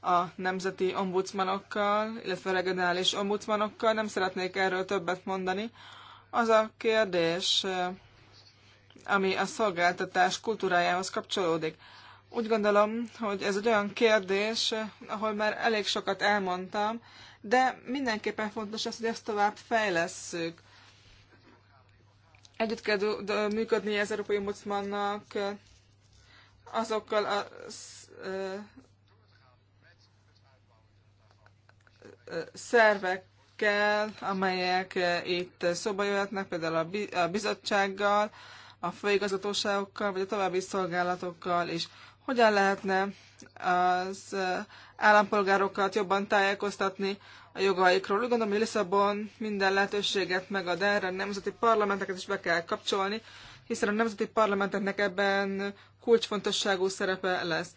a nemzeti ombudsmanokkal, illetve regionális ombudsmanokkal. Nem szeretnék erről többet mondani. Az a kérdés, ami a szolgáltatás kultúrájához kapcsolódik. Úgy gondolom, hogy ez egy olyan kérdés, ahol már elég sokat elmondtam, de mindenképpen fontos az, hogy ezt tovább fejlesszük Együtt kell működni az Európai Ombudsmannak azokkal a szervekkel, amelyek itt szóba jöhetnek, például a bizottsággal, a főigazgatóságokkal, vagy a további szolgálatokkal is. Hogyan lehetne az állampolgárokat jobban tájékoztatni a jogaikról. Úgy gondolom, hogy Lisszabon minden lehetőséget megad erre, a nemzeti parlamenteket is be kell kapcsolni, hiszen a nemzeti parlamenteknek ebben kulcsfontosságú szerepe lesz.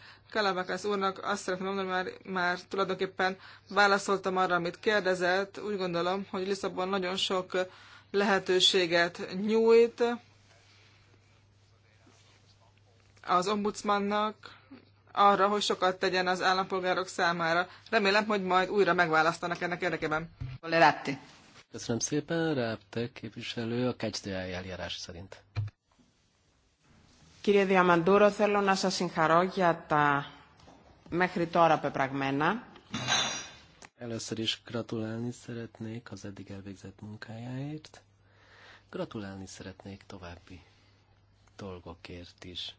az úrnak azt szeretném mondani, már, már tulajdonképpen válaszoltam arra, amit kérdezett. Úgy gondolom, hogy Lisszabon nagyon sok lehetőséget nyújt az ombudsmannak, arra, hogy sokat tegyen az állampolgárok számára. Remélem, hogy majd újra megválasztanak ennek érdekében. Lerátti. Köszönöm szépen, Rápte képviselő a KCDI eljárás szerint. Κύριε Διαμαντούρο, θέλω να σας συγχαρώ για τα μέχρι τώρα πεπραγμένα. Először is gratulálni szeretnék az eddig elvégzett munkájáért. Gratulálni szeretnék további dolgokért is.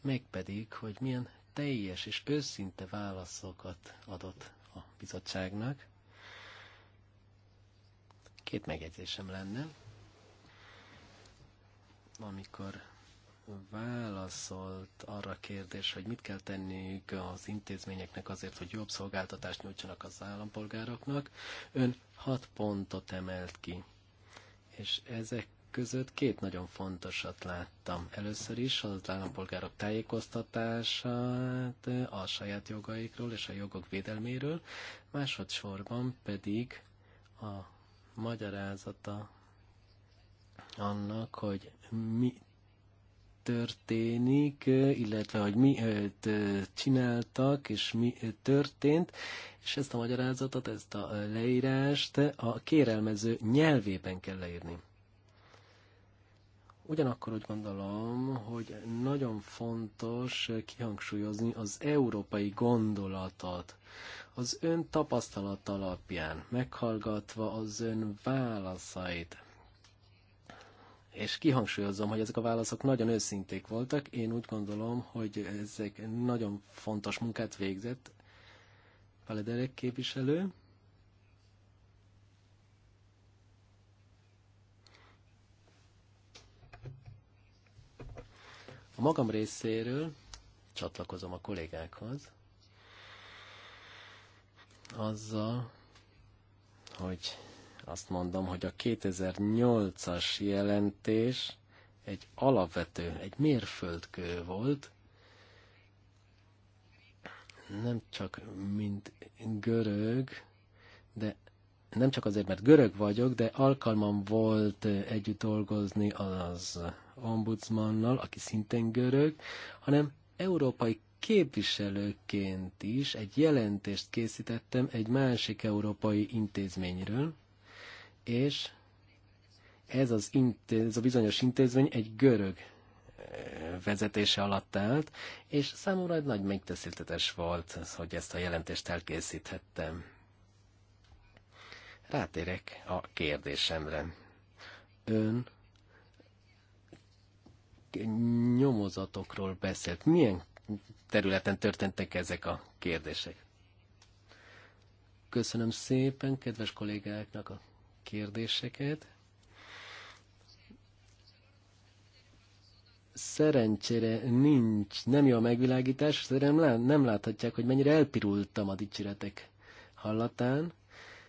Mégpedig, hogy milyen teljes és őszinte válaszokat adott a bizottságnak. Két megjegyzésem lenne. Amikor válaszolt arra a kérdés, hogy mit kell tenniük az intézményeknek azért, hogy jobb szolgáltatást nyújtsanak az állampolgároknak, ön hat pontot emelt ki. És ezek között két nagyon fontosat láttam. Először is az állampolgárok tájékoztatását a saját jogaikról és a jogok védelméről, másodszorban pedig a magyarázata annak, hogy mi történik, illetve hogy mi csináltak, és mi történt, és ezt a magyarázatot, ezt a leírást a kérelmező nyelvében kell leírni. Ugyanakkor úgy gondolom, hogy nagyon fontos kihangsúlyozni az európai gondolatot. Az ön tapasztalat alapján, meghallgatva az ön válaszait, és kihangsúlyozom, hogy ezek a válaszok nagyon őszinték voltak. Én úgy gondolom, hogy ezek nagyon fontos munkát végzett Palederek képviselő. A magam részéről csatlakozom a kollégákhoz azzal, hogy azt mondom, hogy a 2008-as jelentés egy alapvető, egy mérföldkő volt, nem csak mint görög, de nem csak azért, mert görög vagyok, de alkalmam volt együtt dolgozni az ombudsmannal, aki szintén görög, hanem európai képviselőként is egy jelentést készítettem egy másik európai intézményről, és ez, az intéz, ez a bizonyos intézmény egy görög eh, vezetése alatt állt, és számomra egy nagy megteszítetes volt, hogy ezt a jelentést elkészíthettem. Rátérek a kérdésemre. Ön nyomozatokról beszélt. Milyen területen történtek ezek a kérdések? Köszönöm szépen kedves kollégáknak a kérdéseket. Szerencsére nincs, nem jó a megvilágítás, szerintem nem láthatják, hogy mennyire elpirultam a dicséretek hallatán.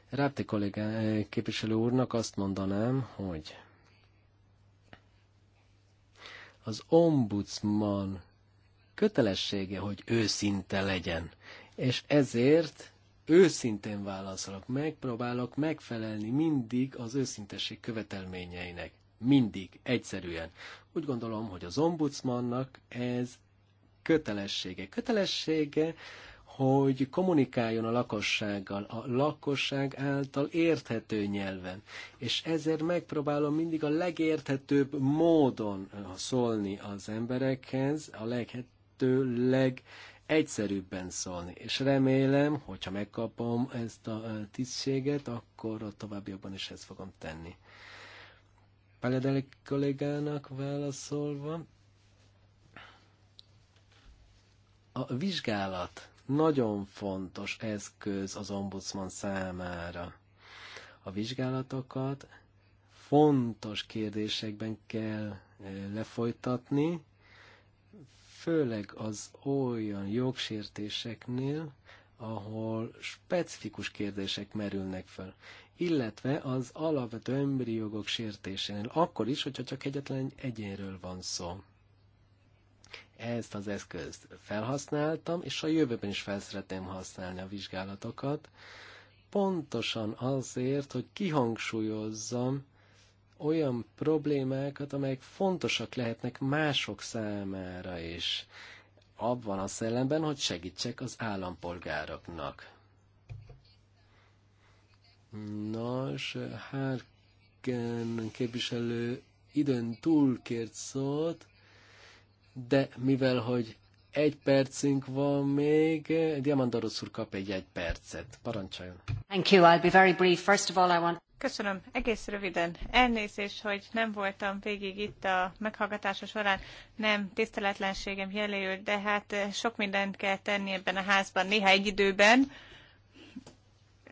Rápti kollégá, eh, képviselő úrnak azt mondanám, hogy az ombudsman kötelessége, hogy őszinte legyen. És ezért őszintén válaszolok, megpróbálok megfelelni mindig az őszintesség követelményeinek. Mindig, egyszerűen. Úgy gondolom, hogy az ombudsmannak ez kötelessége. Kötelessége, hogy kommunikáljon a lakossággal, a lakosság által érthető nyelven. És ezért megpróbálom mindig a legérthetőbb módon szólni az emberekhez, a leghető leg egyszerűbben szólni. És remélem, hogyha megkapom ezt a tisztséget, akkor a továbbiakban is ezt fogom tenni. Paledeli kollégának válaszolva, a vizsgálat nagyon fontos eszköz az ombudsman számára. A vizsgálatokat fontos kérdésekben kell eh, lefolytatni, főleg az olyan jogsértéseknél, ahol specifikus kérdések merülnek fel, illetve az alapvető emberi jogok sértésénél, akkor is, hogyha csak egyetlen egyénről van szó ezt az eszközt felhasználtam, és a jövőben is fel használni a vizsgálatokat, pontosan azért, hogy kihangsúlyozzam olyan problémákat, amelyek fontosak lehetnek mások számára is, abban a szellemben, hogy segítsek az állampolgároknak. Nos, Harken képviselő időn túl kért szót, de mivel, hogy egy percünk van még, Diamandoros úr kap egy egy percet. Parancsoljon. Thank you, I'll be very brief. First of all, I want Köszönöm, egész röviden. Elnézést, hogy nem voltam végig itt a meghallgatása során, nem tiszteletlenségem jeléül, de hát eh, sok mindent kell tenni ebben a házban, néha egy időben.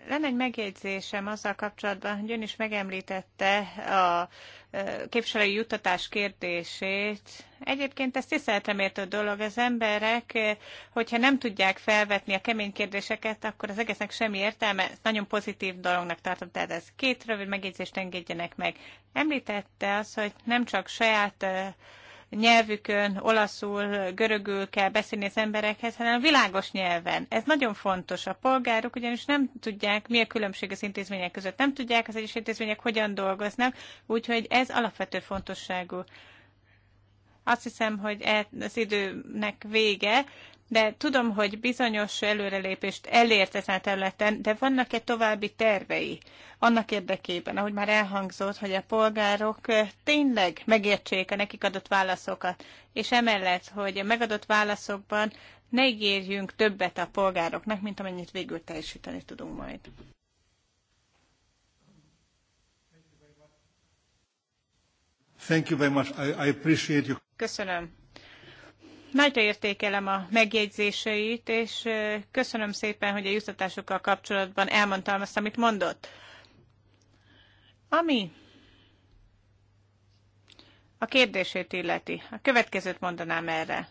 Lenne egy megjegyzésem azzal kapcsolatban, hogy ön is megemlítette a e, képviselői juttatás kérdését. Egyébként ez tiszteletremértő dolog. Az emberek, e, hogyha nem tudják felvetni a kemény kérdéseket, akkor az egésznek semmi értelme. Ezt nagyon pozitív dolognak tartom, tehát ez két rövid megjegyzést engedjenek meg. Említette az, hogy nem csak saját e, nyelvükön, olaszul, görögül kell beszélni az emberekhez, hanem világos nyelven. Ez nagyon fontos. A polgárok ugyanis nem tudják, mi a különbség az intézmények között. Nem tudják az egyes intézmények hogyan dolgoznak, úgyhogy ez alapvető fontosságú. Azt hiszem, hogy az időnek vége de tudom, hogy bizonyos előrelépést elért ezen a területen, de vannak-e további tervei annak érdekében, ahogy már elhangzott, hogy a polgárok eh, tényleg megértsék a nekik adott válaszokat, és emellett, hogy a megadott válaszokban ne ígérjünk többet a polgároknak, mint amennyit végül teljesíteni tudunk majd. Thank you very much. I, I appreciate you. Köszönöm Nagyra értékelem a megjegyzéseit, és köszönöm szépen, hogy a juttatásokkal kapcsolatban elmondtam azt, amit mondott. Ami a kérdését illeti, a következőt mondanám erre.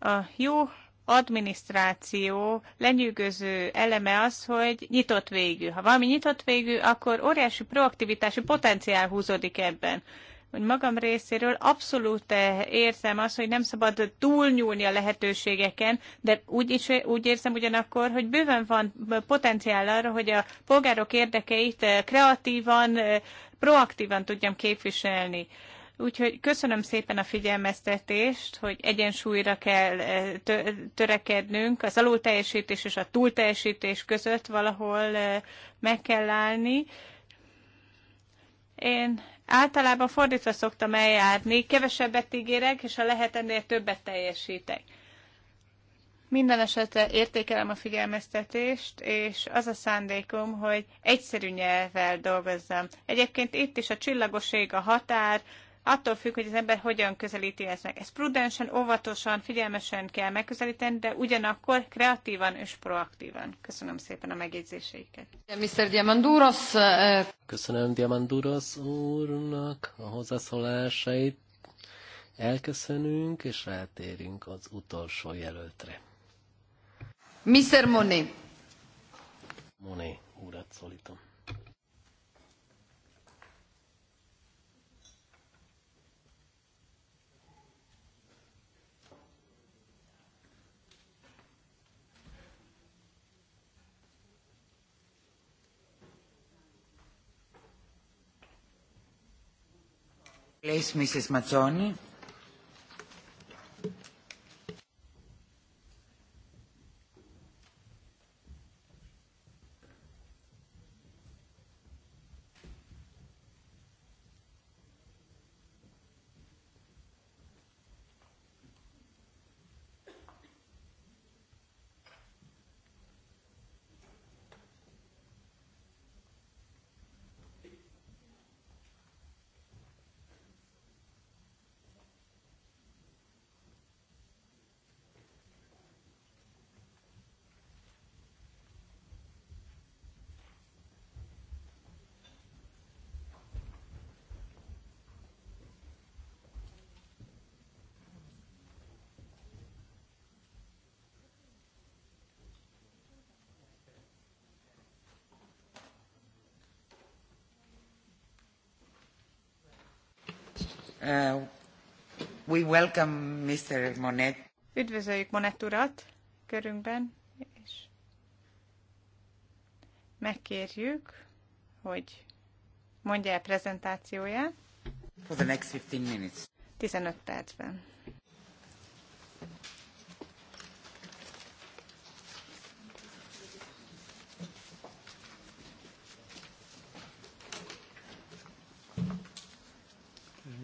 A jó adminisztráció lenyűgöző eleme az, hogy nyitott végű. Ha valami nyitott végű, akkor óriási proaktivitási potenciál húzódik ebben hogy magam részéről abszolút eh, érzem azt, hogy nem szabad túlnyúlni a lehetőségeken, de úgy, is, úgy érzem ugyanakkor, hogy bőven van potenciál arra, hogy a polgárok érdekeit eh, kreatívan, eh, proaktívan tudjam képviselni. Úgyhogy köszönöm szépen a figyelmeztetést, hogy egyensúlyra kell törekednünk, az alulteljesítés és a túlteljesítés között valahol meg kell állni. Én Általában fordítva szoktam eljárni, kevesebbet ígérek, és ha lehet ennél többet teljesítek. Minden esetre értékelem a figyelmeztetést, és az a szándékom, hogy egyszerű nyelvvel dolgozzam. Egyébként itt is a csillagoség, a határ, attól függ, hogy az ember hogyan közelíti ezt meg. Ezt prudensen, óvatosan, figyelmesen kell megközelíteni, de ugyanakkor kreatívan és proaktívan. Köszönöm szépen a megjegyzéseiket. Mr. Diamanduros. Köszönöm Diamanduros úrnak a hozzászólásait. Elköszönünk, és rátérünk az utolsó jelöltre. Mr. Monet. Monet, urat szólítom. Mrs. Mazzoni. Uh, we welcome Mr. Monet. Üdvözöljük Monet urat körünkben, és megkérjük, hogy mondja el prezentációját. For the next 15 minutes. 15 percben.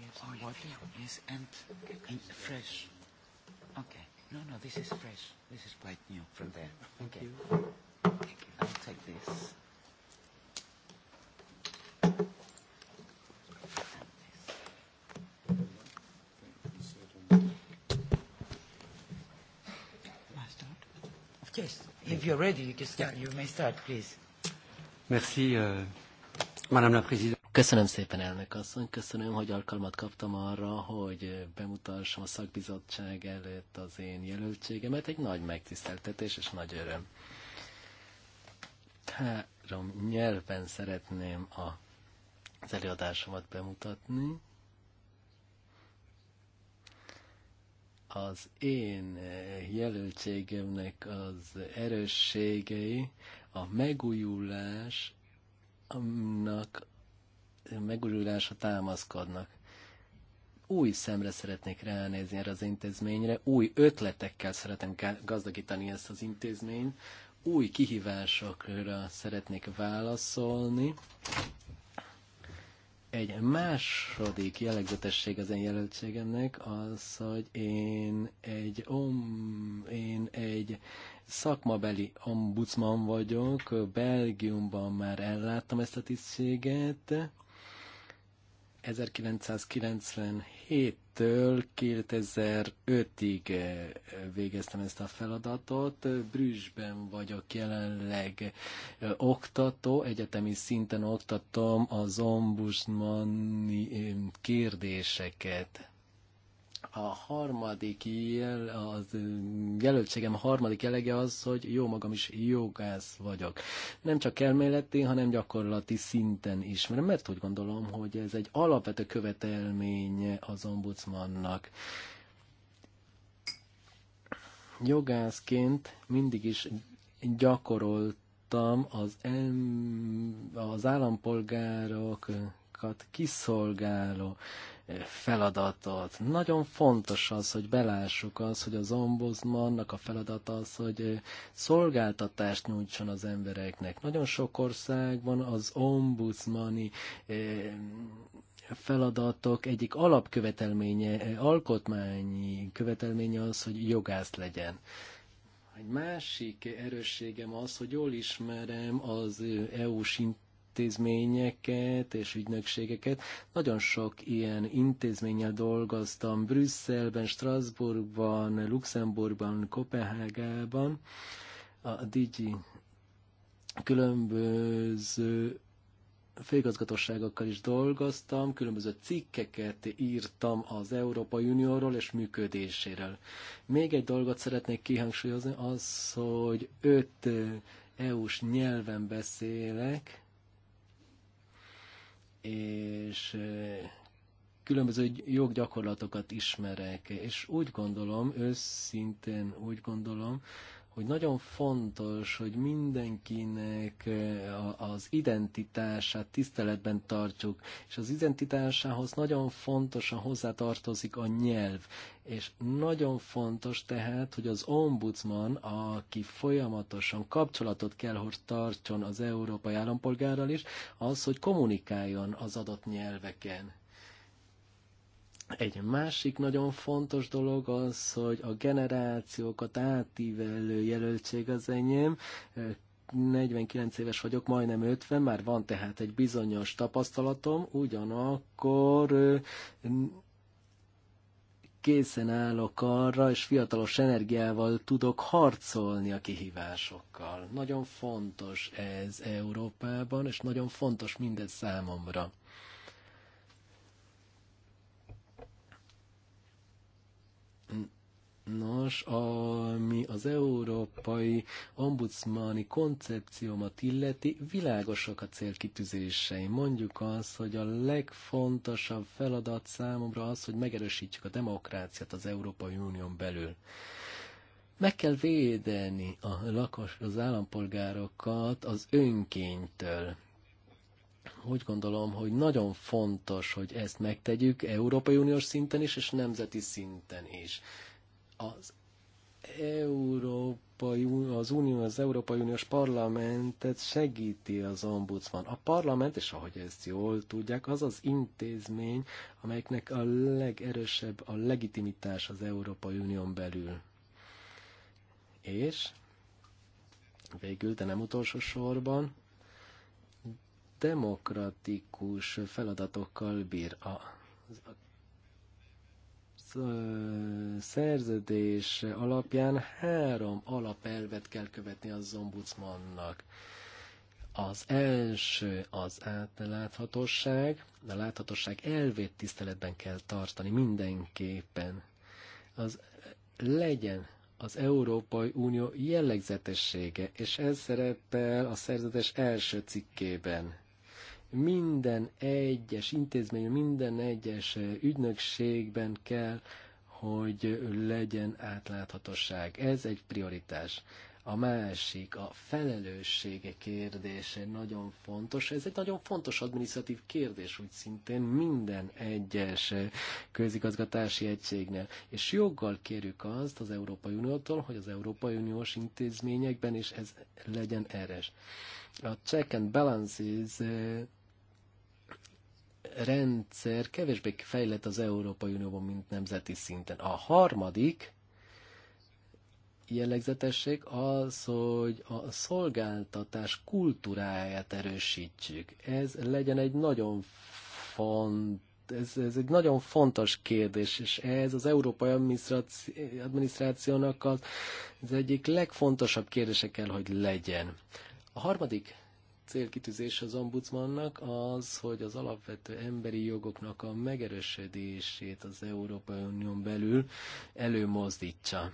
Yes, and water. Yes, and, and fresh. Okay. No, no, this is fresh. This is quite new from there. Thank okay. you. Thank you. I'll take this. if you're ready, you can start. You may start, please. Merci, euh, Madame la Présidente. Köszönöm szépen, elnök asszony, köszönöm, hogy alkalmat kaptam arra, hogy bemutassam a szakbizottság előtt az én jelöltségemet. Egy nagy megtiszteltetés és nagy öröm. Három nyelven szeretném a, az előadásomat bemutatni. Az én jelöltségemnek az erősségei a megújulás annak megújulásra támaszkodnak. Új szemre szeretnék ránézni erre az intézményre, új ötletekkel szeretem gazdagítani ezt az intézményt, új kihívásokra szeretnék válaszolni. Egy második jellegzetesség az én jelöltségemnek az, hogy én egy, om, én egy szakmabeli ombudsman vagyok, Belgiumban már elláttam ezt a tisztséget, 1997-től 2005-ig eh, végeztem ezt a feladatot. Brüsszben vagyok jelenleg eh, oktató, egyetemi szinten oktatom az ombudsmani eh, kérdéseket. A harmadik jel, az jelöltségem harmadik elege az, hogy jó magam is jogász vagyok. Nem csak elméleti, hanem gyakorlati szinten is, mert mert úgy gondolom, hogy ez egy alapvető követelmény az ombudsmannak jogászként mindig is gyakoroltam az, em, az állampolgárokat kiszolgáló feladatot. Nagyon fontos az, hogy belássuk az, hogy az ombudsmannak a feladata az, hogy szolgáltatást nyújtson az embereknek. Nagyon sok országban az ombudsmani eh, feladatok egyik alapkövetelménye, eh, alkotmányi követelménye az, hogy jogász legyen. Egy másik erősségem az, hogy jól ismerem az eh, EU-s intézményeket és ügynökségeket. Nagyon sok ilyen intézménnyel dolgoztam Brüsszelben, Strasbourgban, Luxemburgban, Kopenhágában. A Digi különböző főigazgatóságokkal is dolgoztam, különböző cikkeket írtam az Európai Unióról és működéséről. Még egy dolgot szeretnék kihangsúlyozni, az, hogy öt eh, EU-s nyelven beszélek, és különböző joggyakorlatokat ismerek, és úgy gondolom, őszintén úgy gondolom, hogy nagyon fontos, hogy mindenkinek eh, az identitását tiszteletben tartjuk, és az identitásához nagyon fontosan hozzátartozik a nyelv, és nagyon fontos tehát, hogy az ombudsman, aki folyamatosan kapcsolatot kell, hogy tartson az európai állampolgárral is, az, hogy kommunikáljon az adott nyelveken egy másik nagyon fontos dolog az, hogy a generációkat átívelő jelöltség az enyém, 49 éves vagyok, majdnem 50, már van tehát egy bizonyos tapasztalatom, ugyanakkor készen állok arra, és fiatalos energiával tudok harcolni a kihívásokkal. Nagyon fontos ez Európában, és nagyon fontos mindez számomra. Nos, ami az európai ombudsmani koncepciómat illeti, világosak a célkitűzései. Mondjuk az, hogy a legfontosabb feladat számomra az, hogy megerősítjük a demokráciát az Európai Unión belül. Meg kell védeni a lakos, az állampolgárokat az önkénytől úgy gondolom, hogy nagyon fontos, hogy ezt megtegyük Európai Uniós szinten is, és nemzeti szinten is az Európai, az Unió, az Európai Uniós Parlamentet segíti az ombudsman. A parlament, és ahogy ezt jól tudják, az az intézmény, amelyiknek a legerősebb a legitimitás az Európai Unión belül. És végül, de nem utolsó sorban, demokratikus feladatokkal bír a szerződés alapján három alapelvet kell követni az ombudsmannak. Az első az átláthatóság, a láthatóság elvét tiszteletben kell tartani mindenképpen. Az legyen az Európai Unió jellegzetessége, és ez szerepel a szerződés első cikkében minden egyes intézmény, minden egyes eh, ügynökségben kell, hogy legyen átláthatóság. Ez egy prioritás. A másik, a felelőssége kérdése nagyon fontos. Ez egy nagyon fontos adminisztratív kérdés, úgy szintén minden egyes eh, közigazgatási egységnél. És joggal kérjük azt az Európai Uniótól, hogy az Európai Uniós intézményekben is ez legyen eres. A check and balances eh, rendszer kevésbé fejlett az Európai Unióban, mint nemzeti szinten. A harmadik jellegzetesség az, hogy a szolgáltatás kultúráját erősítjük. Ez legyen egy nagyon font ez, ez egy nagyon fontos kérdés, és ez az európai adminisztrációnak az, az egyik legfontosabb kérdése kell, hogy legyen. A harmadik célkitűzés az ombudsmannak az, hogy az alapvető emberi jogoknak a megerősödését az Európai Unión belül előmozdítsa.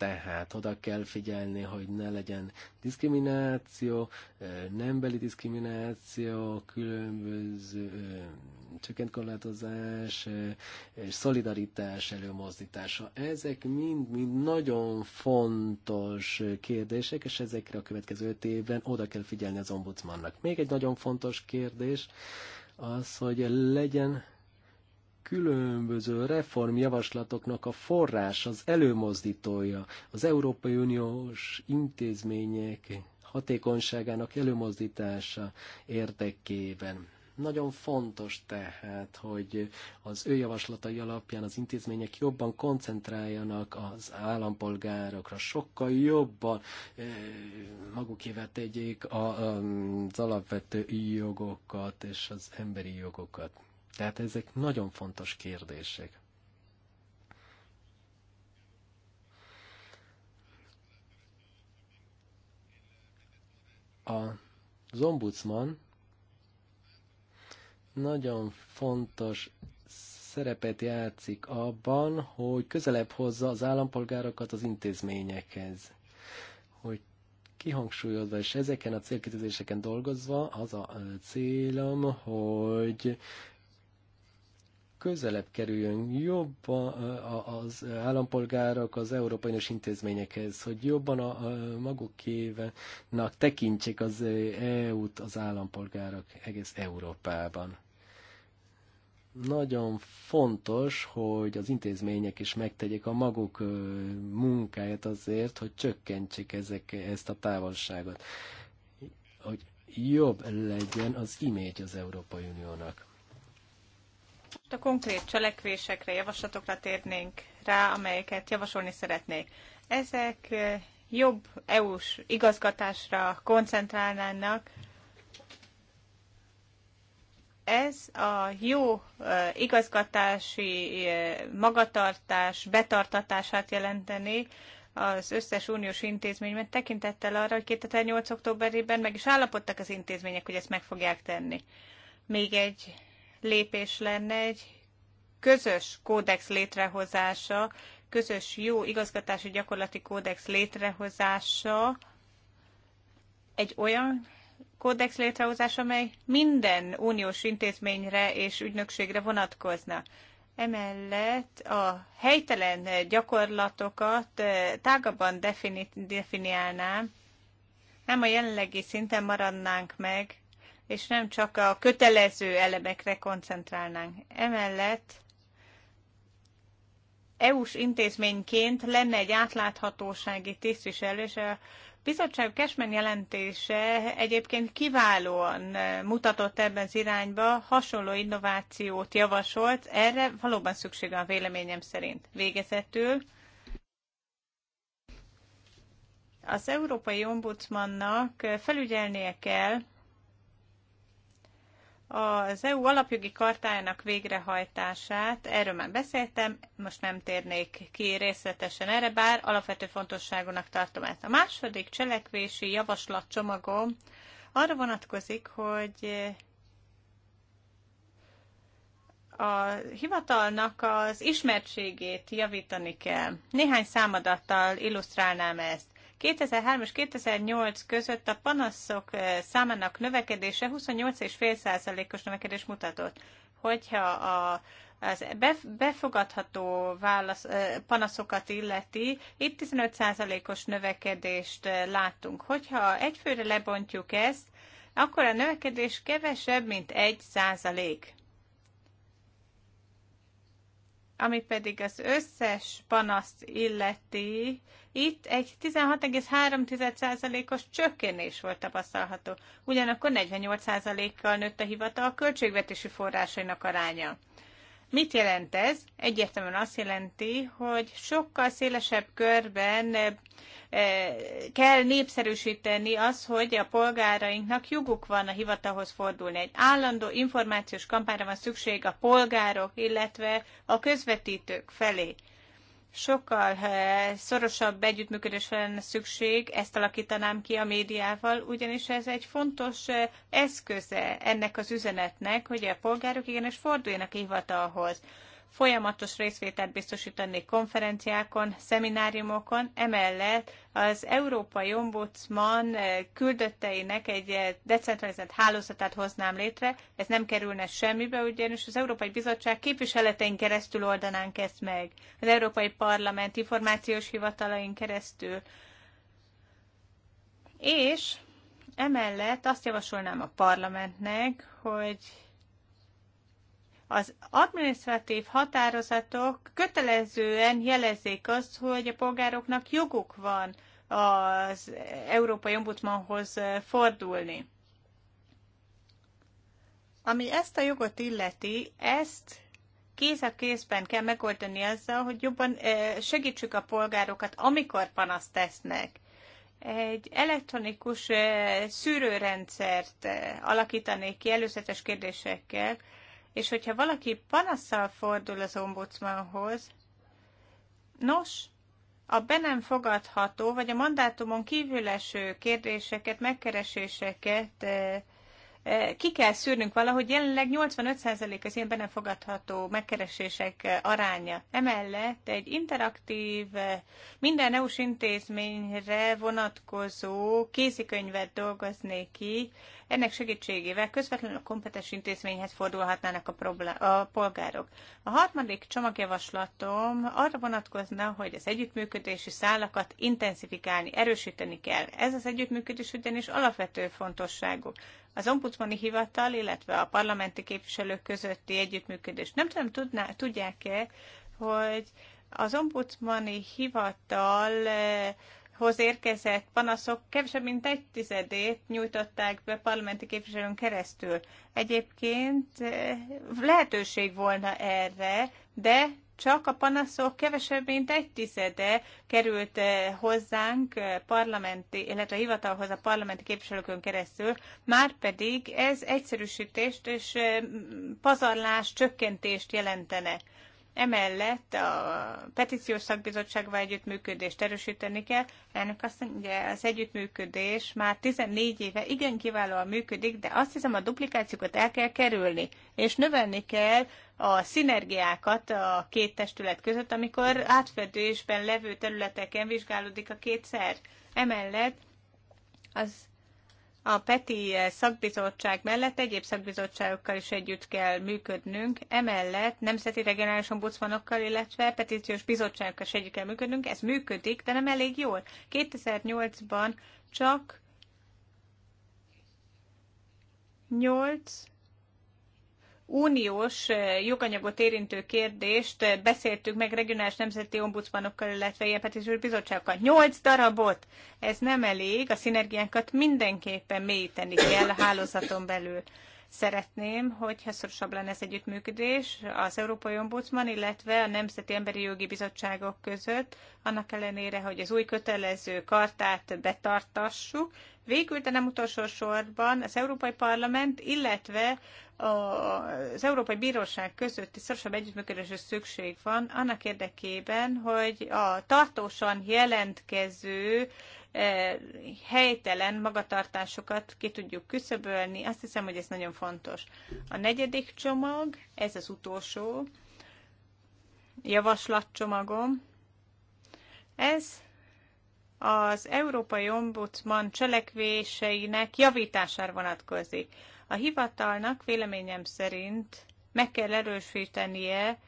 Tehát oda kell figyelni, hogy ne legyen diszkrimináció, nembeli diszkrimináció, különböző csökkent korlátozás és szolidaritás előmozdítása. Ezek mind-mind nagyon fontos kérdések, és ezekre a következő öt évben oda kell figyelni az ombudsmannak. Még egy nagyon fontos kérdés az, hogy legyen különböző reformjavaslatoknak a forrás, az előmozdítója, az Európai Uniós intézmények hatékonyságának előmozdítása érdekében. Nagyon fontos tehát, hogy az ő javaslatai alapján az intézmények jobban koncentráljanak az állampolgárokra, sokkal jobban eh, magukévá tegyék az alapvető jogokat és az emberi jogokat. Tehát ezek nagyon fontos kérdések. A ombudsman nagyon fontos szerepet játszik abban, hogy közelebb hozza az állampolgárokat az intézményekhez. Hogy kihangsúlyozva, és ezeken a célkitűzéseken dolgozva az a célom, hogy közelebb kerüljön jobban az állampolgárok az Európai Uniós intézményekhez, hogy jobban a magukévenak tekintsék az EU-t az állampolgárok egész Európában. Nagyon fontos, hogy az intézmények is megtegyék a maguk munkáját azért, hogy csökkentsék ezek, ezt a távolságot, hogy jobb legyen az imégy az Európai Uniónak a konkrét cselekvésekre, javaslatokra térnénk rá, amelyeket javasolni szeretnék. Ezek jobb EU-s igazgatásra koncentrálnának. Ez a jó igazgatási magatartás betartatását jelenteni az összes uniós intézményben tekintettel arra, hogy 2008. októberében meg is állapodtak az intézmények, hogy ezt meg fogják tenni. Még egy lépés lenne egy közös kódex létrehozása, közös jó igazgatási gyakorlati kódex létrehozása, egy olyan kódex létrehozása, amely minden uniós intézményre és ügynökségre vonatkozna. Emellett a helytelen gyakorlatokat eh, tágabban defini- definiálnám, nem a jelenlegi szinten maradnánk meg, és nem csak a kötelező elemekre koncentrálnánk. Emellett EU-s intézményként lenne egy átláthatósági tisztviselő, és a bizottság Kesmen jelentése egyébként kiválóan mutatott ebben az irányba, hasonló innovációt javasolt, erre valóban szüksége a véleményem szerint. Végezetül az Európai Ombudsmannak felügyelnie kell az EU alapjogi kartájának végrehajtását, erről már beszéltem, most nem térnék ki részletesen erre, bár alapvető fontosságúnak tartom ezt. A második cselekvési javaslat csomagom arra vonatkozik, hogy a hivatalnak az ismertségét javítani kell. Néhány számadattal illusztrálnám ezt. 2003 és 2008 között a panaszok eh, számának növekedése 28,5%-os növekedés mutatott. Hogyha a az befogadható válasz, eh, panaszokat illeti, itt 15%-os növekedést eh, láttunk, Hogyha egyfőre lebontjuk ezt, akkor a növekedés kevesebb, mint 1 ami pedig az összes panaszt illeti, itt egy 16,3%-os csökkenés volt tapasztalható. Ugyanakkor 48%-kal nőtt a hivatal költségvetési forrásainak aránya. Mit jelent ez? Egyértelműen azt jelenti, hogy sokkal szélesebb körben eh, eh, kell népszerűsíteni az, hogy a polgárainknak joguk van a hivatalhoz fordulni. Egy állandó információs kampányra van szükség a polgárok, illetve a közvetítők felé sokkal szorosabb együttműködésre lenne szükség, ezt alakítanám ki a médiával, ugyanis ez egy fontos eh, eszköze ennek az üzenetnek, hogy a polgárok igenis forduljanak hivatalhoz folyamatos részvételt biztosítani konferenciákon, szemináriumokon, emellett az Európai Ombudsman eh, küldötteinek egy eh, decentralizált hálózatát hoznám létre, ez nem kerülne semmibe, ugyanis az Európai Bizottság képviseletein keresztül oldanánk ezt meg, az Európai Parlament információs hivatalain keresztül, és emellett azt javasolnám a parlamentnek, hogy az adminisztratív határozatok kötelezően jelezzék azt, hogy a polgároknak joguk van az Európai Ombudsmanhoz fordulni. Ami ezt a jogot illeti, ezt kéz a kézben kell megoldani azzal, hogy jobban eh, segítsük a polgárokat, amikor panaszt tesznek. Egy elektronikus eh, szűrőrendszert eh, alakítanék ki előzetes kérdésekkel, és hogyha valaki panaszsal fordul az ombudsmanhoz, nos, a be nem fogadható, vagy a mandátumon kívül eső kérdéseket, megkereséseket eh, Eh, ki kell szűrnünk valahogy, jelenleg 85% az ilyen be nem fogadható megkeresések eh, aránya. Emellett egy interaktív, eh, minden EU-s intézményre vonatkozó kézikönyvet dolgozni ki, ennek segítségével közvetlenül a kompetens intézményhez fordulhatnának a, problá- a polgárok. A harmadik csomagjavaslatom arra vonatkozna, hogy az együttműködési szálakat intenzifikálni, erősíteni kell. Ez az együttműködés ugyanis alapvető fontosságú az ombudsmani hivatal, illetve a parlamenti képviselők közötti együttműködés. Nem tudom, tudná, tudják-e, hogy az ombudsmani hivatal eh, hoz érkezett panaszok kevesebb, mint egy tizedét nyújtották be parlamenti képviselőn keresztül. Egyébként eh, lehetőség volna erre, de csak a panaszok kevesebb, mint egy tizede került eh, hozzánk eh, parlamenti, illetve a hivatalhoz a parlamenti képviselőkön keresztül, már pedig ez egyszerűsítést és eh, pazarlás csökkentést jelentene. Emellett a petíciós szakbizottsággal együttműködést erősíteni kell. ennek azt mondja, az együttműködés már 14 éve igen kiválóan működik, de azt hiszem a duplikációkat el kell kerülni, és növelni kell a szinergiákat a két testület között, amikor átfedésben levő területeken vizsgálódik a két Emellett az a PETI eh, szakbizottság mellett egyéb szakbizottságokkal is együtt kell működnünk, emellett nemzeti regionális ombudsmanokkal, illetve petíciós bizottságokkal is együtt kell működnünk. Ez működik, de nem elég jól. 2008-ban csak 8 uniós eh, joganyagot érintő kérdést eh, beszéltük meg regionális nemzeti ombudsmanokkal, illetve ilyen petíciós bizottságokkal. Nyolc darabot! Ez nem elég, a szinergiánkat mindenképpen mélyíteni kell a hálózaton belül. Szeretném, hogyha szorosabb lenne ez együttműködés az Európai Ombudsman, illetve a Nemzeti Emberi Jogi Bizottságok között, annak ellenére, hogy az új kötelező kartát betartassuk. Végül, de nem utolsó sorban az Európai Parlament, illetve az Európai Bíróság közötti szorosabb együttműködésre szükség van annak érdekében, hogy a tartósan jelentkező eh, helytelen magatartásokat ki tudjuk küszöbölni. Azt hiszem, hogy ez nagyon fontos. A negyedik csomag, ez az utolsó javaslatcsomagom, ez az Európai Ombudsman cselekvéseinek javítására vonatkozik. A hivatalnak véleményem szerint meg kell erősítenie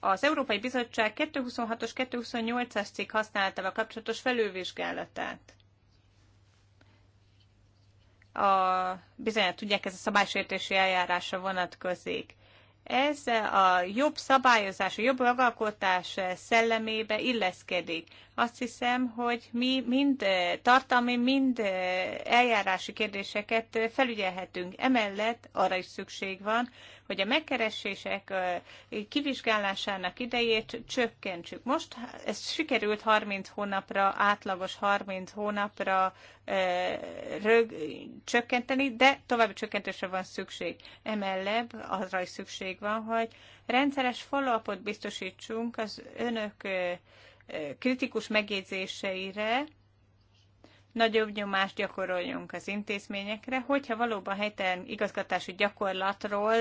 az Európai Bizottság 226-os 228-as cikk használatával kapcsolatos felülvizsgálatát. A, bizonyára tudják, ez a szabálysértési eljárásra vonatkozik. Ez a jobb szabályozás, a jobb jogalkotás szellemébe illeszkedik azt hiszem, hogy mi mind eh, tartalmi, mind eh, eljárási kérdéseket eh, felügyelhetünk. Emellett arra is szükség van, hogy a megkeresések kivizsgálásának idejét csökkentsük. Most ez sikerült 30 hónapra, átlagos 30 hónapra rög, csökkenteni, de további csökkentésre van szükség. Emellett arra is szükség van, hogy rendszeres follow-upot biztosítsunk az önök kritikus megjegyzéseire nagyobb nyomást gyakoroljunk az intézményekre, hogyha valóban helytelen igazgatási gyakorlatról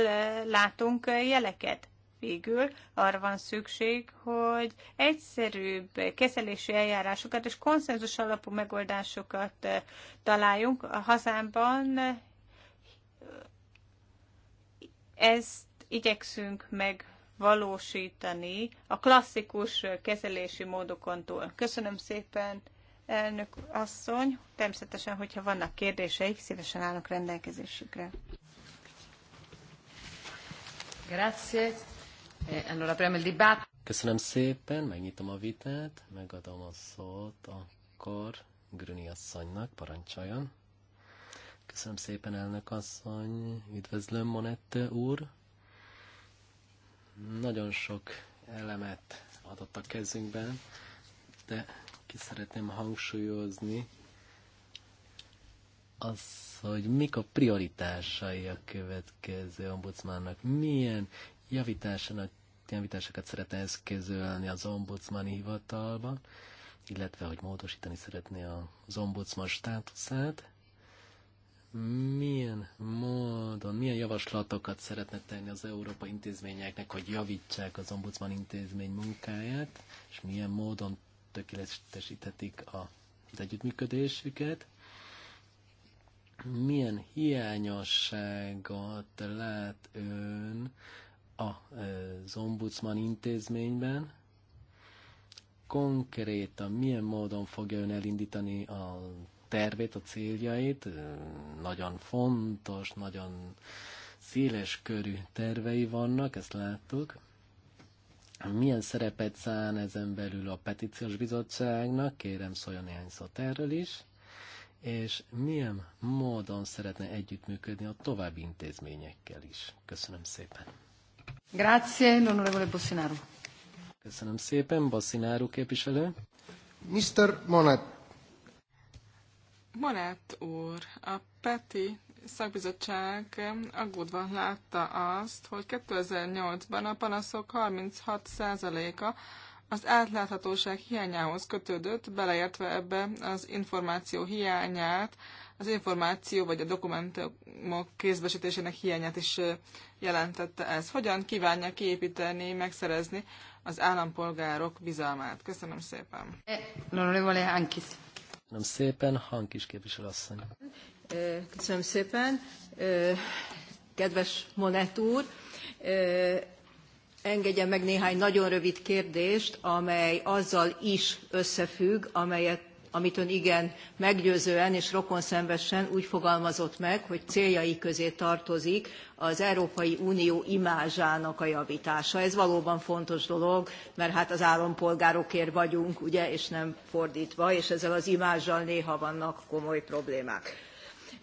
látunk jeleket. Végül arra van szükség, hogy egyszerűbb kezelési eljárásokat és konszenzus alapú megoldásokat találjunk. A hazámban ezt igyekszünk meg valósítani a klasszikus kezelési módokon túl. Köszönöm szépen, elnök asszony. Természetesen, hogyha vannak kérdéseik, szívesen állok rendelkezésükre. Grazie. E, allora, premo il dibattito. Köszönöm szépen, megnyitom a vitát, megadom a szót akkor Grüni asszonynak, parancsoljon. Köszönöm szépen, elnök asszony, üdvözlöm, Monette úr. Nagyon sok elemet adott a kezünkben, de ki szeretném hangsúlyozni az, hogy mik a prioritásai a következő ombudsmannak, milyen javításának, javításokat szeretne eszközölni az ombudsmani hivatalban, illetve hogy módosítani szeretné az ombudsman státuszát, milyen módon, milyen javaslatokat szeretne tenni az Európai Intézményeknek, hogy javítsák az ombudsman intézmény munkáját, és milyen módon tökéletesíthetik az együttműködésüket. Milyen hiányosságot lát ön az ombudsman intézményben, konkrétan milyen módon fogja ön elindítani a tervét, a céljait, nagyon fontos, nagyon széles körű tervei vannak, ezt láttuk. Milyen szerepet szán ezen belül a petíciós bizottságnak? Kérem szóljon néhány szót erről is. És milyen módon szeretne együttműködni a további intézményekkel is? Köszönöm szépen. Grazie, l'onorevole Bossinaro. Köszönöm szépen, Bossinaro képviselő. Mr. Monet, Monett úr, a Peti szakbizottság aggódva látta azt, hogy 2008-ban a panaszok 36%-a az átláthatóság hiányához kötődött, beleértve ebbe az információ hiányát, az információ vagy a dokumentumok kézbesítésének hiányát is jelentette ez. Hogyan kívánja kiépíteni, megszerezni az állampolgárok bizalmát? Köszönöm szépen. Honorable eh, Köszönöm szépen, Hankis képviselőasszony. Köszönöm szépen. Kedves Monet úr, engedje meg néhány nagyon rövid kérdést, amely azzal is összefügg, amelyet amit ön igen meggyőzően és rokonszenvesen úgy fogalmazott meg, hogy céljai közé tartozik az Európai Unió imázsának a javítása. Ez valóban fontos dolog, mert hát az állampolgárokért vagyunk, ugye, és nem fordítva, és ezzel az imázsal néha vannak komoly problémák.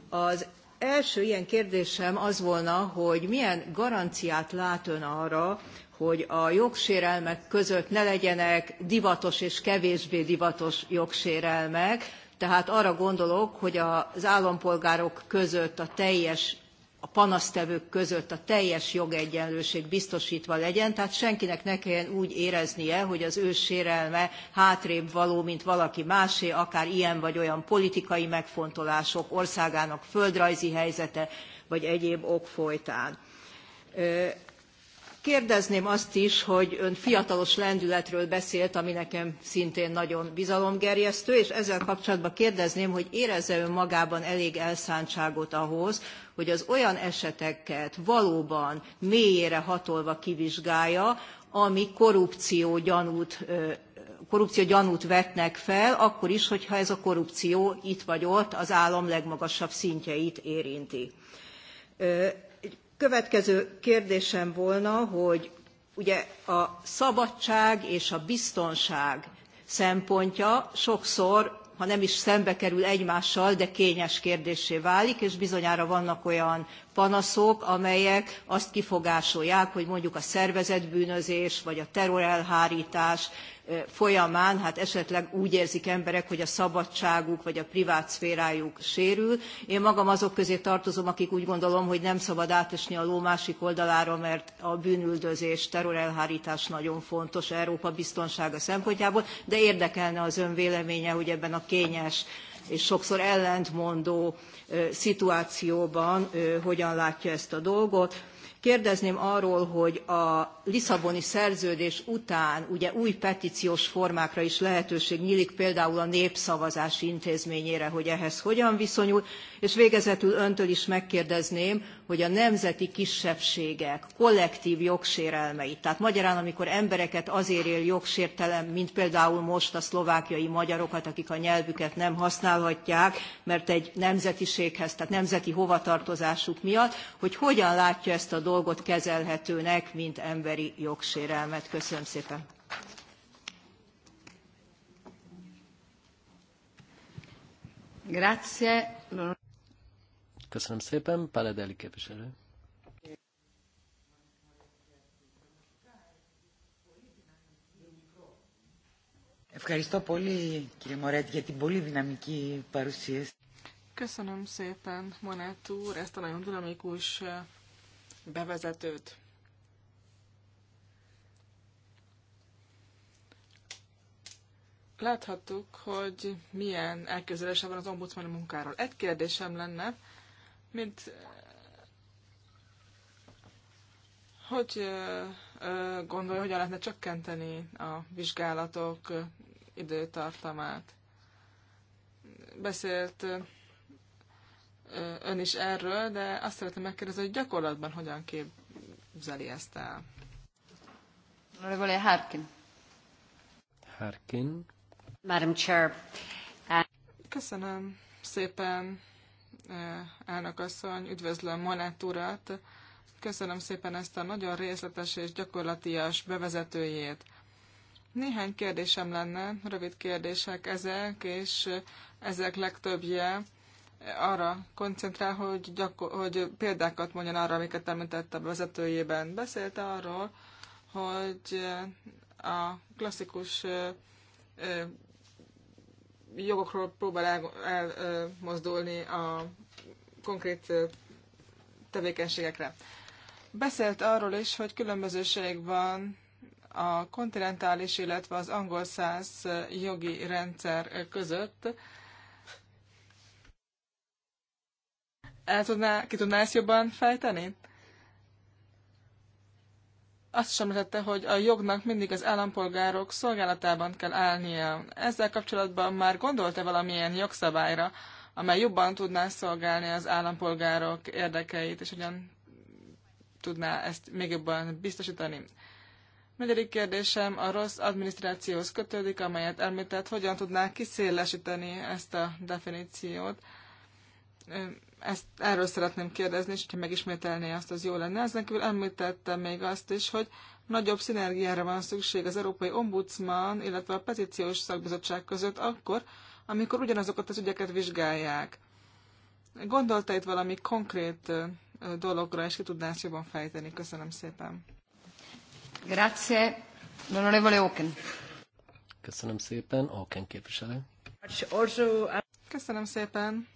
Az első ilyen kérdésem az volna, hogy milyen garanciát lát ön arra, hogy a jogsérelmek között ne legyenek divatos és kevésbé divatos jogsérelmek, tehát arra gondolok, hogy az állampolgárok között a teljes a panasztevők között a teljes jogegyenlőség biztosítva legyen, tehát senkinek ne kelljen úgy éreznie, hogy az ő sérelme hátrébb való, mint valaki másé, akár ilyen vagy olyan politikai megfontolások, országának földrajzi helyzete, vagy egyéb ok folytán. Kérdezném azt is, hogy ön fiatalos lendületről beszélt, ami nekem szintén nagyon bizalomgerjesztő, és ezzel kapcsolatban kérdezném, hogy érezze ön magában elég elszántságot ahhoz, hogy az olyan eseteket valóban mélyére hatolva kivizsgálja, ami korrupció gyanút korrupció gyanút vetnek fel, akkor is, hogyha ez a korrupció itt vagy ott az állam legmagasabb szintjeit érinti. Következő kérdésem volna, hogy ugye a szabadság és a biztonság szempontja sokszor, ha nem is szembe kerül egymással, de kényes kérdésé válik, és bizonyára vannak olyan panaszok, amelyek azt kifogásolják, hogy mondjuk a szervezetbűnözés vagy a terrorelhárítás folyamán hát esetleg úgy érzik emberek, hogy a szabadságuk vagy a privát szférájuk sérül. Én magam azok közé tartozom, akik úgy gondolom, hogy nem szabad átesni a ló másik oldalára, mert a bűnüldözés, terrorelhárítás nagyon fontos Európa biztonsága szempontjából, de érdekelne az ön véleménye, hogy ebben a kényes és sokszor ellentmondó szituációban hogyan látja ezt a dolgot Kérdezném arról, hogy a Lisszaboni szerződés után ugye új petíciós formákra is lehetőség nyílik, például a népszavazás intézményére, hogy ehhez hogyan viszonyul, és végezetül öntől is megkérdezném, hogy a nemzeti kisebbségek kollektív jogsérelmeit, tehát magyarán, amikor embereket azért él jogsértelem, mint például most a szlovákiai magyarokat, akik a nyelvüket nem használhatják, mert egy nemzetiséghez, tehát nemzeti hovatartozásuk miatt, hogy hogyan látja ezt a dolgot kezelhetőnek, mint emberi jogsérelmet. Köszönöm szépen. Grazie. Köszönöm szépen, Paledeli képviselő. Köszönöm szépen, Monett úr, ezt a nagyon dinamikus eh, bevezetőt. Láthattuk, hogy milyen elképzelése van az ombudsmani munkáról. Egy kérdésem lenne, mint hogy gondolja, hogyan lehetne csökkenteni a vizsgálatok időtartamát? Beszélt ön is erről, de azt szeretném megkérdezni, hogy gyakorlatban hogyan képzeli ezt el? Harkin. Harkin. Madam Chair. Uh, Köszönöm szépen, Eh, elnökasszony, üdvözlöm Monett urat. Köszönöm szépen ezt a nagyon részletes és gyakorlatias bevezetőjét. Néhány kérdésem lenne, rövid kérdések ezek, és ezek legtöbbje arra koncentrál, hogy, gyakor- hogy példákat mondjon arra, amiket említett a vezetőjében. Beszélt arról, hogy a klasszikus eh, eh, jogokról próbál elmozdulni el, a konkrét tevékenységekre. Beszélt arról is, hogy különbözőség van a kontinentális, illetve az angol száz jogi rendszer között. El tudná, ki tudná ezt jobban fejteni? azt sem lehette, hogy a jognak mindig az állampolgárok szolgálatában kell állnia. Ezzel kapcsolatban már gondolta valamilyen jogszabályra, amely jobban tudná szolgálni az állampolgárok érdekeit, és hogyan tudná ezt még jobban biztosítani. Negyedik kérdésem a rossz adminisztrációhoz kötődik, amelyet említett, hogyan tudná kiszélesíteni ezt a definíciót ezt erről szeretném kérdezni, és ha megismételné azt, az jó lenne. Ezen kívül említettem még azt is, hogy nagyobb szinergiára van szükség az Európai Ombudsman, illetve a petíciós szakbizottság között akkor, amikor ugyanazokat az ügyeket vizsgálják. Gondolta itt valami konkrét dologra, és ki tudná ezt jobban fejteni? Köszönöm szépen. Grazie. L'onorevole Oken. Köszönöm szépen. Oken képviselő. Uh, Köszönöm szépen.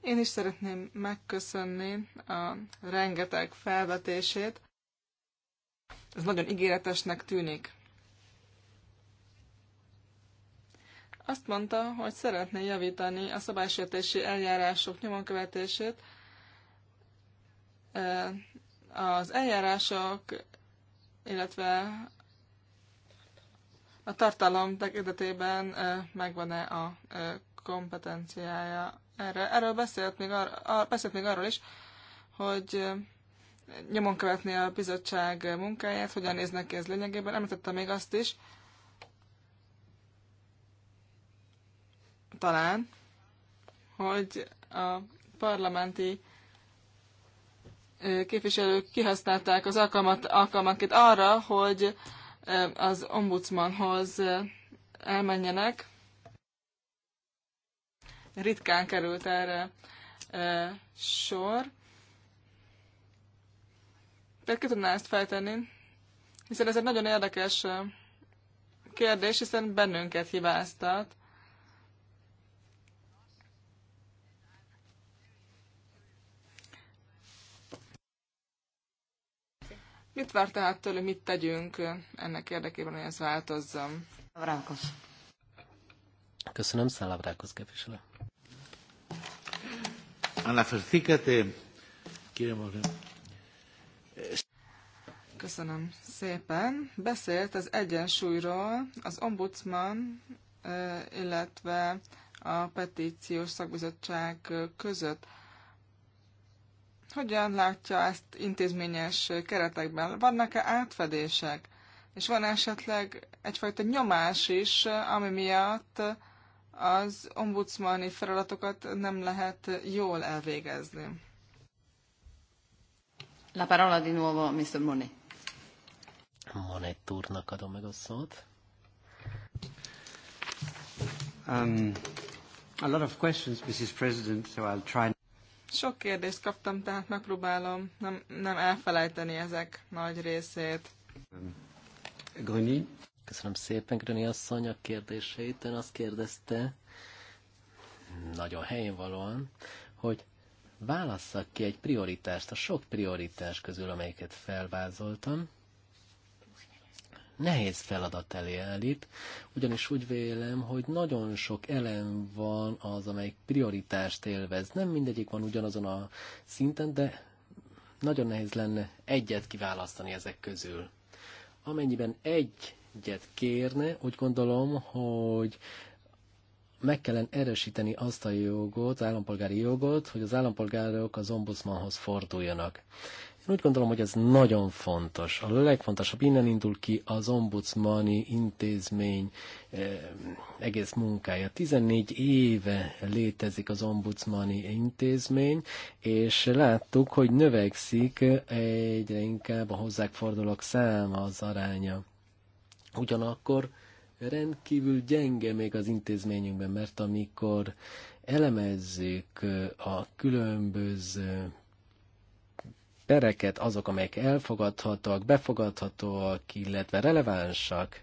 Én is szeretném megköszönni a rengeteg felvetését. Ez nagyon ígéretesnek tűnik. Azt mondta, hogy szeretné javítani a szabálysértési eljárások nyomon követését. Az eljárások, illetve a tartalom tekintetében megvan-e a kompetenciája erre. Erről beszélt még, arra, beszélt még arról is, hogy nyomon követni a bizottság munkáját, hogyan néznek ki ez lényegében. Említette még azt is, talán, hogy a parlamenti képviselők kihasználták az alkalmat, alkalmanként arra, hogy az ombudsmanhoz elmenjenek, ritkán került erre e, sor. Tehát ki tudná ezt feltenni? Hiszen ez egy nagyon érdekes kérdés, hiszen bennünket hibáztat. Mit vár tehát tőle, mit tegyünk ennek érdekében, hogy ez változzon? Köszönöm, Szálavrákos képviselő. Αναφερθήκατε, κύριε Μωρέ. Köszönöm szépen. Beszélt az egyensúlyról az ombudsman, illetve a petíciós szakbizottság között. Hogyan látja ezt intézményes keretekben? Vannak-e átfedések? És van esetleg egyfajta nyomás is, ami miatt az ombudsmani feladatokat nem lehet jól elvégezni. La parola di nuovo Mr. Monet. Monet úrnak adom meg a szót. Um, a lot of questions, Mrs. President, so I'll try... Sok kérdést kaptam, tehát megpróbálom nem, nem elfelejteni ezek nagy részét. Um, Grüni. Köszönöm szépen, Gröni asszony, a kérdéseit. Ön azt kérdezte, nagyon helyén valóan, hogy válasszak ki egy prioritást a sok prioritás közül, amelyiket felvázoltam. Nehéz feladat elé állít, ugyanis úgy vélem, hogy nagyon sok elem van az, amelyik prioritást élvez. Nem mindegyik van ugyanazon a szinten, de nagyon nehéz lenne egyet kiválasztani ezek közül. Amennyiben egy egyet kérne. Úgy gondolom, hogy meg kellene erősíteni azt a jogot, állampolgári jogot, hogy az állampolgárok az ombudsmanhoz forduljanak. Én úgy gondolom, hogy ez nagyon fontos. A legfontosabb, innen indul ki az ombudsmani intézmény eh, egész munkája. 14 éve létezik az ombudsmani intézmény, és láttuk, hogy növekszik egyre inkább a hozzák fordulók száma az aránya. Ugyanakkor rendkívül gyenge még az intézményünkben, mert amikor elemezzük a különböző pereket, azok, amelyek elfogadhatóak, befogadhatóak, illetve relevánsak,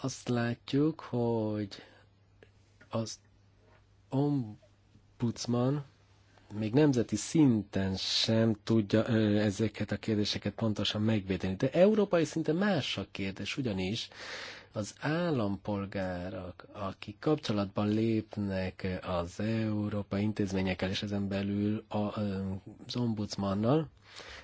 azt látjuk, hogy az ombudsman még nemzeti szinten sem tudja ezeket a kérdéseket pontosan megvédeni. De európai szinten más a kérdés, ugyanis az állampolgárok, akik kapcsolatban lépnek az európai intézményekkel és ezen belül az ombudsmannal,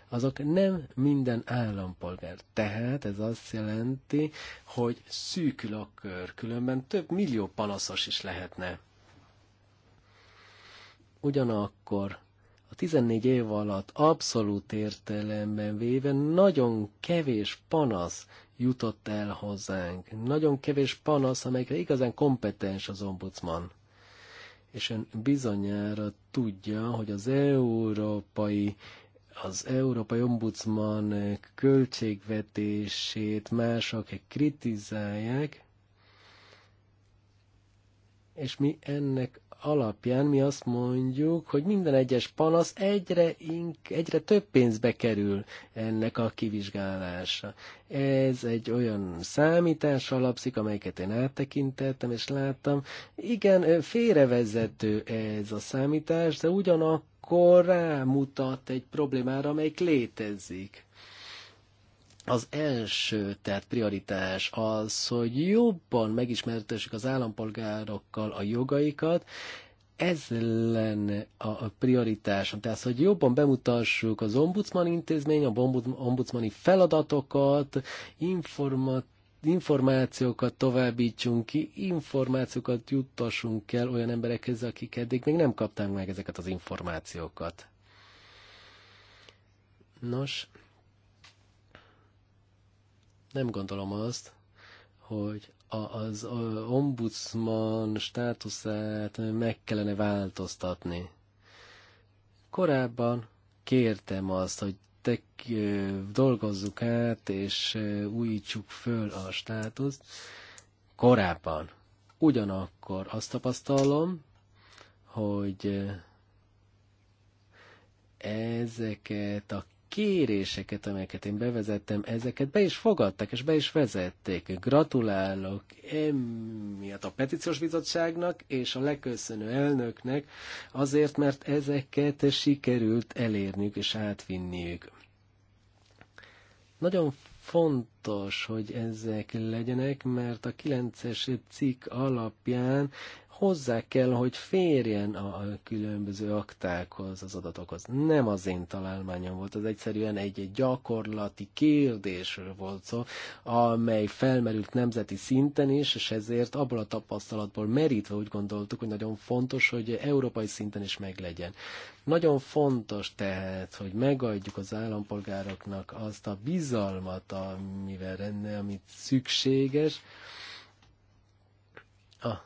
azok nem minden állampolgár. Tehát ez azt jelenti, hogy szűkül a kör, különben több millió panaszos is lehetne. Ugyanakkor a 14 év alatt abszolút értelemben véve nagyon kevés panasz jutott el hozzánk. Nagyon kevés panasz, amelyekre igazán kompetens az ombudsman. És ön bizonyára tudja, hogy az európai az Európai Ombudsman költségvetését mások kritizálják, és mi ennek alapján mi azt mondjuk, hogy minden egyes panasz egyre, ink, egyre több pénzbe kerül ennek a kivizsgálása. Ez egy olyan számítás alapszik, amelyeket én áttekintettem és láttam. Igen, félrevezető ez a számítás, de ugyanakkor rámutat egy problémára, amelyik létezik az első, tehát prioritás az, hogy jobban megismertessük az állampolgárokkal a jogaikat, ez lenne a prioritásom. Tehát, hogy jobban bemutassuk az ombudsman intézmény, a ombudsmani feladatokat, informat, információkat továbbítsunk ki, információkat juttassunk el olyan emberekhez, akik eddig még nem kapták meg ezeket az információkat. Nos, nem gondolom azt, hogy az ombudsman státuszát meg kellene változtatni. Korábban kértem azt, hogy te, dolgozzuk át, és újítsuk föl a státuszt. Korábban. Ugyanakkor azt tapasztalom, hogy ezeket a kéréseket, amelyeket én bevezettem, ezeket be is fogadtak, és be is vezették. Gratulálok emiatt a petíciós bizottságnak és a leköszönő elnöknek azért, mert ezeket sikerült elérniük és átvinniük. Nagyon fontos, hogy ezek legyenek, mert a 9-es cikk alapján hozzá kell, hogy férjen a különböző aktákhoz, az adatokhoz. Nem az én találmányom volt, az egyszerűen egy, egy gyakorlati kérdésről volt szó, amely felmerült nemzeti szinten is, és ezért abból a tapasztalatból merítve úgy gondoltuk, hogy nagyon fontos, hogy európai szinten is meglegyen. Nagyon fontos tehát, hogy megadjuk az állampolgároknak azt a bizalmat, amivel renne, amit szükséges, a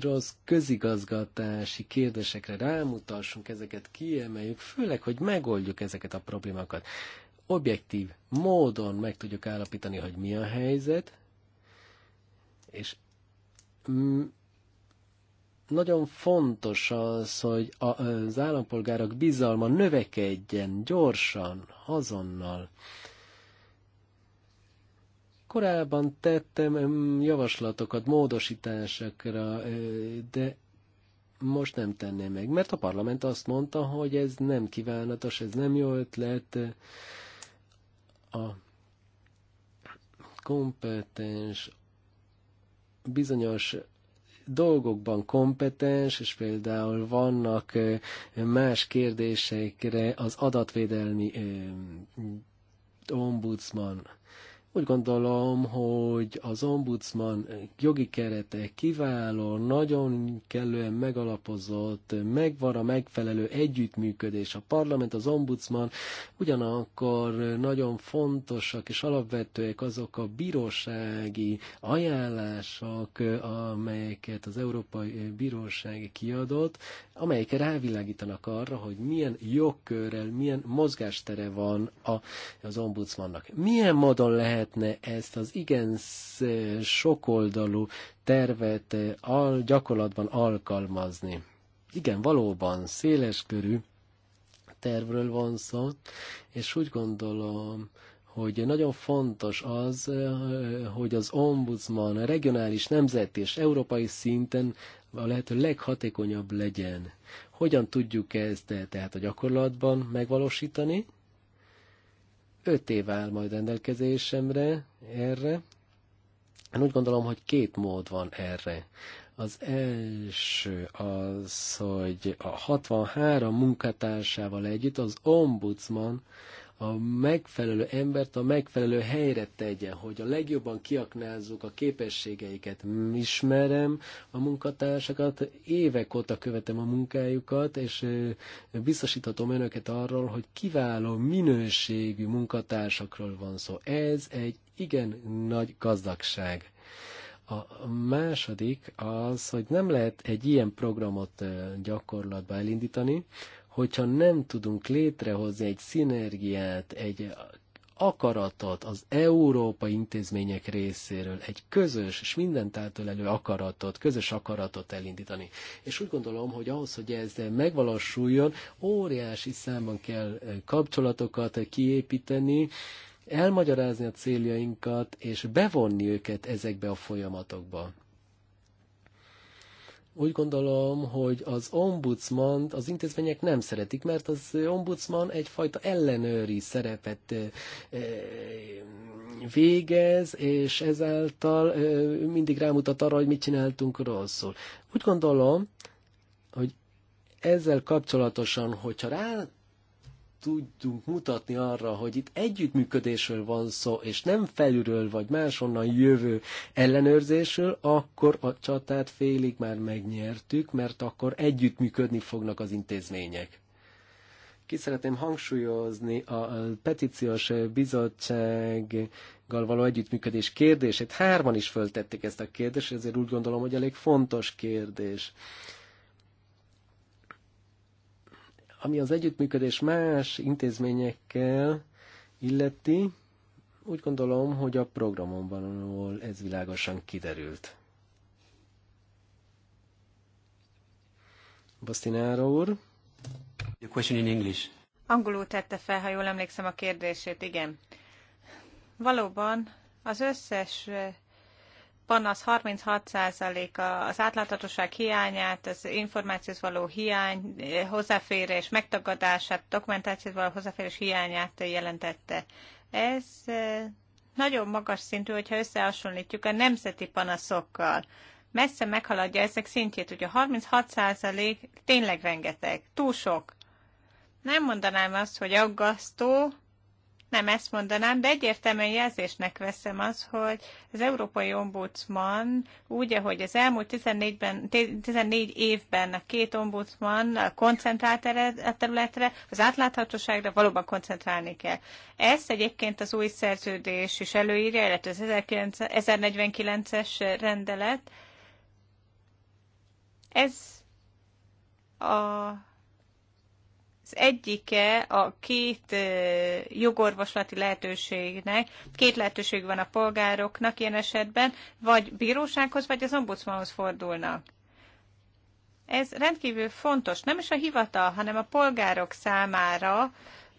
rossz közigazgatási kérdésekre rámutassunk, ezeket kiemeljük, főleg, hogy megoldjuk ezeket a problémákat. Objektív módon meg tudjuk állapítani, hogy mi a helyzet, és nagyon fontos az, hogy az állampolgárok bizalma növekedjen gyorsan, azonnal. Korábban tettem javaslatokat módosításokra, de most nem tenném meg, mert a parlament azt mondta, hogy ez nem kívánatos, ez nem jó ötlet. A kompetens bizonyos dolgokban kompetens, és például vannak más kérdésekre az adatvédelmi ombudsman. Úgy gondolom, hogy az ombudsman jogi kerete kiváló, nagyon kellően megalapozott, megvan a megfelelő együttműködés. A parlament, az ombudsman ugyanakkor nagyon fontosak és alapvetőek azok a bírósági ajánlások, amelyeket az Európai Bíróság kiadott, amelyek rávilágítanak arra, hogy milyen jogkörrel, milyen mozgástere van az ombudsmannak. Milyen módon lehet lehetne ezt az igen sokoldalú tervet al, gyakorlatban alkalmazni. Igen, valóban széleskörű tervről van szó, és úgy gondolom, hogy nagyon fontos az, hogy az ombudsman regionális, nemzeti és európai szinten a lehető leghatékonyabb legyen. Hogyan tudjuk ezt tehát a gyakorlatban megvalósítani? öt év áll majd rendelkezésemre erre. Én úgy gondolom, hogy két mód van erre. Az első az, hogy a 63 munkatársával együtt az ombudsman a megfelelő embert a megfelelő helyre tegye, hogy a legjobban kiaknázzuk a képességeiket. Ismerem a munkatársakat, évek óta követem a munkájukat, és biztosíthatom önöket arról, hogy kiváló minőségű munkatársakról van szó. Ez egy igen nagy gazdagság. A második az, hogy nem lehet egy ilyen programot gyakorlatba elindítani, hogyha nem tudunk létrehozni egy szinergiát, egy akaratot az európai intézmények részéről, egy közös és mindent átölelő akaratot, közös akaratot elindítani. És úgy gondolom, hogy ahhoz, hogy ez megvalósuljon, óriási számban kell kapcsolatokat kiépíteni, elmagyarázni a céljainkat, és bevonni őket ezekbe a folyamatokba. Úgy gondolom, hogy az ombudsman az intézmények nem szeretik, mert az ombudsman egyfajta ellenőri szerepet végez, és ezáltal mindig rámutat arra, hogy mit csináltunk rosszul. Úgy gondolom, hogy ezzel kapcsolatosan, hogyha rá tudjunk mutatni arra, hogy itt együttműködésről van szó, és nem felülről vagy másonnan jövő ellenőrzésről, akkor a csatát félig már megnyertük, mert akkor együttműködni fognak az intézmények. Ki szeretném hangsúlyozni a petíciós bizottsággal való együttműködés kérdését. Hárman is föltették ezt a kérdést, ezért úgy gondolom, hogy elég fontos kérdés ami az együttműködés más intézményekkel illeti, úgy gondolom, hogy a programomban ahol ez világosan kiderült. Bastinára úr. The question in English. Angolul tette fel, ha jól emlékszem a kérdését, igen. Valóban az összes panasz 36%-a az átláthatóság hiányát, az információhoz való hiány, hozzáférés megtagadását, dokumentációhoz való hozzáférés hiányát jelentette. Ez nagyon magas szintű, hogyha összehasonlítjuk a nemzeti panaszokkal. Messze meghaladja ezek szintjét, ugye 36% tényleg rengeteg, túl sok. Nem mondanám azt, hogy aggasztó, nem ezt mondanám, de egyértelműen jelzésnek veszem az, hogy az Európai Ombudsman úgy, ahogy az elmúlt 14-ben, 14 évben a két ombudsman koncentrált erre a területre, az átláthatóságra valóban koncentrálni kell. Ezt egyébként az új szerződés is előírja, illetve az 1049-es rendelet. Ez a egyike a két jogorvoslati lehetőségnek, két lehetőség van a polgároknak ilyen esetben, vagy bírósághoz, vagy az ombudsmanhoz fordulnak. Ez rendkívül fontos, nem is a hivatal, hanem a polgárok számára,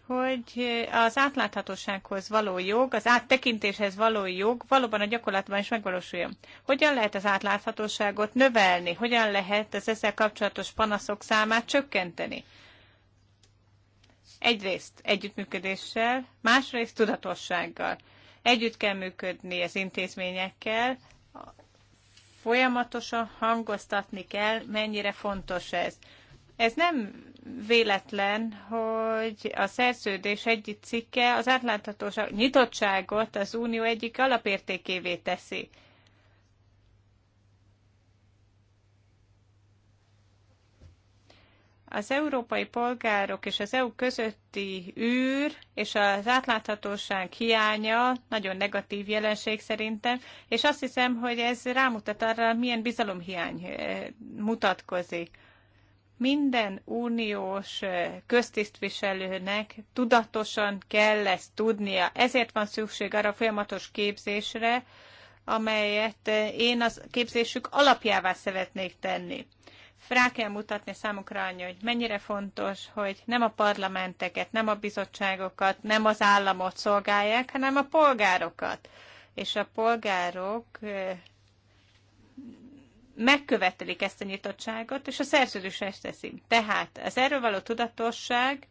hogy az átláthatósághoz való jog, az áttekintéshez való jog valóban a gyakorlatban is megvalósuljon. Hogyan lehet az átláthatóságot növelni? Hogyan lehet az ezzel kapcsolatos panaszok számát csökkenteni? Egyrészt együttműködéssel, másrészt tudatossággal. Együtt kell működni az intézményekkel, folyamatosan hangoztatni kell, mennyire fontos ez. Ez nem véletlen, hogy a szerződés egyik cikke az átláthatóság, nyitottságot az unió egyik alapértékévé teszi. Az európai polgárok és az EU közötti űr és az átláthatóság hiánya nagyon negatív jelenség szerintem, és azt hiszem, hogy ez rámutat arra, milyen bizalomhiány eh, mutatkozik minden uniós eh, köztisztviselőnek tudatosan kell ezt tudnia. Ezért van szükség arra a folyamatos képzésre, amelyet eh, én az képzésük alapjává szeretnék tenni rá kell mutatni számukra annyi, hogy mennyire fontos, hogy nem a parlamenteket, nem a bizottságokat, nem az államot szolgálják, hanem a polgárokat. És a polgárok megkövetelik ezt a nyitottságot, és a szerződés ezt teszi. Tehát az erről való tudatosság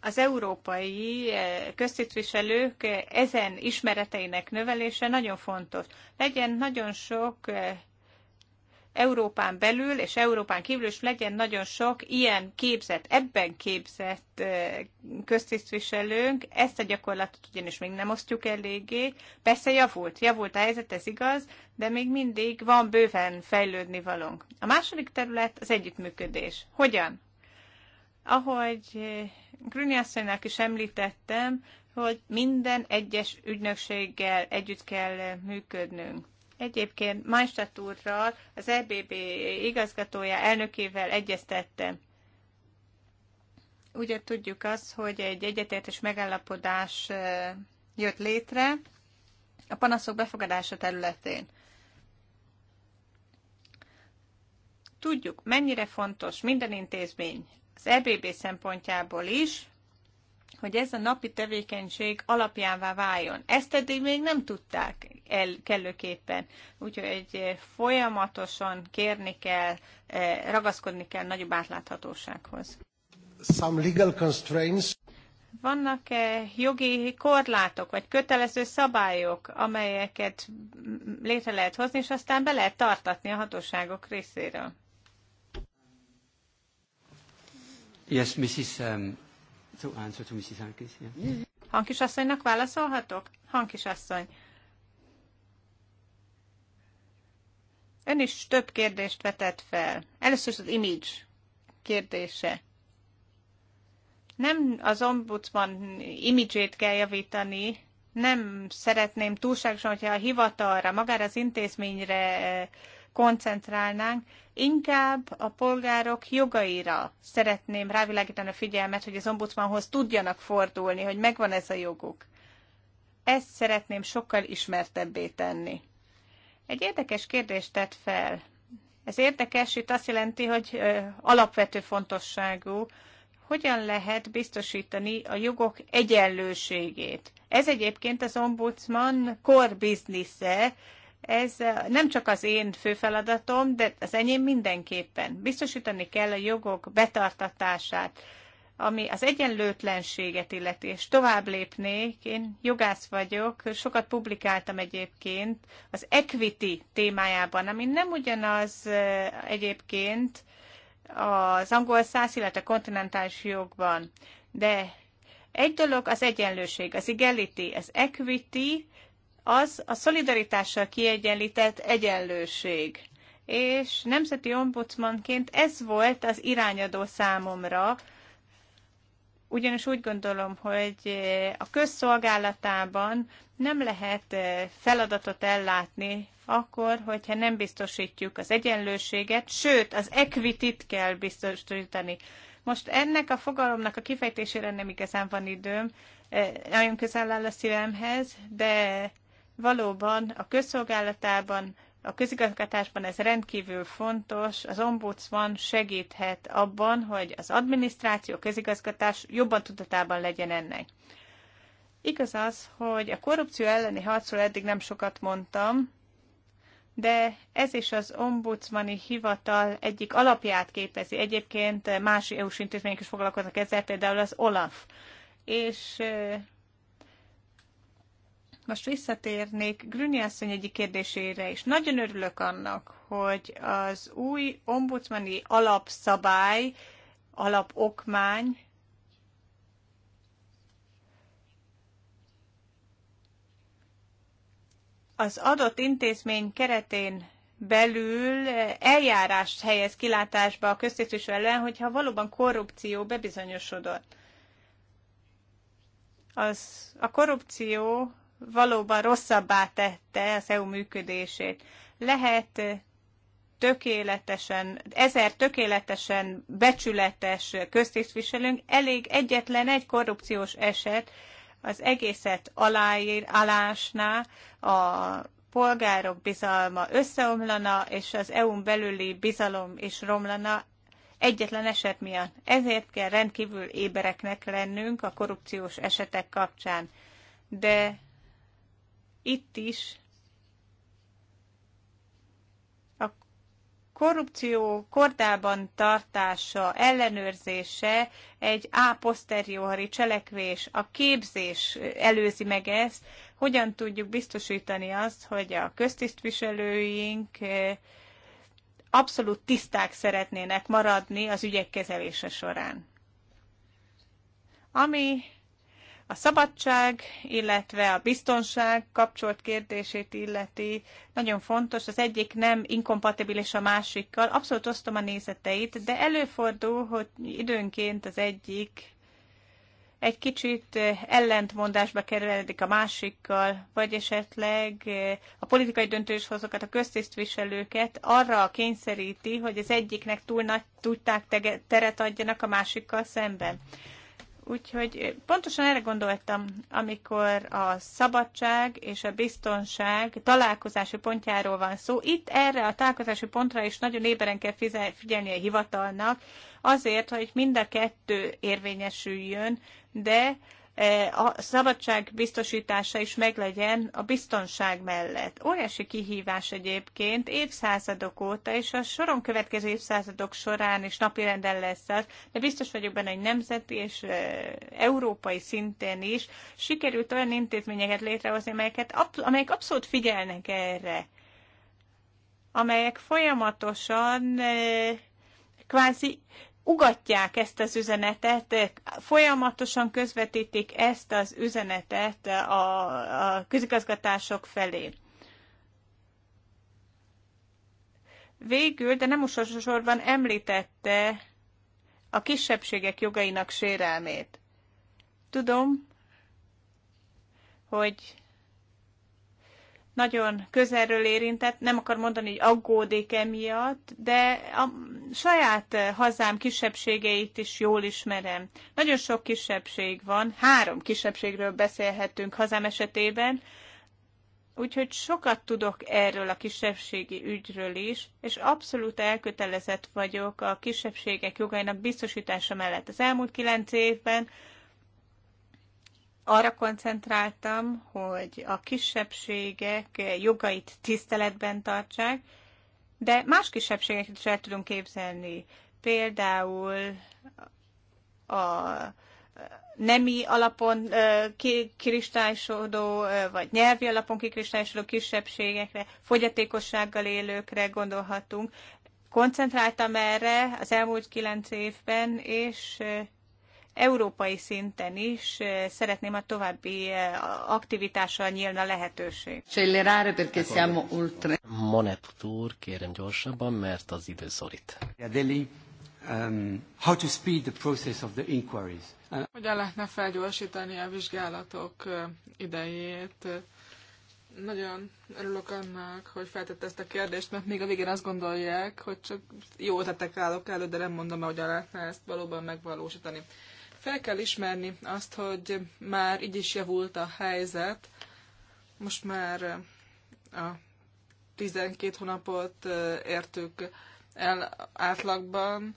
az európai köztisztviselők ezen ismereteinek növelése nagyon fontos. Legyen nagyon sok Európán belül és Európán kívül is legyen nagyon sok ilyen képzett, ebben képzett köztisztviselőnk. Ezt a gyakorlatot ugyanis még nem osztjuk eléggé. Persze javult, javult a helyzet, ez igaz, de még mindig van bőven fejlődni valónk. A második terület az együttműködés. Hogyan? Ahogy Grüni asszonynak is említettem, hogy minden egyes ügynökséggel együtt kell működnünk. Egyébként Majstadt úrral, az EBB igazgatója elnökével egyeztettem. Ugye tudjuk azt, hogy egy egyetértés megállapodás jött létre a panaszok befogadása területén. Tudjuk, mennyire fontos minden intézmény az EBB szempontjából is, hogy ez a napi tevékenység alapjává váljon. Ezt eddig még nem tudták el kellőképpen, úgyhogy egy eh, folyamatosan kérni kell, eh, ragaszkodni kell nagyobb átláthatósághoz. Some legal constraints. Vannak-e jogi korlátok, vagy kötelező szabályok, amelyeket létre lehet hozni, és aztán be lehet tartatni a hatóságok részéről? Yes, Mrs. Hankis, Hankisasszonynak válaszolhatok? Hankisasszony. Ön is több kérdést vetett fel. Először az image kérdése. Nem az ombudsman imidzsét kell javítani, nem szeretném túlságosan, hogyha a hivatalra, magára az intézményre koncentrálnánk, inkább a polgárok jogaira szeretném rávilágítani a figyelmet, hogy az ombudsmanhoz tudjanak fordulni, hogy megvan ez a joguk. Ezt szeretném sokkal ismertebbé tenni. Egy érdekes kérdést tett fel. Ez érdekes, itt azt jelenti, hogy alapvető fontosságú, hogyan lehet biztosítani a jogok egyenlőségét. Ez egyébként az ombudsman korbiznisze. Ez nem csak az én fő feladatom, de az enyém mindenképpen. Biztosítani kell a jogok betartatását, ami az egyenlőtlenséget illeti, és tovább lépnék, én jogász vagyok, sokat publikáltam egyébként az equity témájában, ami nem ugyanaz egyébként az angol száz, illetve kontinentális jogban, de egy dolog az egyenlőség, az equality, az equity az a szolidaritással kiegyenlített egyenlőség. És nemzeti ombudsmanként ez volt az irányadó számomra, ugyanis úgy gondolom, hogy a közszolgálatában nem lehet eh, feladatot ellátni akkor, hogyha nem biztosítjuk az egyenlőséget, sőt, az equity-t kell biztosítani. Most ennek a fogalomnak a kifejtésére nem igazán van időm, eh, nagyon közel áll a szívemhez, de Valóban a közszolgálatában, a közigazgatásban ez rendkívül fontos. Az ombudsman segíthet abban, hogy az adminisztráció, a közigazgatás jobban tudatában legyen ennek. Igaz az, hogy a korrupció elleni harcról eddig nem sokat mondtam, de ez is az ombudsmani hivatal egyik alapját képezi. Egyébként más EU-s intézmények is foglalkoznak ezzel, például az OLAF. És most visszatérnék Grüni asszony egyik kérdésére is. Nagyon örülök annak, hogy az új ombudsmani alapszabály, alapokmány az adott intézmény keretén belül eljárást helyez kilátásba a köztisztviselő ellen, hogyha valóban korrupció bebizonyosodott. Az, a korrupció valóban rosszabbá tette az EU működését. Lehet tökéletesen, ezer tökéletesen becsületes köztisztviselőnk, elég egyetlen egy korrupciós eset az egészet aláír, alásná, a polgárok bizalma összeomlana, és az EU-n belüli bizalom is romlana egyetlen eset miatt. Ezért kell rendkívül ébereknek lennünk a korrupciós esetek kapcsán. De itt is a korrupció kordában tartása, ellenőrzése egy a posteriori cselekvés, a képzés előzi meg ezt, hogyan tudjuk biztosítani azt, hogy a köztisztviselőink eh, abszolút tiszták szeretnének maradni az ügyek kezelése során. Ami a szabadság, illetve a biztonság kapcsolt kérdését illeti nagyon fontos, az egyik nem inkompatibilis a másikkal. Abszolút osztom a nézeteit, de előfordul, hogy időnként az egyik egy kicsit ellentmondásba kerülhetik a másikkal, vagy esetleg a politikai döntéshozókat, a köztisztviselőket arra kényszeríti, hogy az egyiknek túl nagy tudták teret adjanak a másikkal szemben. Úgyhogy pontosan erre gondoltam, amikor a szabadság és a biztonság találkozási pontjáról van szó. Itt erre a találkozási pontra is nagyon éberen kell figyelni a hivatalnak, azért, hogy mind a kettő érvényesüljön, de E, a szabadság biztosítása is meglegyen a biztonság mellett. Óriási kihívás egyébként évszázadok óta, és a soron következő évszázadok során is napirenden lesz az, de biztos vagyok benne, hogy nemzeti és e, európai szinten is sikerült olyan intézményeket létrehozni, amelyeket, amelyek abszolút figyelnek erre amelyek folyamatosan e, kvázi ugatják ezt az üzenetet, folyamatosan közvetítik ezt az üzenetet a, a közigazgatások felé. Végül, de nem sorban említette a kisebbségek jogainak sérelmét. Tudom, hogy nagyon közelről érintett, nem akar mondani, hogy aggódik emiatt, de a saját hazám kisebbségeit is jól ismerem. Nagyon sok kisebbség van, három kisebbségről beszélhetünk hazám esetében, úgyhogy sokat tudok erről a kisebbségi ügyről is, és abszolút elkötelezett vagyok a kisebbségek jogainak biztosítása mellett. Az elmúlt kilenc évben arra koncentráltam, hogy a kisebbségek jogait tiszteletben tartsák, de más kisebbségeket is el tudunk képzelni. Például a nemi alapon kikristálysodó, vagy nyelvi alapon kikristálysodó kisebbségekre, fogyatékossággal élőkre gondolhatunk. Koncentráltam erre az elmúlt kilenc évben, és európai szinten is eh, szeretném a további eh, aktivitásra nyílna lehetőség. Accelerare perché kérem gyorsabban, mert az idő szorít. Um, how to speed the process of the inquiries. Uh, hogyan lehetne felgyorsítani a vizsgálatok eh, idejét? Nagyon örülök annak, hogy feltette ezt a kérdést, mert még a végén azt gondolják, hogy csak jó tettek állok elő, de nem mondom, hogy hogyan lehetne ezt valóban megvalósítani. Fel kell ismerni azt, hogy már így is javult a helyzet. Most már eh, a 12 hónapot eh, értük el átlagban,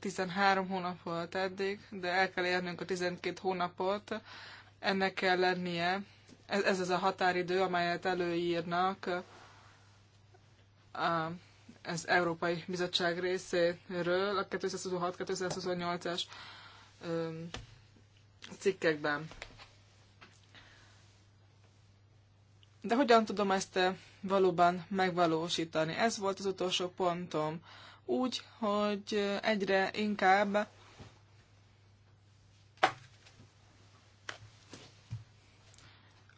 13 hónap volt eddig, de el kell érnünk a 12 hónapot. Ennek kell lennie. Ez, az a határidő, amelyet előírnak eh, az Európai Bizottság részéről a 2026 2028 as cikkekben. De hogyan tudom ezt eh, valóban megvalósítani? Ez volt az utolsó pontom. Úgy, hogy eh, egyre inkább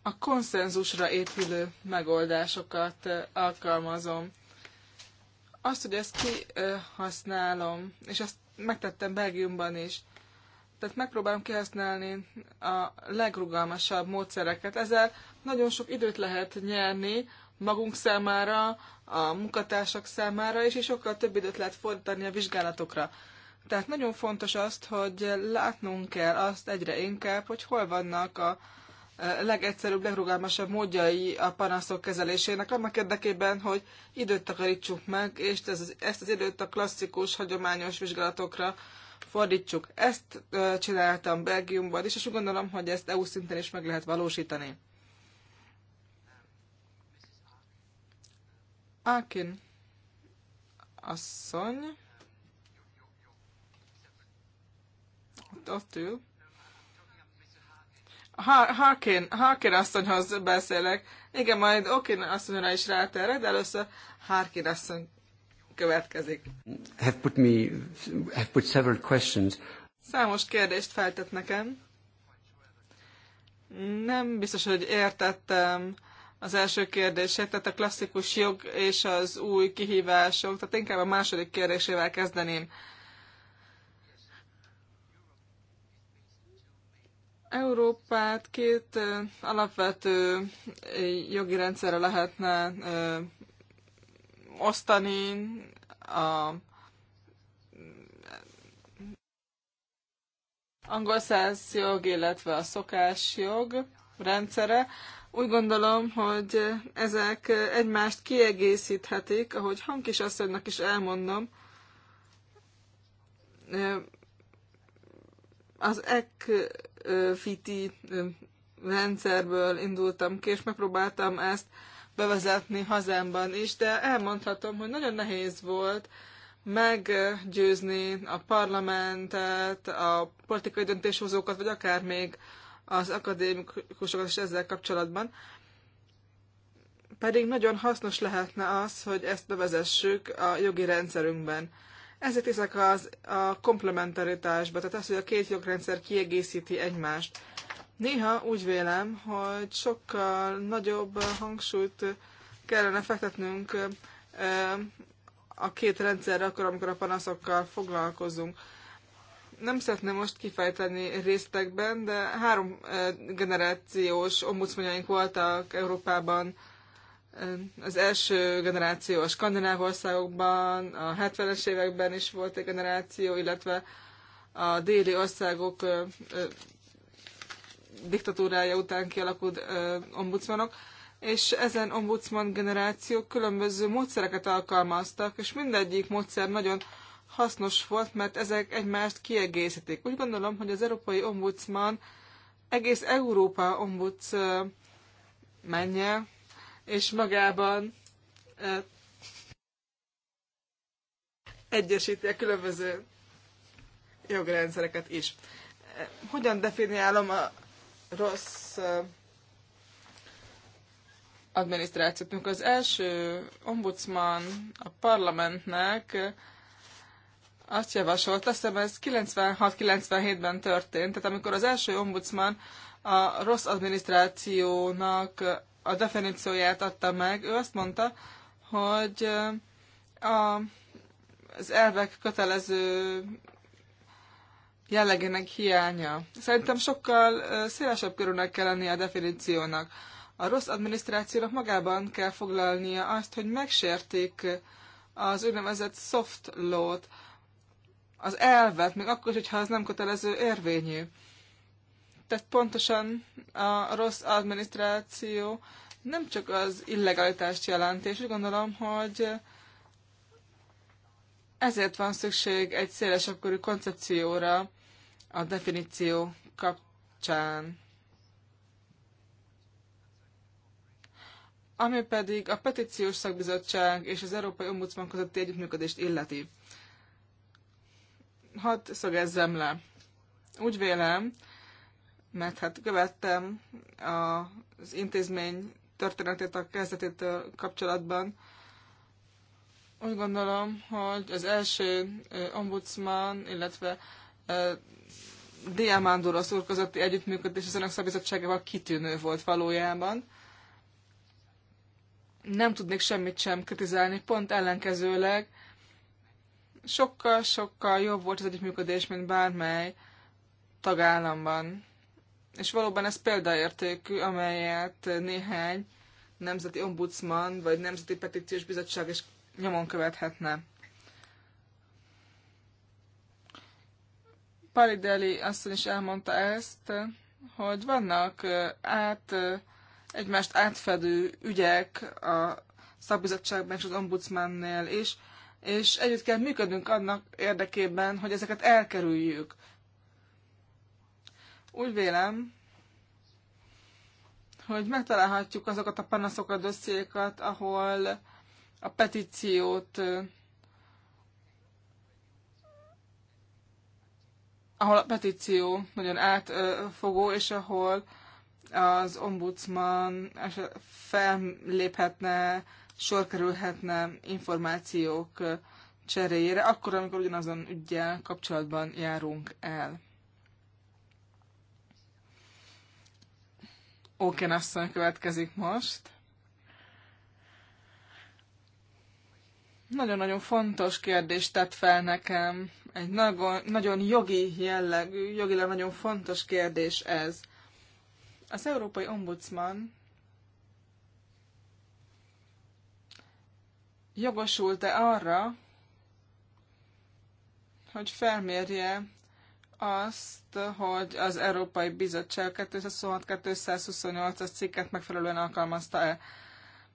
a konszenzusra épülő megoldásokat eh, alkalmazom. Azt, hogy ezt kihasználom, és ezt megtettem Belgiumban is, tehát megpróbálunk kihasználni a legrugalmasabb módszereket. Ezzel nagyon sok időt lehet nyerni magunk számára, a munkatársak számára, és is sokkal több időt lehet fordítani a vizsgálatokra. Tehát nagyon fontos azt, hogy látnunk kell azt egyre inkább, hogy hol vannak a e, legegyszerűbb, legrugalmasabb módjai a panaszok kezelésének, annak érdekében, hogy időt takarítsuk meg, és ezt az időt a klasszikus, hagyományos vizsgálatokra fordítsuk. Ezt csináltam Belgiumban is, és úgy gondolom, hogy ezt EU szinten is meg lehet valósítani. Akin asszony. Ott, ott ül. Harkin, Harkin asszonyhoz beszélek. Igen, majd Okin asszonyra is ráterek, de először Harkin asszony következik. Have put me, have put several questions. Számos kérdést feltett nekem. Nem biztos, hogy értettem az első kérdését, tehát a klasszikus jog és az új kihívások, tehát inkább a második kérdésével kezdeném. Európát két alapvető jogi rendszerre lehetne osztani a angol száz jog, illetve a jog rendszere. Úgy gondolom, hogy ezek egymást kiegészíthetik, ahogy hangkisasszonynak is elmondom. Az ECFITI rendszerből indultam ki, és megpróbáltam ezt bevezetni hazámban is, de elmondhatom, hogy nagyon nehéz volt meggyőzni a parlamentet, a politikai döntéshozókat, vagy akár még az akadémikusokat is ezzel kapcsolatban. Pedig nagyon hasznos lehetne az, hogy ezt bevezessük a jogi rendszerünkben. Ezért hiszek az, a komplementaritásba, tehát az, hogy a két jogrendszer kiegészíti egymást. Néha úgy vélem, hogy sokkal nagyobb hangsúlyt kellene fektetnünk a két rendszerre akkor, amikor a panaszokkal foglalkozunk. Nem szeretném most kifejteni részletekben, de három generációs ombudsmanjaink voltak Európában, az első generáció a skandináv országokban, a 70-es években is volt egy generáció, illetve a déli országok diktatúrája után kialakult ombudsmanok, és ezen ombudsman generációk különböző módszereket alkalmaztak, és mindegyik módszer nagyon hasznos volt, mert ezek egymást kiegészítik. Úgy gondolom, hogy az Európai Ombudsman egész Európa ombuds menje, és magában egyesíti a különböző jogrendszereket is. Hogyan definiálom a rossz adminisztrációt. Mikor az első ombudsman a parlamentnek azt javasolt, azt hiszem ez 96-97-ben történt, tehát amikor az első ombudsman a rossz adminisztrációnak a definícióját adta meg, ő azt mondta, hogy a, az elvek kötelező jellegének hiánya. Szerintem sokkal szélesebb körülnek kell lennie a definíciónak. A rossz adminisztrációnak magában kell foglalnia azt, hogy megsértik az úgynevezett soft law-t, az elvet, még akkor, hogyha az nem kötelező érvényű. Tehát pontosan a rossz adminisztráció nem csak az illegalitást jelenti, és úgy gondolom, hogy ezért van szükség egy szélesebb körű koncepcióra a definíció kapcsán. Ami pedig a Petíciós Szakbizottság és az Európai Ombudsman közötti együttműködést illeti. Hadd szögezzem le. Úgy vélem, mert hát követtem az intézmény történetét a kezdetét kapcsolatban. Úgy gondolom, hogy az első ombudsman, illetve Diamandouros a szurkozati együttműködés az önök szabizottságával kitűnő volt valójában. Nem tudnék semmit sem kritizálni, pont ellenkezőleg sokkal-sokkal jobb volt az együttműködés, mint bármely tagállamban. És valóban ez példaértékű, amelyet néhány nemzeti ombudsman vagy nemzeti petíciós bizottság is nyomon követhetne. Palideli asszony is elmondta ezt, hogy vannak át, egymást átfedő ügyek a szakbizottságban és az ombudsmannél is, és együtt kell működnünk annak érdekében, hogy ezeket elkerüljük. Úgy vélem, hogy megtalálhatjuk azokat a panaszokat, dossziékat, ahol a petíciót ahol a petíció nagyon átfogó, és ahol az ombudsman felléphetne, sor kerülhetne információk cseréjére, akkor, amikor ugyanazon ügyel kapcsolatban járunk el. Oké, asszony következik most. Nagyon-nagyon fontos kérdést tett fel nekem egy nagyon, nagyon jogi jellegű, jogilag nagyon fontos kérdés ez. Az Európai Ombudsman jogosult-e arra, hogy felmérje azt, hogy az Európai Bizottság 226-228-as cikket megfelelően alkalmazta-e.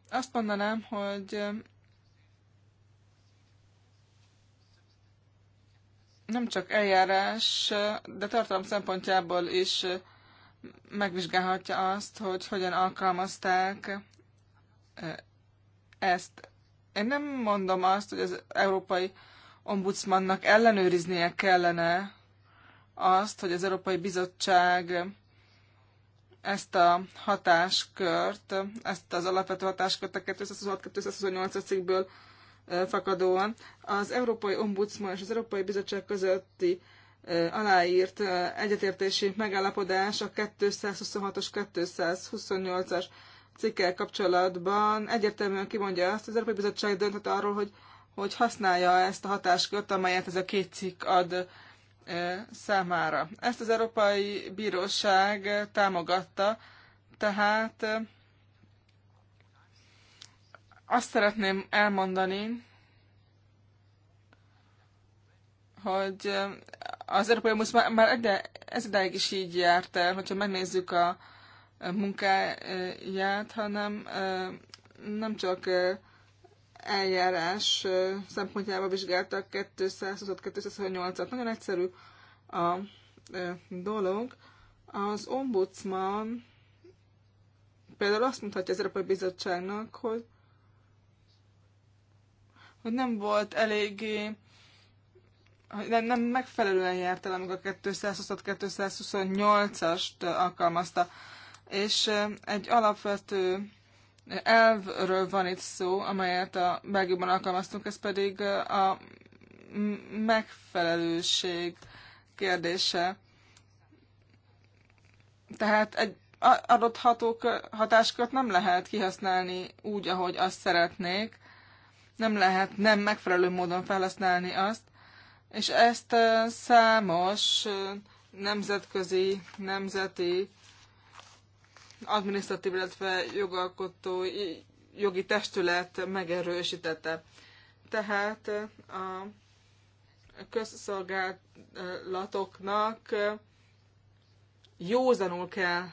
Azt mondanám, hogy nem csak eljárás, de tartalom szempontjából is megvizsgálhatja azt, hogy hogyan alkalmazták ezt. Én nem mondom azt, hogy az Európai Ombudsmannak ellenőriznie kellene azt, hogy az Európai Bizottság ezt a hatáskört, ezt az alapvető hatáskört a 226-228 cikkből fakadóan az Európai Ombudsman és az Európai Bizottság közötti aláírt egyetértési megállapodás a 226-os 228-as cikkel kapcsolatban egyértelműen kimondja azt, az Európai Bizottság dönthet arról, hogy, hogy használja ezt a hatáskört, amelyet ez a két cikk ad számára. Ezt az Európai Bíróság támogatta, tehát azt szeretném elmondani, hogy az Európai Unió már, már ez ideig is így járt el, hogyha megnézzük a munkáját, hanem nem csak eljárás szempontjából vizsgáltak 226-228-at. Nagyon egyszerű a dolog. Az ombudsman például azt mondhatja az Európai Bizottságnak, hogy hogy nem volt eléggé, nem, nem megfelelően járt el, amikor 226-228-ast alkalmazta. És egy alapvető elvről van itt szó, amelyet a Belgiumban alkalmaztunk, ez pedig a megfelelőség kérdése. Tehát egy adott hatók, hatáskört nem lehet kihasználni úgy, ahogy azt szeretnék, nem lehet nem megfelelő módon felhasználni azt, és ezt számos nemzetközi, nemzeti, adminisztratív, illetve jogalkotó jogi testület megerősítette. Tehát a közszolgálatoknak józanul kell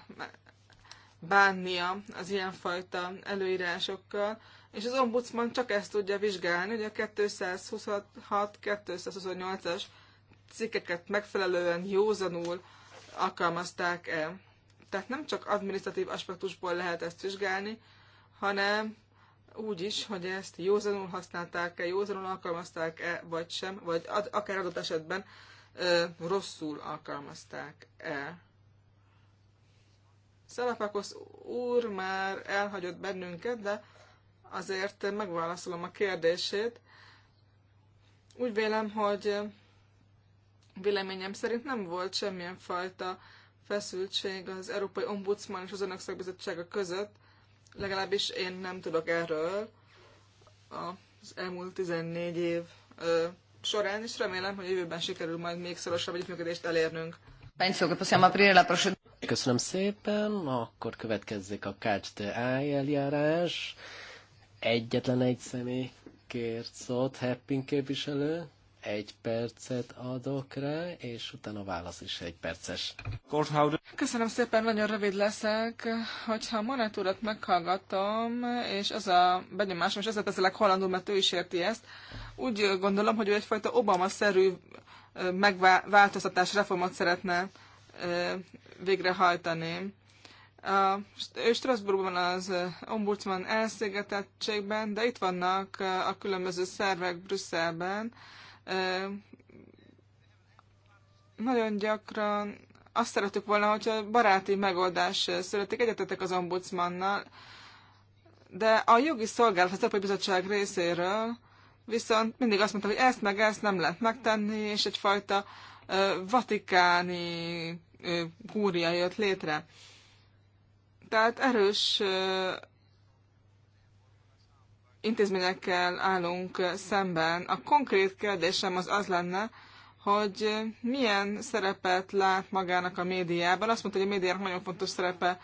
bánnia az ilyenfajta előírásokkal, és az ombudsman csak ezt tudja vizsgálni, hogy a 226-228-as cikkeket megfelelően józanul alkalmazták-e. Tehát nem csak administratív aspektusból lehet ezt vizsgálni, hanem úgy is, hogy ezt józanul használták-e, józanul alkalmazták-e, vagy sem, vagy ad, akár adott esetben ö, rosszul alkalmazták-e. Szalapakosz úr már elhagyott bennünket, de azért megválaszolom a kérdését. Úgy vélem, hogy véleményem szerint nem volt semmilyen fajta feszültség az Európai Ombudsman és az Önök Szakbizottsága között, legalábbis én nem tudok erről az elmúlt 14 év során, és remélem, hogy jövőben sikerül majd még szorosabb együttműködést elérnünk. Köszönöm szépen, akkor következzék a KTI eljárás. Egyetlen egy személy kért szót, Heppin képviselő. Egy percet adok rá, és utána a válasz is egy perces. Köszönöm szépen, nagyon rövid leszek. Hogyha a monitorot meghallgatom, és az a benyomásom, és ezzel ezzelek hollandul, mert ő is érti ezt, úgy gondolom, hogy ő egyfajta Obama-szerű megváltoztatás reformot szeretne végrehajtani. A, Strasbourgban az ombudsman elszigetettségben, de itt vannak a különböző szervek Brüsszelben. Nagyon gyakran azt szeretük volna, hogyha baráti megoldás születik, egyetetek az ombudsmannal, de a jogi szolgálat, az Európai Bizottság részéről viszont mindig azt mondta, hogy ezt meg ezt nem lehet megtenni, és egyfajta ö, vatikáni ö, kúria jött létre. Tehát erős intézményekkel állunk szemben. A konkrét kérdésem az az lenne, hogy milyen szerepet lát magának a médiában. Azt mondta, hogy a médiának nagyon fontos szerepe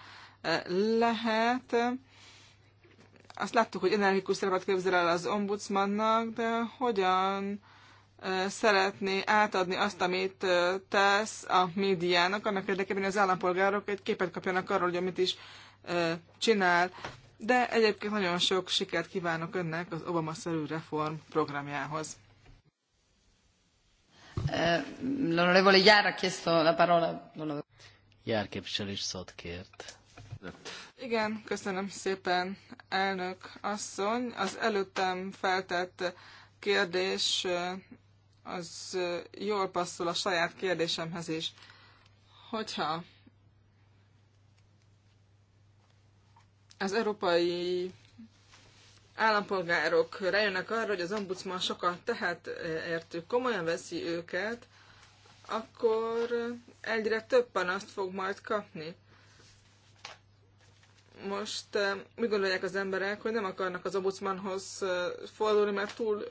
lehet. Azt láttuk, hogy energikus szerepet képzel el az ombudsmannak, de hogyan szeretné átadni azt, amit tesz a médiának, annak érdekében, hogy az állampolgárok egy képet kapjanak arról, hogy amit is csinál. De egyébként nagyon sok sikert kívánok önnek az Obama-szerű reform programjához. L'onorevole Jár ha chiesto la parola. Jár képviselő is szót kért. Igen, köszönöm szépen, elnök asszony. Az előttem feltett kérdés az jól passzol a saját kérdésemhez is. Hogyha az európai állampolgárok rájönnek arra, hogy az ombudsman sokat tehet értük, komolyan veszi őket, akkor egyre több panaszt fog majd kapni. Most mi gondolják az emberek, hogy nem akarnak az ombudsmanhoz fordulni, mert túl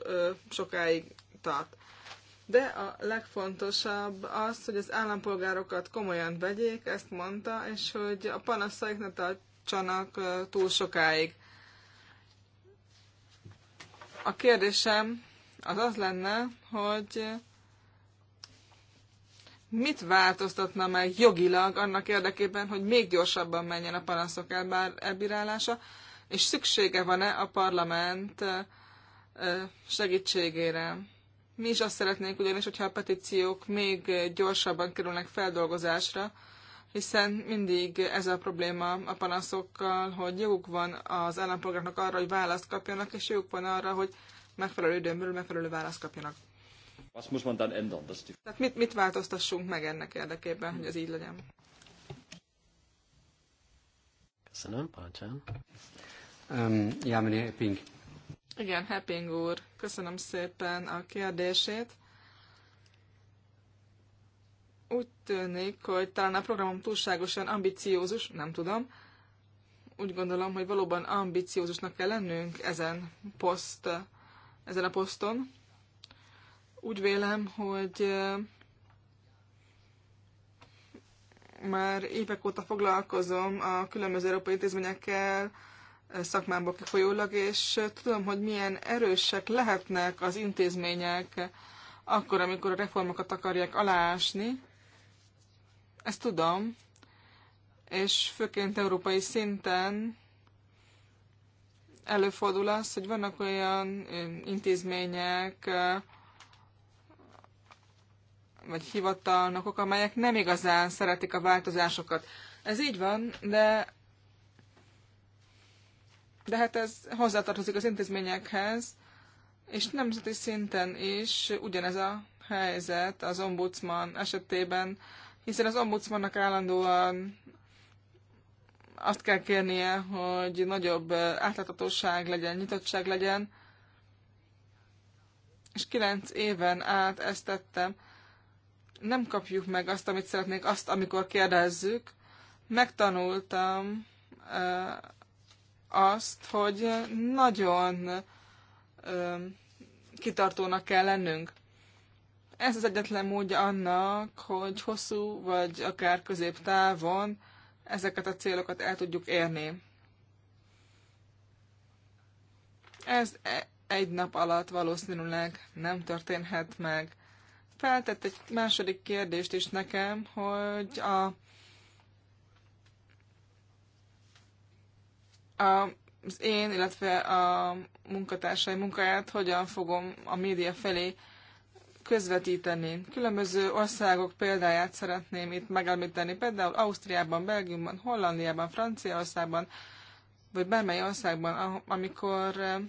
sokáig tart de a legfontosabb az, hogy az állampolgárokat komolyan vegyék, ezt mondta, és hogy a panaszaik ne tartsanak túl sokáig. A kérdésem az az lenne, hogy mit változtatna meg jogilag annak érdekében, hogy még gyorsabban menjen a panaszok elbírálása, és szüksége van-e a parlament segítségére? Mi is azt szeretnénk ugyanis, hogyha a petíciók még gyorsabban kerülnek feldolgozásra, hiszen mindig ez a probléma a panaszokkal, hogy joguk van az állampolgárnak arra, hogy választ kapjanak, és joguk van arra, hogy megfelelő időn belül megfelelő választ kapjanak. Was muss man dann ändern? Das die... Tehát mit, mit változtassunk meg ennek érdekében, hogy ez így legyen? Köszönöm, Pácsán. Um, ja, Pink. Igen, Hepping úr, köszönöm szépen a kérdését. Úgy tűnik, hogy talán a programom túlságosan ambiciózus, nem tudom. Úgy gondolom, hogy valóban ambiciózusnak kell lennünk ezen, poszt, ezen a poszton. Úgy vélem, hogy már évek óta foglalkozom a különböző európai intézményekkel, szakmából kifolyólag, és tudom, hogy milyen erősek lehetnek az intézmények akkor, amikor a reformokat akarják aláásni. Ezt tudom, és főként európai szinten előfordul az, hogy vannak olyan intézmények, vagy hivatalnokok, amelyek nem igazán szeretik a változásokat. Ez így van, de de hát ez hozzátartozik az intézményekhez, és nemzeti szinten is ugyanez a helyzet az ombudsman esetében, hiszen az ombudsmannak állandóan azt kell kérnie, hogy nagyobb átláthatóság legyen, nyitottság legyen, és kilenc éven át ezt tettem. Nem kapjuk meg azt, amit szeretnék, azt, amikor kérdezzük. Megtanultam azt, hogy nagyon kitartónak kell lennünk. Ez az egyetlen módja annak, hogy hosszú vagy akár középtávon ezeket a célokat el tudjuk érni. Ez e- egy nap alatt valószínűleg nem történhet meg. Feltett egy második kérdést is nekem, hogy a az én, illetve a munkatársai munkáját hogyan fogom a média felé közvetíteni. Különböző országok példáját szeretném itt megemlíteni, például Ausztriában, Belgiumban, Hollandiában, Franciaországban, vagy bármely országban, amikor eh,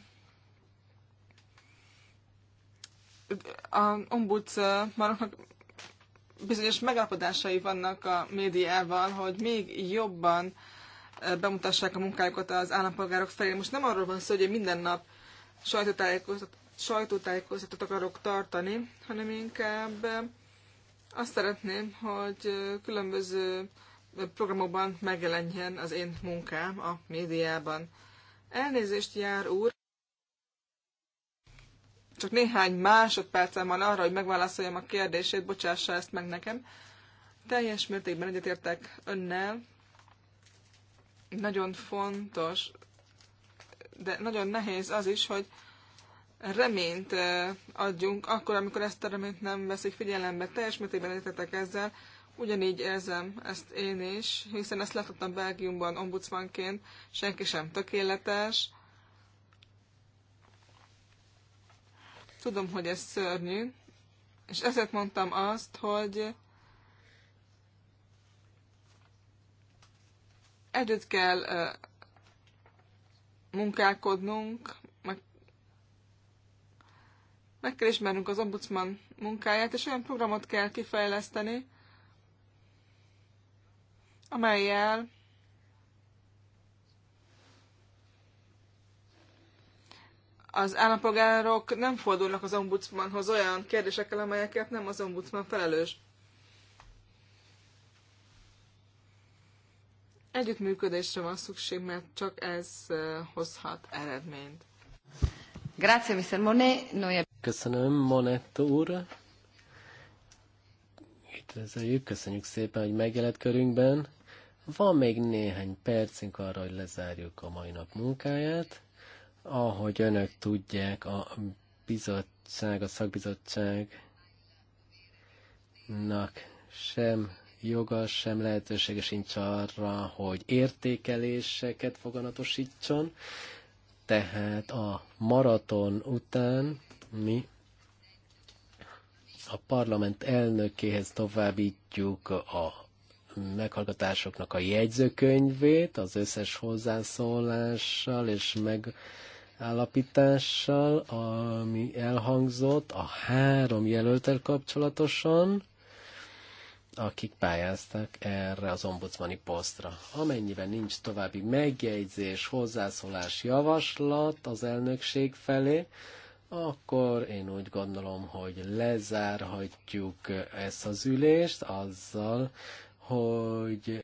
a ombudsmanoknak eh, bizonyos megállapodásai vannak a médiával, hogy még jobban bemutassák a munkájukat az állampolgárok felé. Most nem arról van szó, hogy minden nap sajtótájékoztatot, akarok tartani, hanem inkább azt szeretném, hogy különböző programokban megjelenjen az én munkám a médiában. Elnézést jár úr! Csak néhány másodpercem van arra, hogy megválaszoljam a kérdését, bocsássa ezt meg nekem. Teljes mértékben egyetértek önnel, nagyon fontos, de nagyon nehéz az is, hogy reményt adjunk, akkor, amikor ezt a reményt nem veszik figyelembe. Teljes mértékben értetek ezzel, ugyanígy érzem ezt én is, hiszen ezt láthattam Belgiumban ombudsmanként, senki sem tökéletes. Tudom, hogy ez szörnyű, és ezért mondtam azt, hogy Együtt kell munkálkodnunk, meg, meg kell ismernünk az ombudsman munkáját, és olyan programot kell kifejleszteni, amelyel az állampolgárok nem fordulnak az ombudsmanhoz olyan kérdésekkel, amelyeket nem az ombudsman felelős. Együttműködésre van szükség, mert csak ez hozhat eredményt. Grazie, Mr. Monet. Noi... Köszönöm, Monet úr. Üdvözöljük, köszönjük szépen, hogy megjelent körünkben. Van még néhány percünk arra, hogy lezárjuk a mai nap munkáját. Ahogy önök tudják, a bizottság, a szakbizottságnak sem joga, sem lehetősége sincs arra, hogy értékeléseket foganatosítson. Tehát a maraton után mi a parlament elnökéhez továbbítjuk a meghallgatásoknak a jegyzőkönyvét, az összes hozzászólással és megállapítással, ami elhangzott a három jelöltel kapcsolatosan, akik pályáztak erre az ombudsmani posztra. Amennyiben nincs további megjegyzés, hozzászólás, javaslat az elnökség felé, akkor én úgy gondolom, hogy lezárhatjuk ezt az ülést azzal, hogy